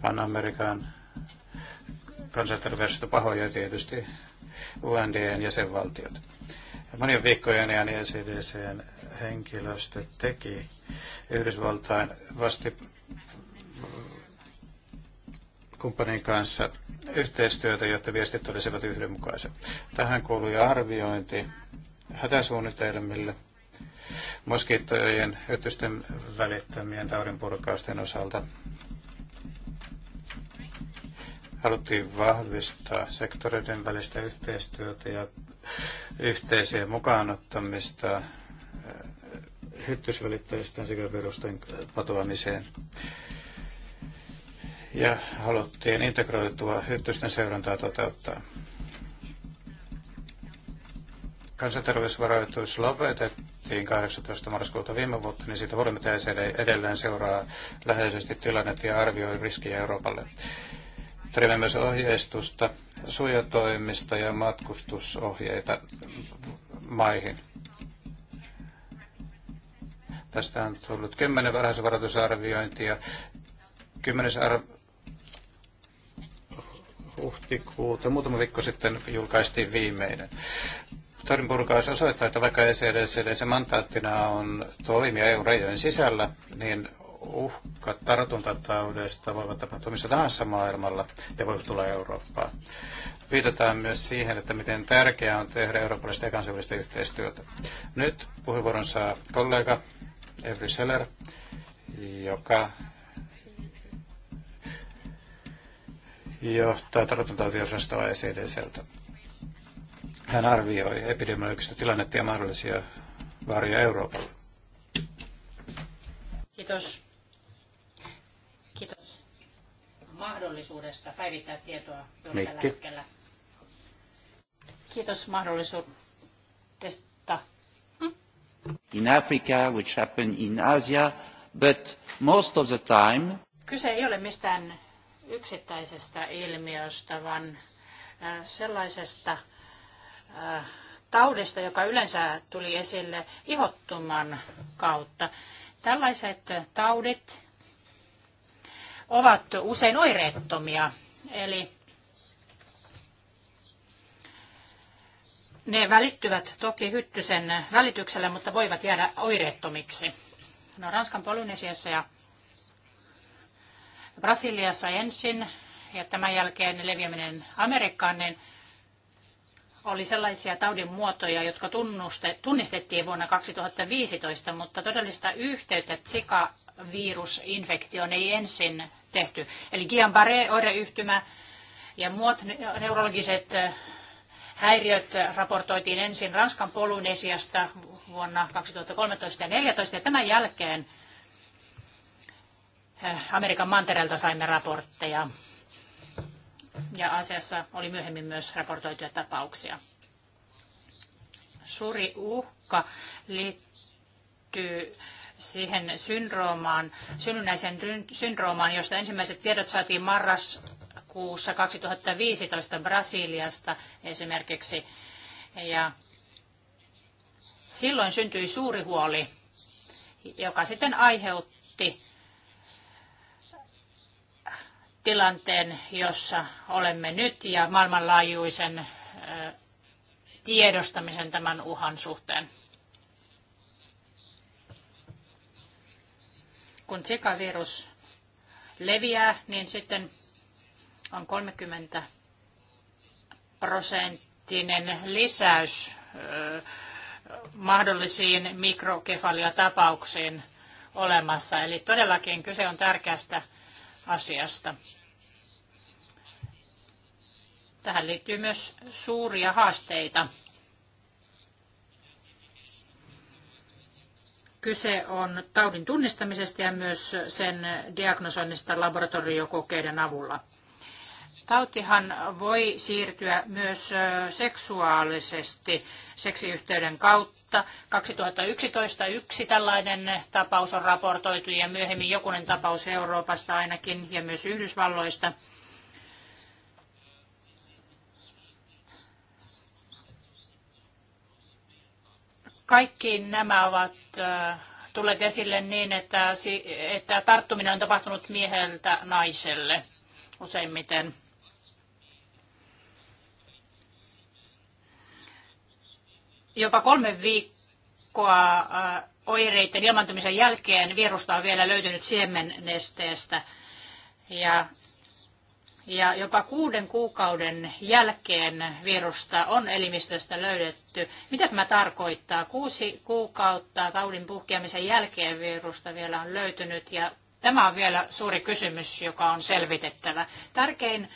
[SPEAKER 1] Pan-Amerikan kansanterveysjärjestö pahoja tietysti UNDn jäsenvaltiot. Monien viikkojen ajan ECDCn henkilöstö teki Yhdysvaltain vasti kumppanin kanssa yhteistyötä, jotta viestit olisivat yhdenmukaiset. Tähän kuului arviointi hätäsuunnitelmille – moskiittojen yritysten välittömien taudinpurkausten osalta. Haluttiin vahvistaa sektoreiden välistä yhteistyötä ja yhteiseen mukaanottamista hyttysvälitteisten äh, sekä virusten patoamiseen. Ja haluttiin integroitua hyttysten seurantaa toteuttaa kansanterveysvaroitus lopetettiin aloitettiin 18. marraskuuta viime vuotta, niin siitä huolimatta ECD edelleen seuraa läheisesti tilannetta ja arvioi riskiä Euroopalle. Tarvitsemme myös ohjeistusta, suojatoimista ja matkustusohjeita maihin. Tästä on tullut kymmenen varhaisvaroitusarviointia. Kymmenes Ar- huhtikuuta, muutama viikko sitten julkaistiin viimeinen. Torin purkaus osoittaa, että vaikka ECDCDC mandaattina on toimia EU-rajojen sisällä, niin uhkat tartuntataudesta voivat tapahtua missä tahansa maailmalla ja voivat tulla Eurooppaan. Viitataan myös siihen, että miten tärkeää on tehdä eurooppalaista ja kansainvälistä yhteistyötä. Nyt puheenvuoron saa kollega Evry Seller, joka johtaa tartuntatautiosastoa ECDCltä. Hän arvioi epidemiologista tilannetta ja mahdollisia vaaroja Euroopalle.
[SPEAKER 2] Kiitos. Kiitos mahdollisuudesta päivittää tietoa juuri tällä hetkellä. Kiitos mahdollisuudesta. Hm?
[SPEAKER 1] In Africa, which happened in Asia, but most of the time...
[SPEAKER 2] Kyse ei ole mistään yksittäisestä ilmiöstä, vaan äh, sellaisesta Äh, taudista, joka yleensä tuli esille ihottuman kautta. Tällaiset taudit ovat usein oireettomia, eli ne välittyvät toki hyttysen välityksellä, mutta voivat jäädä oireettomiksi. No, Ranskan Polynesiassa ja Brasiliassa ensin ja tämän jälkeen leviäminen Amerikkaan, niin oli sellaisia taudin muotoja, jotka tunnistettiin vuonna 2015, mutta todellista yhteyttä Zika-virusinfektioon ei ensin tehty. Eli Guillain-Barré-oireyhtymä ja muut neurologiset äh, häiriöt raportoitiin ensin Ranskan Polynesiasta vuonna 2013 ja 2014 ja tämän jälkeen äh, Amerikan mantereelta saimme raportteja ja asiassa oli myöhemmin myös raportoituja tapauksia. Suuri uhka liittyy siihen syndroomaan, synnynnäisen syndroomaan, josta ensimmäiset tiedot saatiin marraskuussa 2015 Brasiliasta esimerkiksi. Ja silloin syntyi suuri huoli, joka sitten aiheutti tilanteen, jossa olemme nyt ja maailmanlaajuisen tiedostamisen tämän uhan suhteen. Kun sikavirus leviää, niin sitten on 30 prosenttinen lisäys mahdollisiin mikrokefaliatapauksiin olemassa. Eli todellakin kyse on tärkeästä asiasta. Tähän liittyy myös suuria haasteita. Kyse on taudin tunnistamisesta ja myös sen diagnosoinnista laboratoriokokeiden avulla. Tautihan voi siirtyä myös seksuaalisesti seksiyhteyden kautta. 2011 yksi tällainen tapaus on raportoitu ja myöhemmin jokunen tapaus Euroopasta ainakin ja myös Yhdysvalloista. Kaikki nämä ovat äh, tulleet esille niin, että, että tarttuminen on tapahtunut mieheltä naiselle useimmiten. Jopa kolme viikkoa äh, oireiden ilmantumisen jälkeen virusta on vielä löytynyt siemennesteestä. Ja ja jopa kuuden kuukauden jälkeen virusta on elimistöstä löydetty. Mitä tämä tarkoittaa? Kuusi kuukautta taudin puhkeamisen jälkeen virusta vielä on löytynyt ja tämä on vielä suuri kysymys, joka on selvitettävä. Tärkein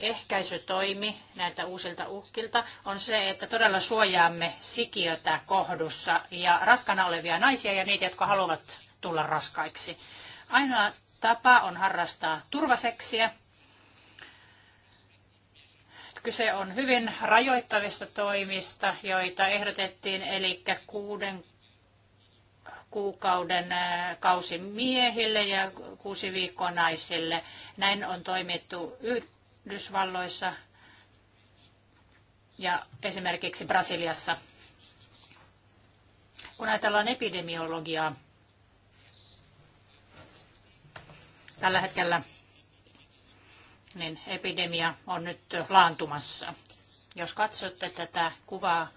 [SPEAKER 2] ehkäisytoimi näiltä uusilta uhkilta on se, että todella suojaamme sikiötä kohdussa ja raskana olevia naisia ja niitä, jotka haluavat tulla raskaiksi. Ainoa tapa on harrastaa turvaseksiä, Kyse on hyvin rajoittavista toimista, joita ehdotettiin, eli kuuden kuukauden kausi miehille ja kuusi viikkoa naisille. Näin on toimittu Yhdysvalloissa ja esimerkiksi Brasiliassa. Kun ajatellaan epidemiologiaa,
[SPEAKER 1] tällä hetkellä
[SPEAKER 2] niin epidemia on nyt laantumassa. Jos katsotte tätä kuvaa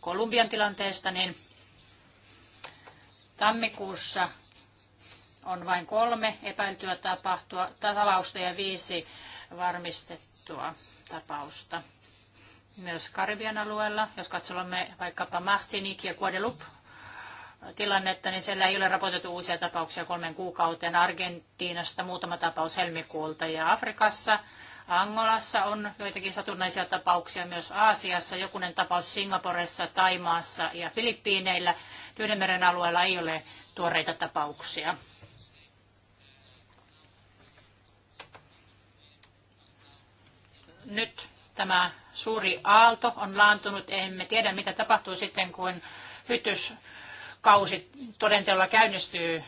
[SPEAKER 2] Kolumbian tilanteesta, niin tammikuussa on vain kolme epäiltyä tapahtua, tapausta ja viisi varmistettua tapausta. Myös Karibian alueella, jos katsomme vaikkapa Martinique ja Guadeloupe tilannetta, niin siellä ei ole raportoitu uusia tapauksia kolmen kuukauten Argentiinasta, muutama tapaus helmikuulta ja Afrikassa. Angolassa on joitakin satunnaisia tapauksia myös Aasiassa, jokunen tapaus Singaporessa, Taimaassa ja Filippiineillä. Tyynemeren alueella ei ole tuoreita tapauksia. Nyt tämä suuri aalto on laantunut. Emme tiedä, mitä tapahtuu sitten, kun hytys kausi todenteolla käynnistyy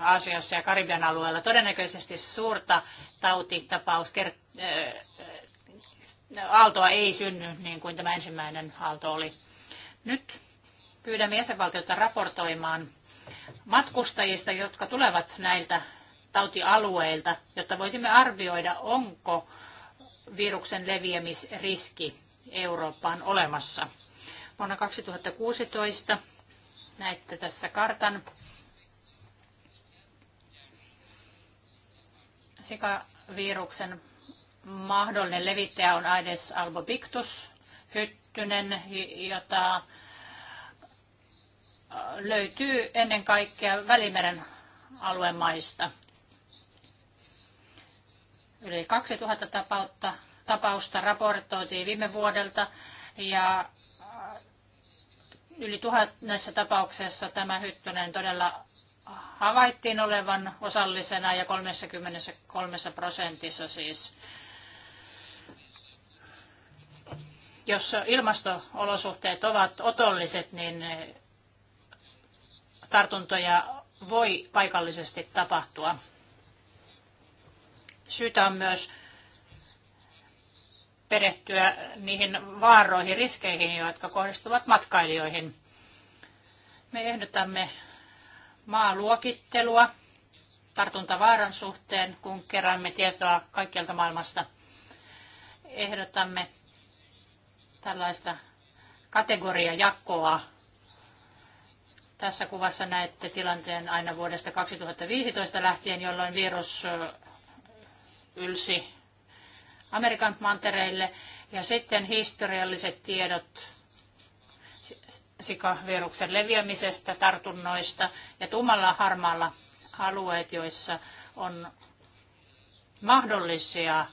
[SPEAKER 2] Aasiassa ja Karibian alueella. Todennäköisesti suurta tautitapaus
[SPEAKER 4] aaltoa ei
[SPEAKER 2] synny, niin kuin tämä ensimmäinen aalto oli. Nyt pyydämme jäsenvaltiota raportoimaan matkustajista, jotka tulevat näiltä tautialueilta, jotta voisimme arvioida, onko viruksen leviämisriski Eurooppaan olemassa. Vuonna 2016 Näette tässä kartan. Sikaviruksen mahdollinen levittäjä on Aedes albopictus, hyttynen, jota löytyy ennen kaikkea Välimeren alueen maista. Yli 2000 tapausta, tapausta raportoitiin viime vuodelta ja yli tuhat näissä tapauksessa tämä hyttynen todella havaittiin olevan osallisena ja 33 prosentissa siis. Jos ilmastoolosuhteet ovat otolliset, niin tartuntoja voi paikallisesti tapahtua. Syytä on myös perehtyä niihin vaaroihin, riskeihin, jotka kohdistuvat matkailijoihin. Me ehdotamme maaluokittelua tartuntavaaran suhteen, kun keräämme tietoa kaikkialta maailmasta. Ehdotamme tällaista kategoriajakoa. Tässä kuvassa näette tilanteen aina vuodesta 2015 lähtien, jolloin virus ylsi Amerikan mantereille ja sitten historialliset tiedot sikaviruksen leviämisestä, tartunnoista ja tummalla harmaalla alueet, joissa on mahdollisia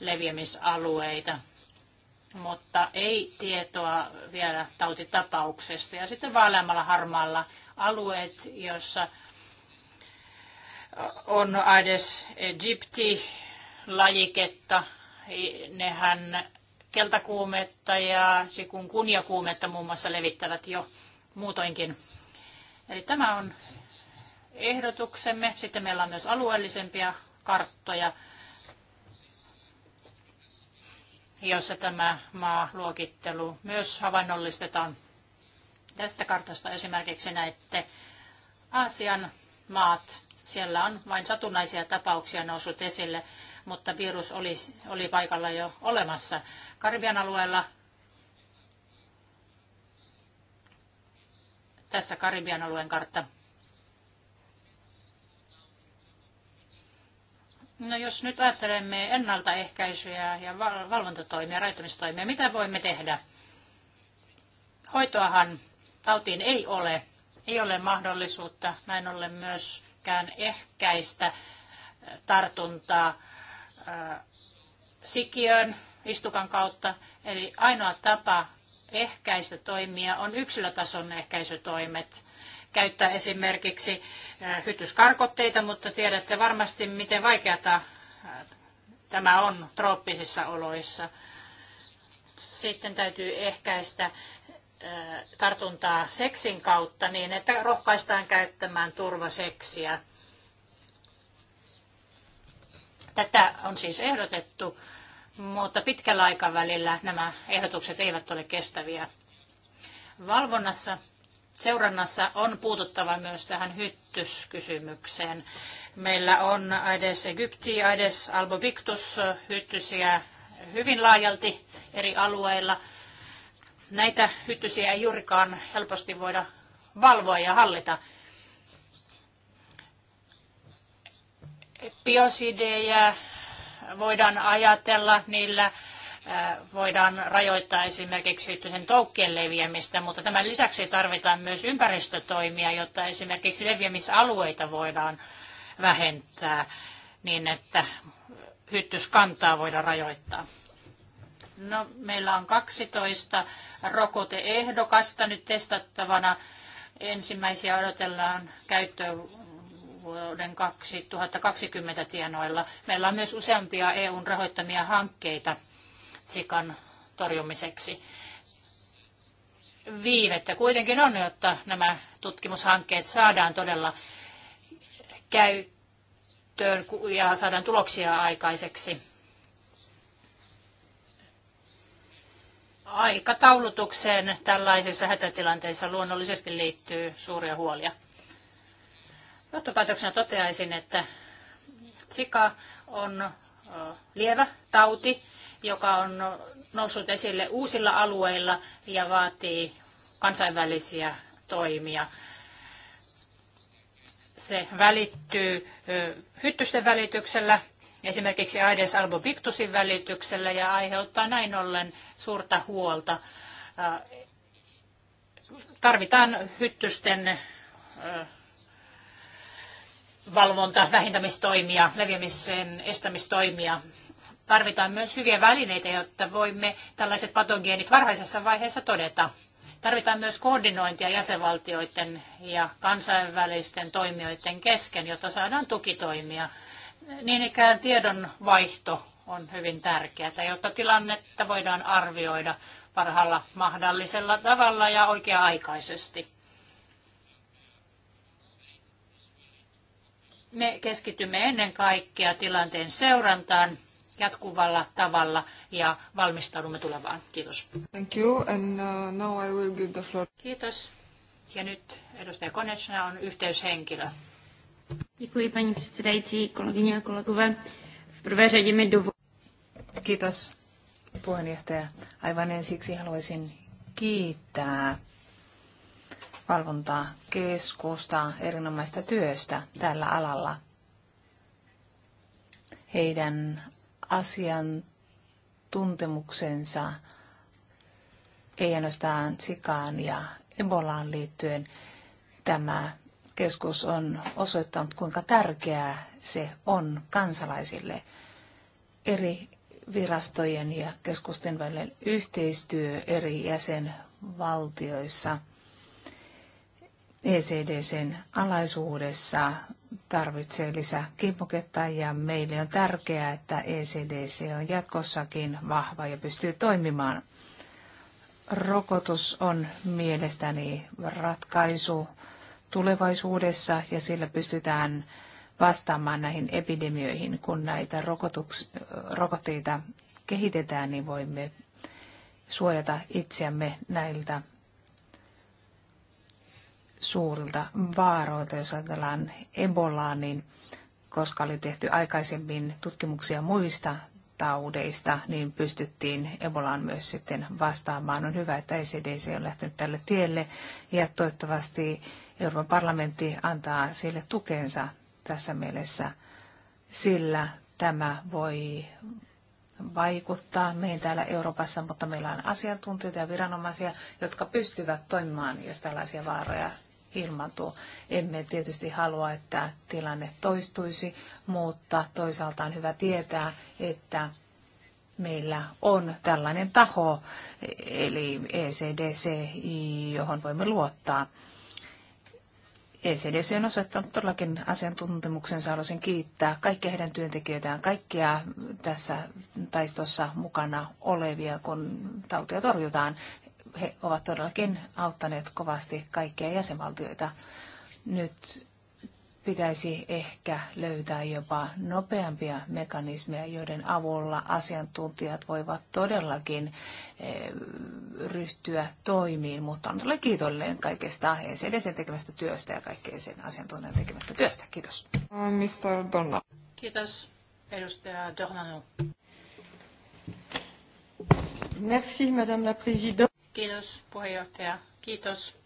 [SPEAKER 2] leviämisalueita, mutta ei tietoa vielä tautitapauksesta. Ja sitten vaaleammalla harmaalla alueet, joissa on Aedes aegypti lajiketta Nehän keltakuumetta ja sikun kunjakuumetta muun muassa levittävät jo muutoinkin. Eli tämä on ehdotuksemme. Sitten meillä on myös alueellisempia karttoja, jossa tämä maaluokittelu myös havainnollistetaan. Tästä kartasta esimerkiksi näette Aasian maat. Siellä on vain satunnaisia tapauksia noussut esille mutta virus oli, oli paikalla jo olemassa. Karibian alueella tässä Karibian alueen kartta. No jos nyt ajattelemme ennaltaehkäisyjä ja valvontatoimia, rajoittamistoimia, mitä voimme tehdä? Hoitoahan tautiin ei ole. Ei ole mahdollisuutta näin ollen myöskään ehkäistä tartuntaa sikiön istukan kautta. Eli ainoa tapa ehkäistä toimia on yksilötason ehkäisytoimet. Käyttää esimerkiksi hytyskarkotteita, mutta tiedätte varmasti, miten vaikeata tämä on trooppisissa oloissa. Sitten täytyy ehkäistä tartuntaa seksin kautta niin, että rohkaistaan käyttämään turvaseksiä. Tätä on siis ehdotettu, mutta pitkällä aikavälillä nämä ehdotukset eivät ole kestäviä. Valvonnassa seurannassa on puututtava myös tähän hyttyskysymykseen. Meillä on Aedes Egypti, Aedes albovictus hyttysiä hyvin laajalti eri alueilla. Näitä hyttysiä ei juurikaan helposti voida valvoa ja hallita. biosidejä voidaan ajatella, niillä voidaan rajoittaa esimerkiksi hyttysen toukkien leviämistä, mutta tämän lisäksi tarvitaan myös ympäristötoimia, jotta esimerkiksi leviämisalueita voidaan vähentää niin, että hyttyskantaa voidaan rajoittaa. No, meillä on 12 rokoteehdokasta nyt testattavana. Ensimmäisiä odotellaan käyttöön vuoden 2020 tienoilla. Meillä on myös useampia EUn rahoittamia hankkeita sikan torjumiseksi. Viivettä kuitenkin on, jotta nämä tutkimushankkeet saadaan todella käyttöön ja saadaan tuloksia aikaiseksi. aikataulutukseen tällaisessa hätätilanteissa luonnollisesti liittyy suuria huolia. Johtopäätöksenä toteaisin, että sika on lievä tauti, joka on noussut esille uusilla alueilla ja vaatii kansainvälisiä toimia. Se välittyy hyttysten välityksellä, esimerkiksi Aedes albopictusin välityksellä ja aiheuttaa näin ollen suurta huolta. Tarvitaan hyttysten valvonta, vähentämistoimia, leviämisen estämistoimia. Tarvitaan myös hyviä välineitä, jotta voimme tällaiset patogeenit varhaisessa vaiheessa todeta. Tarvitaan myös koordinointia jäsenvaltioiden ja kansainvälisten toimijoiden kesken, jotta saadaan tukitoimia. Niin ikään tiedonvaihto on hyvin tärkeää, jotta tilannetta voidaan arvioida parhaalla mahdollisella tavalla ja oikea-aikaisesti. Me keskitymme ennen kaikkea tilanteen seurantaan jatkuvalla tavalla ja valmistaudumme tulevaan. Kiitos.
[SPEAKER 3] Thank you and uh, now I will give the floor. Kiitos.
[SPEAKER 2] Ja nyt edustaja Konechna on yhteyshenkilö.
[SPEAKER 3] Kiitos puheenjohtaja. Aivan ensiksi haluaisin kiittää valvontaa keskusta erinomaista työstä tällä alalla. Heidän asiantuntemuksensa ei ainoastaan sikaan ja ebolaan liittyen tämä keskus on osoittanut, kuinka tärkeää se on kansalaisille. Eri virastojen ja keskusten välinen yhteistyö eri jäsenvaltioissa – ECDCn alaisuudessa tarvitsee lisää kimpuketta ja meille on tärkeää, että ECDC on jatkossakin vahva ja pystyy toimimaan. Rokotus on mielestäni ratkaisu tulevaisuudessa ja sillä pystytään vastaamaan näihin epidemioihin. Kun näitä rokotteita kehitetään, niin voimme suojata itseämme näiltä suurilta vaaroilta, jos ajatellaan Ebolaa, niin koska oli tehty aikaisemmin tutkimuksia muista taudeista, niin pystyttiin Ebolaan myös sitten vastaamaan. On hyvä, että ECDC on lähtenyt tälle tielle ja toivottavasti Euroopan parlamentti antaa sille tukensa tässä mielessä, sillä tämä voi vaikuttaa meihin täällä Euroopassa, mutta meillä on asiantuntijoita ja viranomaisia, jotka pystyvät toimimaan, jos tällaisia vaaroja ilmaantuu. Emme tietysti halua, että tilanne toistuisi, mutta toisaalta on hyvä tietää, että meillä on tällainen taho, eli ECDC, johon voimme luottaa. ECDC on osoittanut todellakin asiantuntemuksensa. Haluaisin kiittää kaikkia heidän työntekijöitään, kaikkia tässä taistossa mukana olevia, kun tautia torjutaan he ovat todellakin auttaneet kovasti kaikkia jäsenvaltioita. Nyt pitäisi ehkä löytää jopa nopeampia mekanismeja, joiden avulla asiantuntijat voivat todellakin eh, ryhtyä toimiin, mutta on todella kiitollinen kaikesta aiheeseen sen tekemästä työstä ja kaikkeen sen asiantuntijan tekemästä työstä. Kiitos. Uh, Mr. Donna.
[SPEAKER 2] Kiitos, edustaja Dornanu.
[SPEAKER 4] Merci, madame la présidente.
[SPEAKER 2] Kiitos puheenjohtaja. Kiitos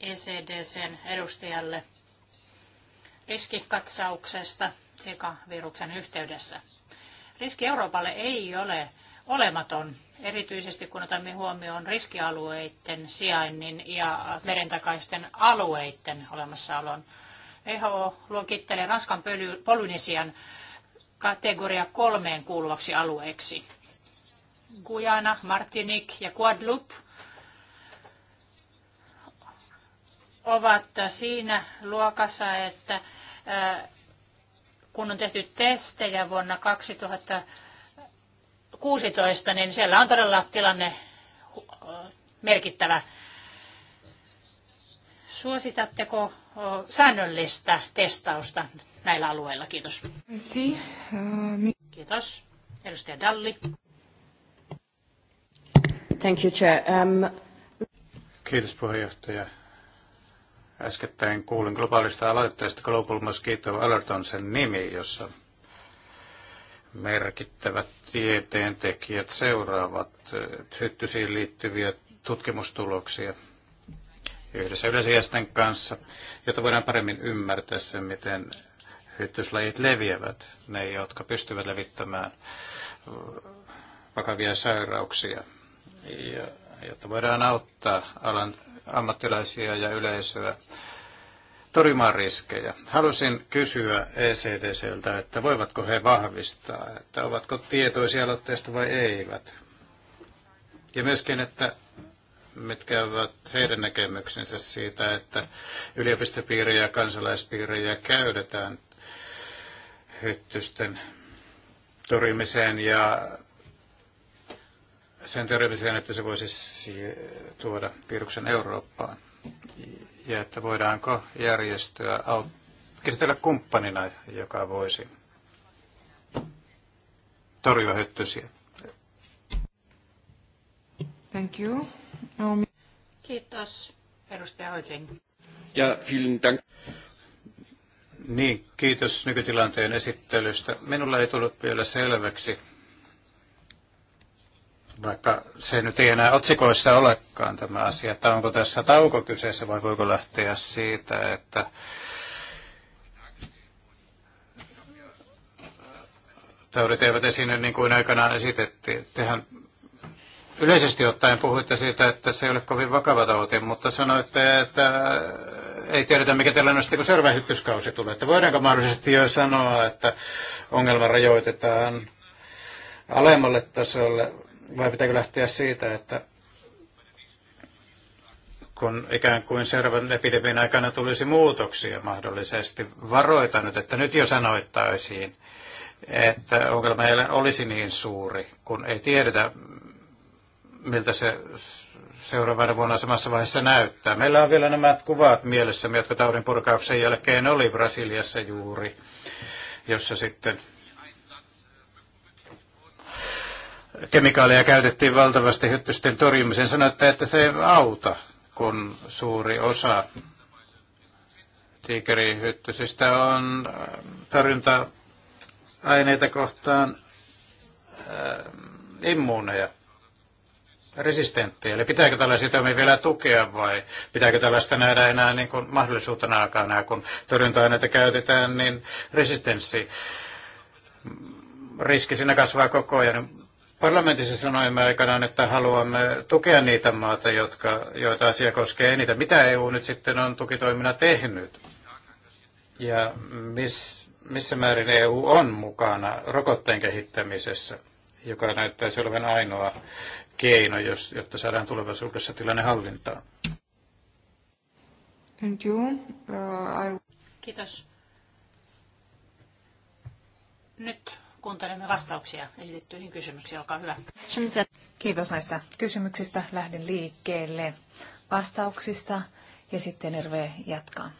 [SPEAKER 2] ECDCn edustajalle riskikatsauksesta sekä viruksen yhteydessä. Riski Euroopalle ei ole olematon, erityisesti kun otamme huomioon riskialueiden sijainnin ja merentakaisten alueiden olemassaolon. WHO e luokittelee Ranskan Polynesian kategoria kolmeen kuuluvaksi alueeksi. Guyana, Martinique ja Guadeloupe ovat siinä luokassa, että kun on tehty testejä vuonna 2016, niin siellä on todella tilanne merkittävä. Suositatteko säännöllistä testausta näillä alueilla? Kiitos. Kiitos. Edustaja Dalli. Thank you, Chair. Um,
[SPEAKER 1] Kiitos puheenjohtaja. Äskettäin kuulin globaalista aloitteesta Global Mosquito Alert on sen nimi, jossa merkittävät tieteentekijät seuraavat eh, hyttysiin liittyviä tutkimustuloksia yhdessä yleisöjästen kanssa, jotta voidaan paremmin ymmärtää se, miten hyttyslajit leviävät, ne jotka pystyvät levittämään eh, vakavia sairauksia jotta voidaan auttaa alan ammattilaisia ja yleisöä torjumaan riskejä. Halusin kysyä ECDCltä, että voivatko he vahvistaa, että ovatko tietoisia aloitteesta vai eivät. Ja myöskin, että mitkä ovat heidän näkemyksensä siitä, että yliopistopiirejä ja kansalaispiirejä käytetään hyttysten torjumiseen ja sen teoreetiseen, että se voisi tuoda viruksen Eurooppaan ja että voidaanko järjestöä käsitellä kumppanina, joka voisi torjua hyttysiä.
[SPEAKER 3] Thank you. No,
[SPEAKER 2] Kiitos, edustaja Hoisin.
[SPEAKER 1] Ja vielen dank. Niin, kiitos nykytilanteen esittelystä. Minulla ei tullut vielä selväksi, vaikka se nyt ei enää otsikoissa olekaan tämä asia, että onko tässä tauko kyseessä vai voiko lähteä siitä, että taudit eivät esiinny niin kuin aikanaan esitettiin. Tehän yleisesti ottaen puhuitte siitä, että se ei ole kovin vakava tauti, mutta sanoitte, että ei tiedetä, mikä tällainen, on sitten, kun seuraava hyppyskausi tulee. Että voidaanko mahdollisesti jo sanoa, että ongelma rajoitetaan alemmalle tasolle vai pitääkö lähteä siitä, että kun ikään kuin seuraavan epidemian aikana tulisi muutoksia mahdollisesti. Varoitan nyt, että nyt jo sanoittaisiin, että ongelma ei olisi niin suuri, kun ei tiedetä, miltä se seuraavana vuonna samassa vaiheessa näyttää. Meillä on vielä nämä kuvat mielessä, jotka taudin purkauksen jälkeen oli Brasiliassa juuri, jossa sitten kemikaaleja käytettiin valtavasti hyttysten torjumiseen. Sanoitte, että se ei auta, kun suuri osa tiikerihyttysistä on äh, torjunta-aineita kohtaan äh, immuuneja, resistenttejä. Eli pitääkö tällaisia toimia vielä tukea vai pitääkö tällaista nähdä enää niin kuin mahdollisuutena aikana, kun torjunta-aineita käytetään, niin resistenssi riski siinä kasvaa koko ajan Parlamentissa sanoimme aikanaan, että haluamme tukea niitä maata, jotka, joita asia koskee eniten. Mitä EU nyt sitten on tukitoimina tehnyt? Ja miss, missä määrin EU on mukana rokotteen kehittämisessä, joka näyttäisi olevan ainoa keino, jos, jotta saadaan tulevaisuudessa tilanne hallintaan?
[SPEAKER 4] Thank you. Uh,
[SPEAKER 2] Kiitos. Nyt kuuntelemme vastauksia esitettyihin kysymyksiin. Olkaa hyvä.
[SPEAKER 3] Kiitos näistä kysymyksistä. Lähden liikkeelle vastauksista ja sitten Erve jatkaa.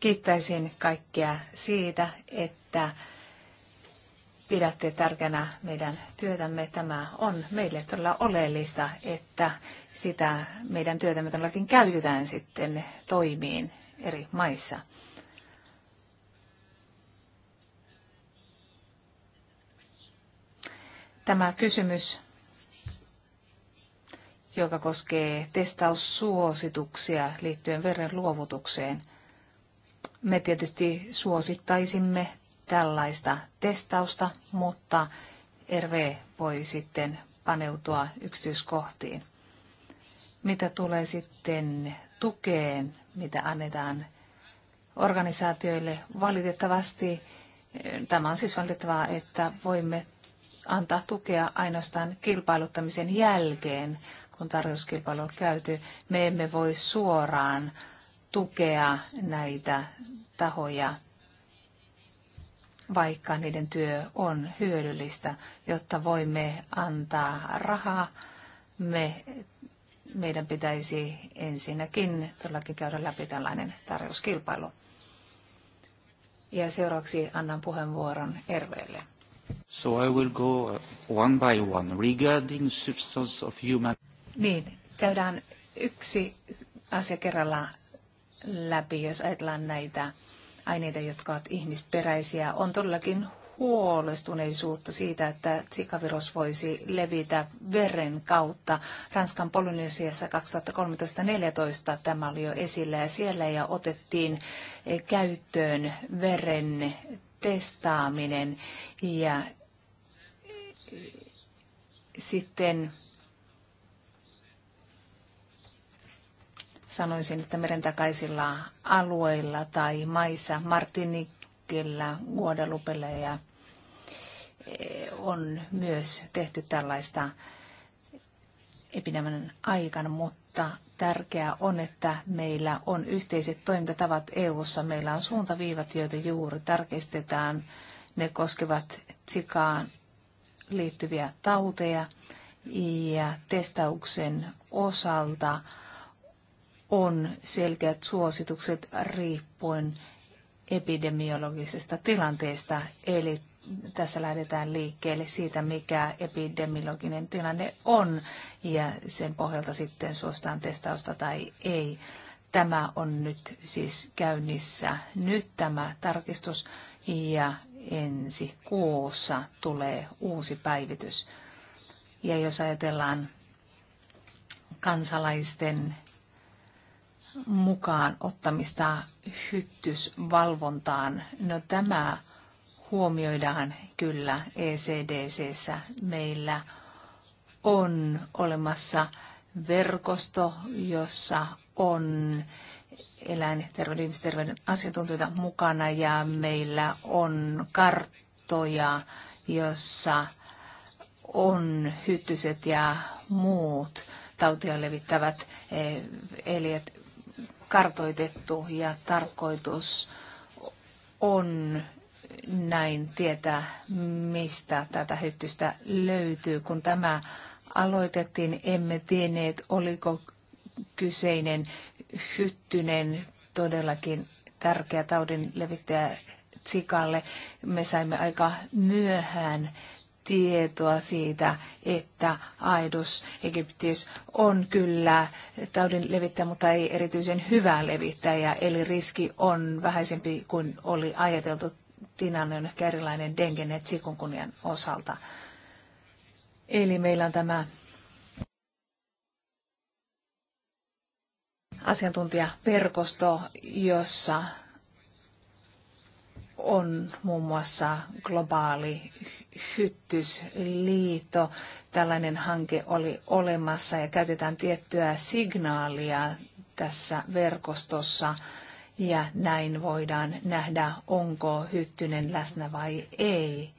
[SPEAKER 3] Kiittäisin kaikkia siitä, että pidätte tärkeänä meidän työtämme. Tämä on meille todella oleellista, että sitä meidän työtämme todellakin käytetään sitten toimiin eri maissa. Tämä kysymys, joka koskee testaussuosituksia liittyen veren luovutukseen. Me tietysti suosittaisimme tällaista testausta, mutta RV voi sitten paneutua yksityiskohtiin. Mitä tulee sitten tukeen, mitä annetaan organisaatioille, valitettavasti, eh, tämä on siis valitettavaa, että voimme antaa tukea ainoastaan kilpailuttamisen jälkeen, kun tarjouskilpailu on käyty. Me emme voi suoraan tukea näitä tahoja, vaikka niiden työ on hyödyllistä, jotta voimme antaa rahaa. Me, meidän pitäisi ensinnäkin todellakin käydä läpi tällainen tarjouskilpailu. Ja seuraavaksi annan puheenvuoron Erveelle.
[SPEAKER 1] So I will go uh, one by one regarding substance of
[SPEAKER 3] human... Niin, käydään yksi asia kerralla läpi, jos ajatellaan näitä aineita, jotka ovat ihmisperäisiä. On todellakin huolestuneisuutta siitä, että sikavirus voisi levitä veren kautta. Ranskan Polynesiassa 2013-2014 tämä oli jo esillä ja siellä ja otettiin käyttöön veren testaaminen ja sitten sanoisin, että meren takaisilla alueilla tai maissa, Martinikilla, Guadalupella ja eh, on myös tehty tällaista epidemian aikana, mutta mutta tärkeää on, että meillä on yhteiset toimintatavat EU:ssa. Meillä on suuntaviivat, joita juuri tarkistetaan. Ne koskevat sikaan liittyviä tauteja ja testauksen osalta on selkeät suositukset riippuen epidemiologisesta tilanteesta, eli tässä lähdetään liikkeelle siitä, mikä epidemiologinen tilanne on ja sen pohjalta sitten suostaan testausta tai ei. Tämä on nyt siis käynnissä nyt tämä tarkistus ja ensi kuussa tulee uusi päivitys. Ja jos ajatellaan kansalaisten mukaan ottamista hyttysvalvontaan, no tämä huomioidaan kyllä ECDCssä. Meillä on olemassa verkosto, jossa on eläinterveyden, ihmisterveyden asiantuntijoita mukana ja meillä on karttoja, jossa on hyttyset ja muut tautia levittävät e, eliöt kartoitettu ja tarkoitus on näin tietää, mistä tätä hyttystä löytyy. Kun tämä aloitettiin, emme tienneet, oliko kyseinen hyttynen todellakin tärkeä taudin levittäjä Tsikalle. Me saimme aika myöhään tietoa siitä, että Aidus Egyptis on kyllä taudin levittäjä, mutta ei erityisen hyvä levittäjä, eli riski on vähäisempi kuin oli ajateltu tilanne on ehkä erilainen dengen ja tsikunkunnian osalta. Eli meillä on tämä asiantuntijaverkosto, jossa on muun muassa globaali hyttysliitto. Tällainen hanke oli olemassa ja käytetään tiettyä signaalia tässä verkostossa – ja näin voidaan nähdä, onko hyttynen läsnä vai ei.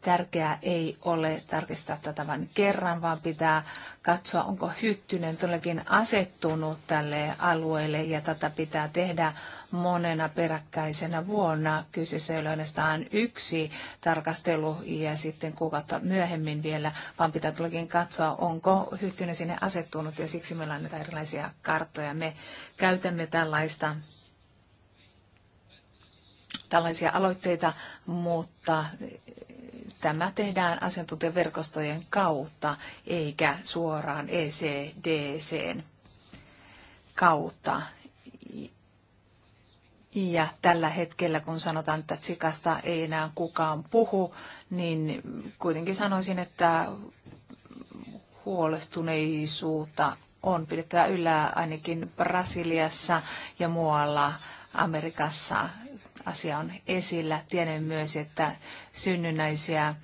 [SPEAKER 3] Tärkeää ei ole tarkistaa tätä vain kerran, vaan pitää katsoa, onko hyttynen todellakin asettunut tälle alueelle ja tätä pitää tehdä monena peräkkäisenä vuonna. Kyseessä ei ole ainoastaan yksi tarkastelu ja sitten kuukautta myöhemmin vielä, vaan pitää tullakin katsoa, onko hyttynen sinne asettunut ja siksi meillä on näitä erilaisia karttoja. Me käytämme tällaista tällaisia aloitteita, mutta eh, tämä tehdään asiantuntijaverkostojen kautta eikä suoraan ECDCn kautta. Ja tällä hetkellä, kun sanotaan, että tsikasta ei enää kukaan puhu, niin kuitenkin sanoisin, että huolestuneisuutta on pidettävä yllä ainakin Brasiliassa ja muualla Amerikassa asia on esillä. Tiedän myös, että synnynnäisiä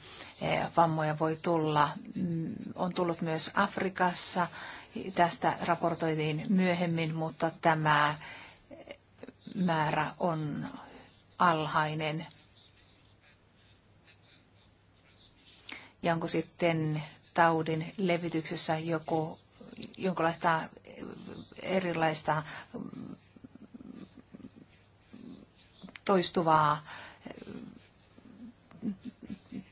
[SPEAKER 3] eh, vammoja voi tulla. Mm, on tullut myös Afrikassa. Tästä raportoitiin myöhemmin, mutta tämä eh, määrä on alhainen. Ja onko sitten taudin levityksessä joku jonkinlaista eh, erilaista mm, toistuvaa eh,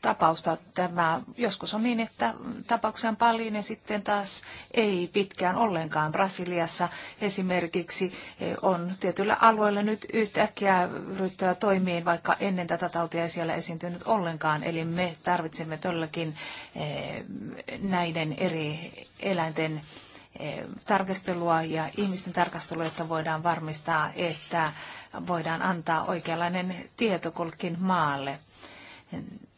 [SPEAKER 3] tapausta. Tämä joskus on niin, että tapauksia on paljon ja sitten taas ei pitkään ollenkaan. Brasiliassa esimerkiksi eh, on tietyllä alueella nyt yhtäkkiä ryhtyä toimiin, vaikka ennen tätä tautia ei siellä esiintynyt ollenkaan. Eli me tarvitsemme todellakin eh, näiden eri eläinten tarkastelua ja ihmisten tarkastelua, että voidaan varmistaa, että voidaan antaa oikeanlainen tietokulkin maalle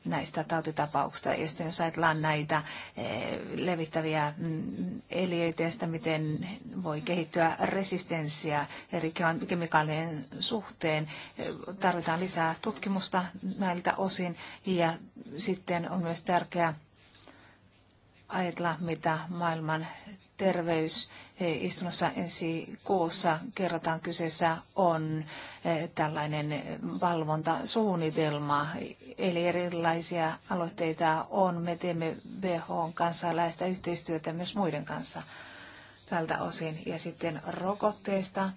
[SPEAKER 3] näistä tautitapauksista. Ja sitten jos ajatellaan näitä eh, levittäviä mm, eliöitä ja sitä, miten voi kehittyä resistenssiä eri kemikaalien suhteen, eh, tarvitaan lisää tutkimusta näiltä osin. Ja sitten on myös tärkeää ajatella, mitä maailman terveys istunnossa ensi kuussa kerrotaan kyseessä on eh, tällainen valvontasuunnitelma, eli erilaisia aloitteita on. Me teemme WHOn kanssa yhteistyötä myös muiden kanssa tältä osin. Ja sitten rokotteesta,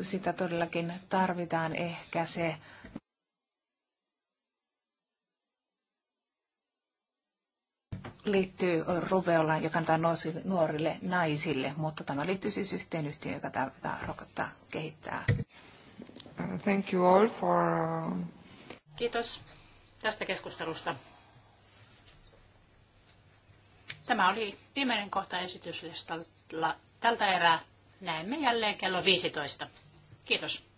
[SPEAKER 3] sitä todellakin tarvitaan ehkä se liittyy rubeolla, joka antaa nuorille naisille, mutta tämä liittyy siis yhteen yhtiöön, joka tarvitaan rokottaa kehittää. Thank you all for... Uh,
[SPEAKER 2] Kiitos tästä keskustelusta. Tämä oli viimeinen kohta esityslistalla tältä erää. Näemme jälleen kello 15. Kiitos.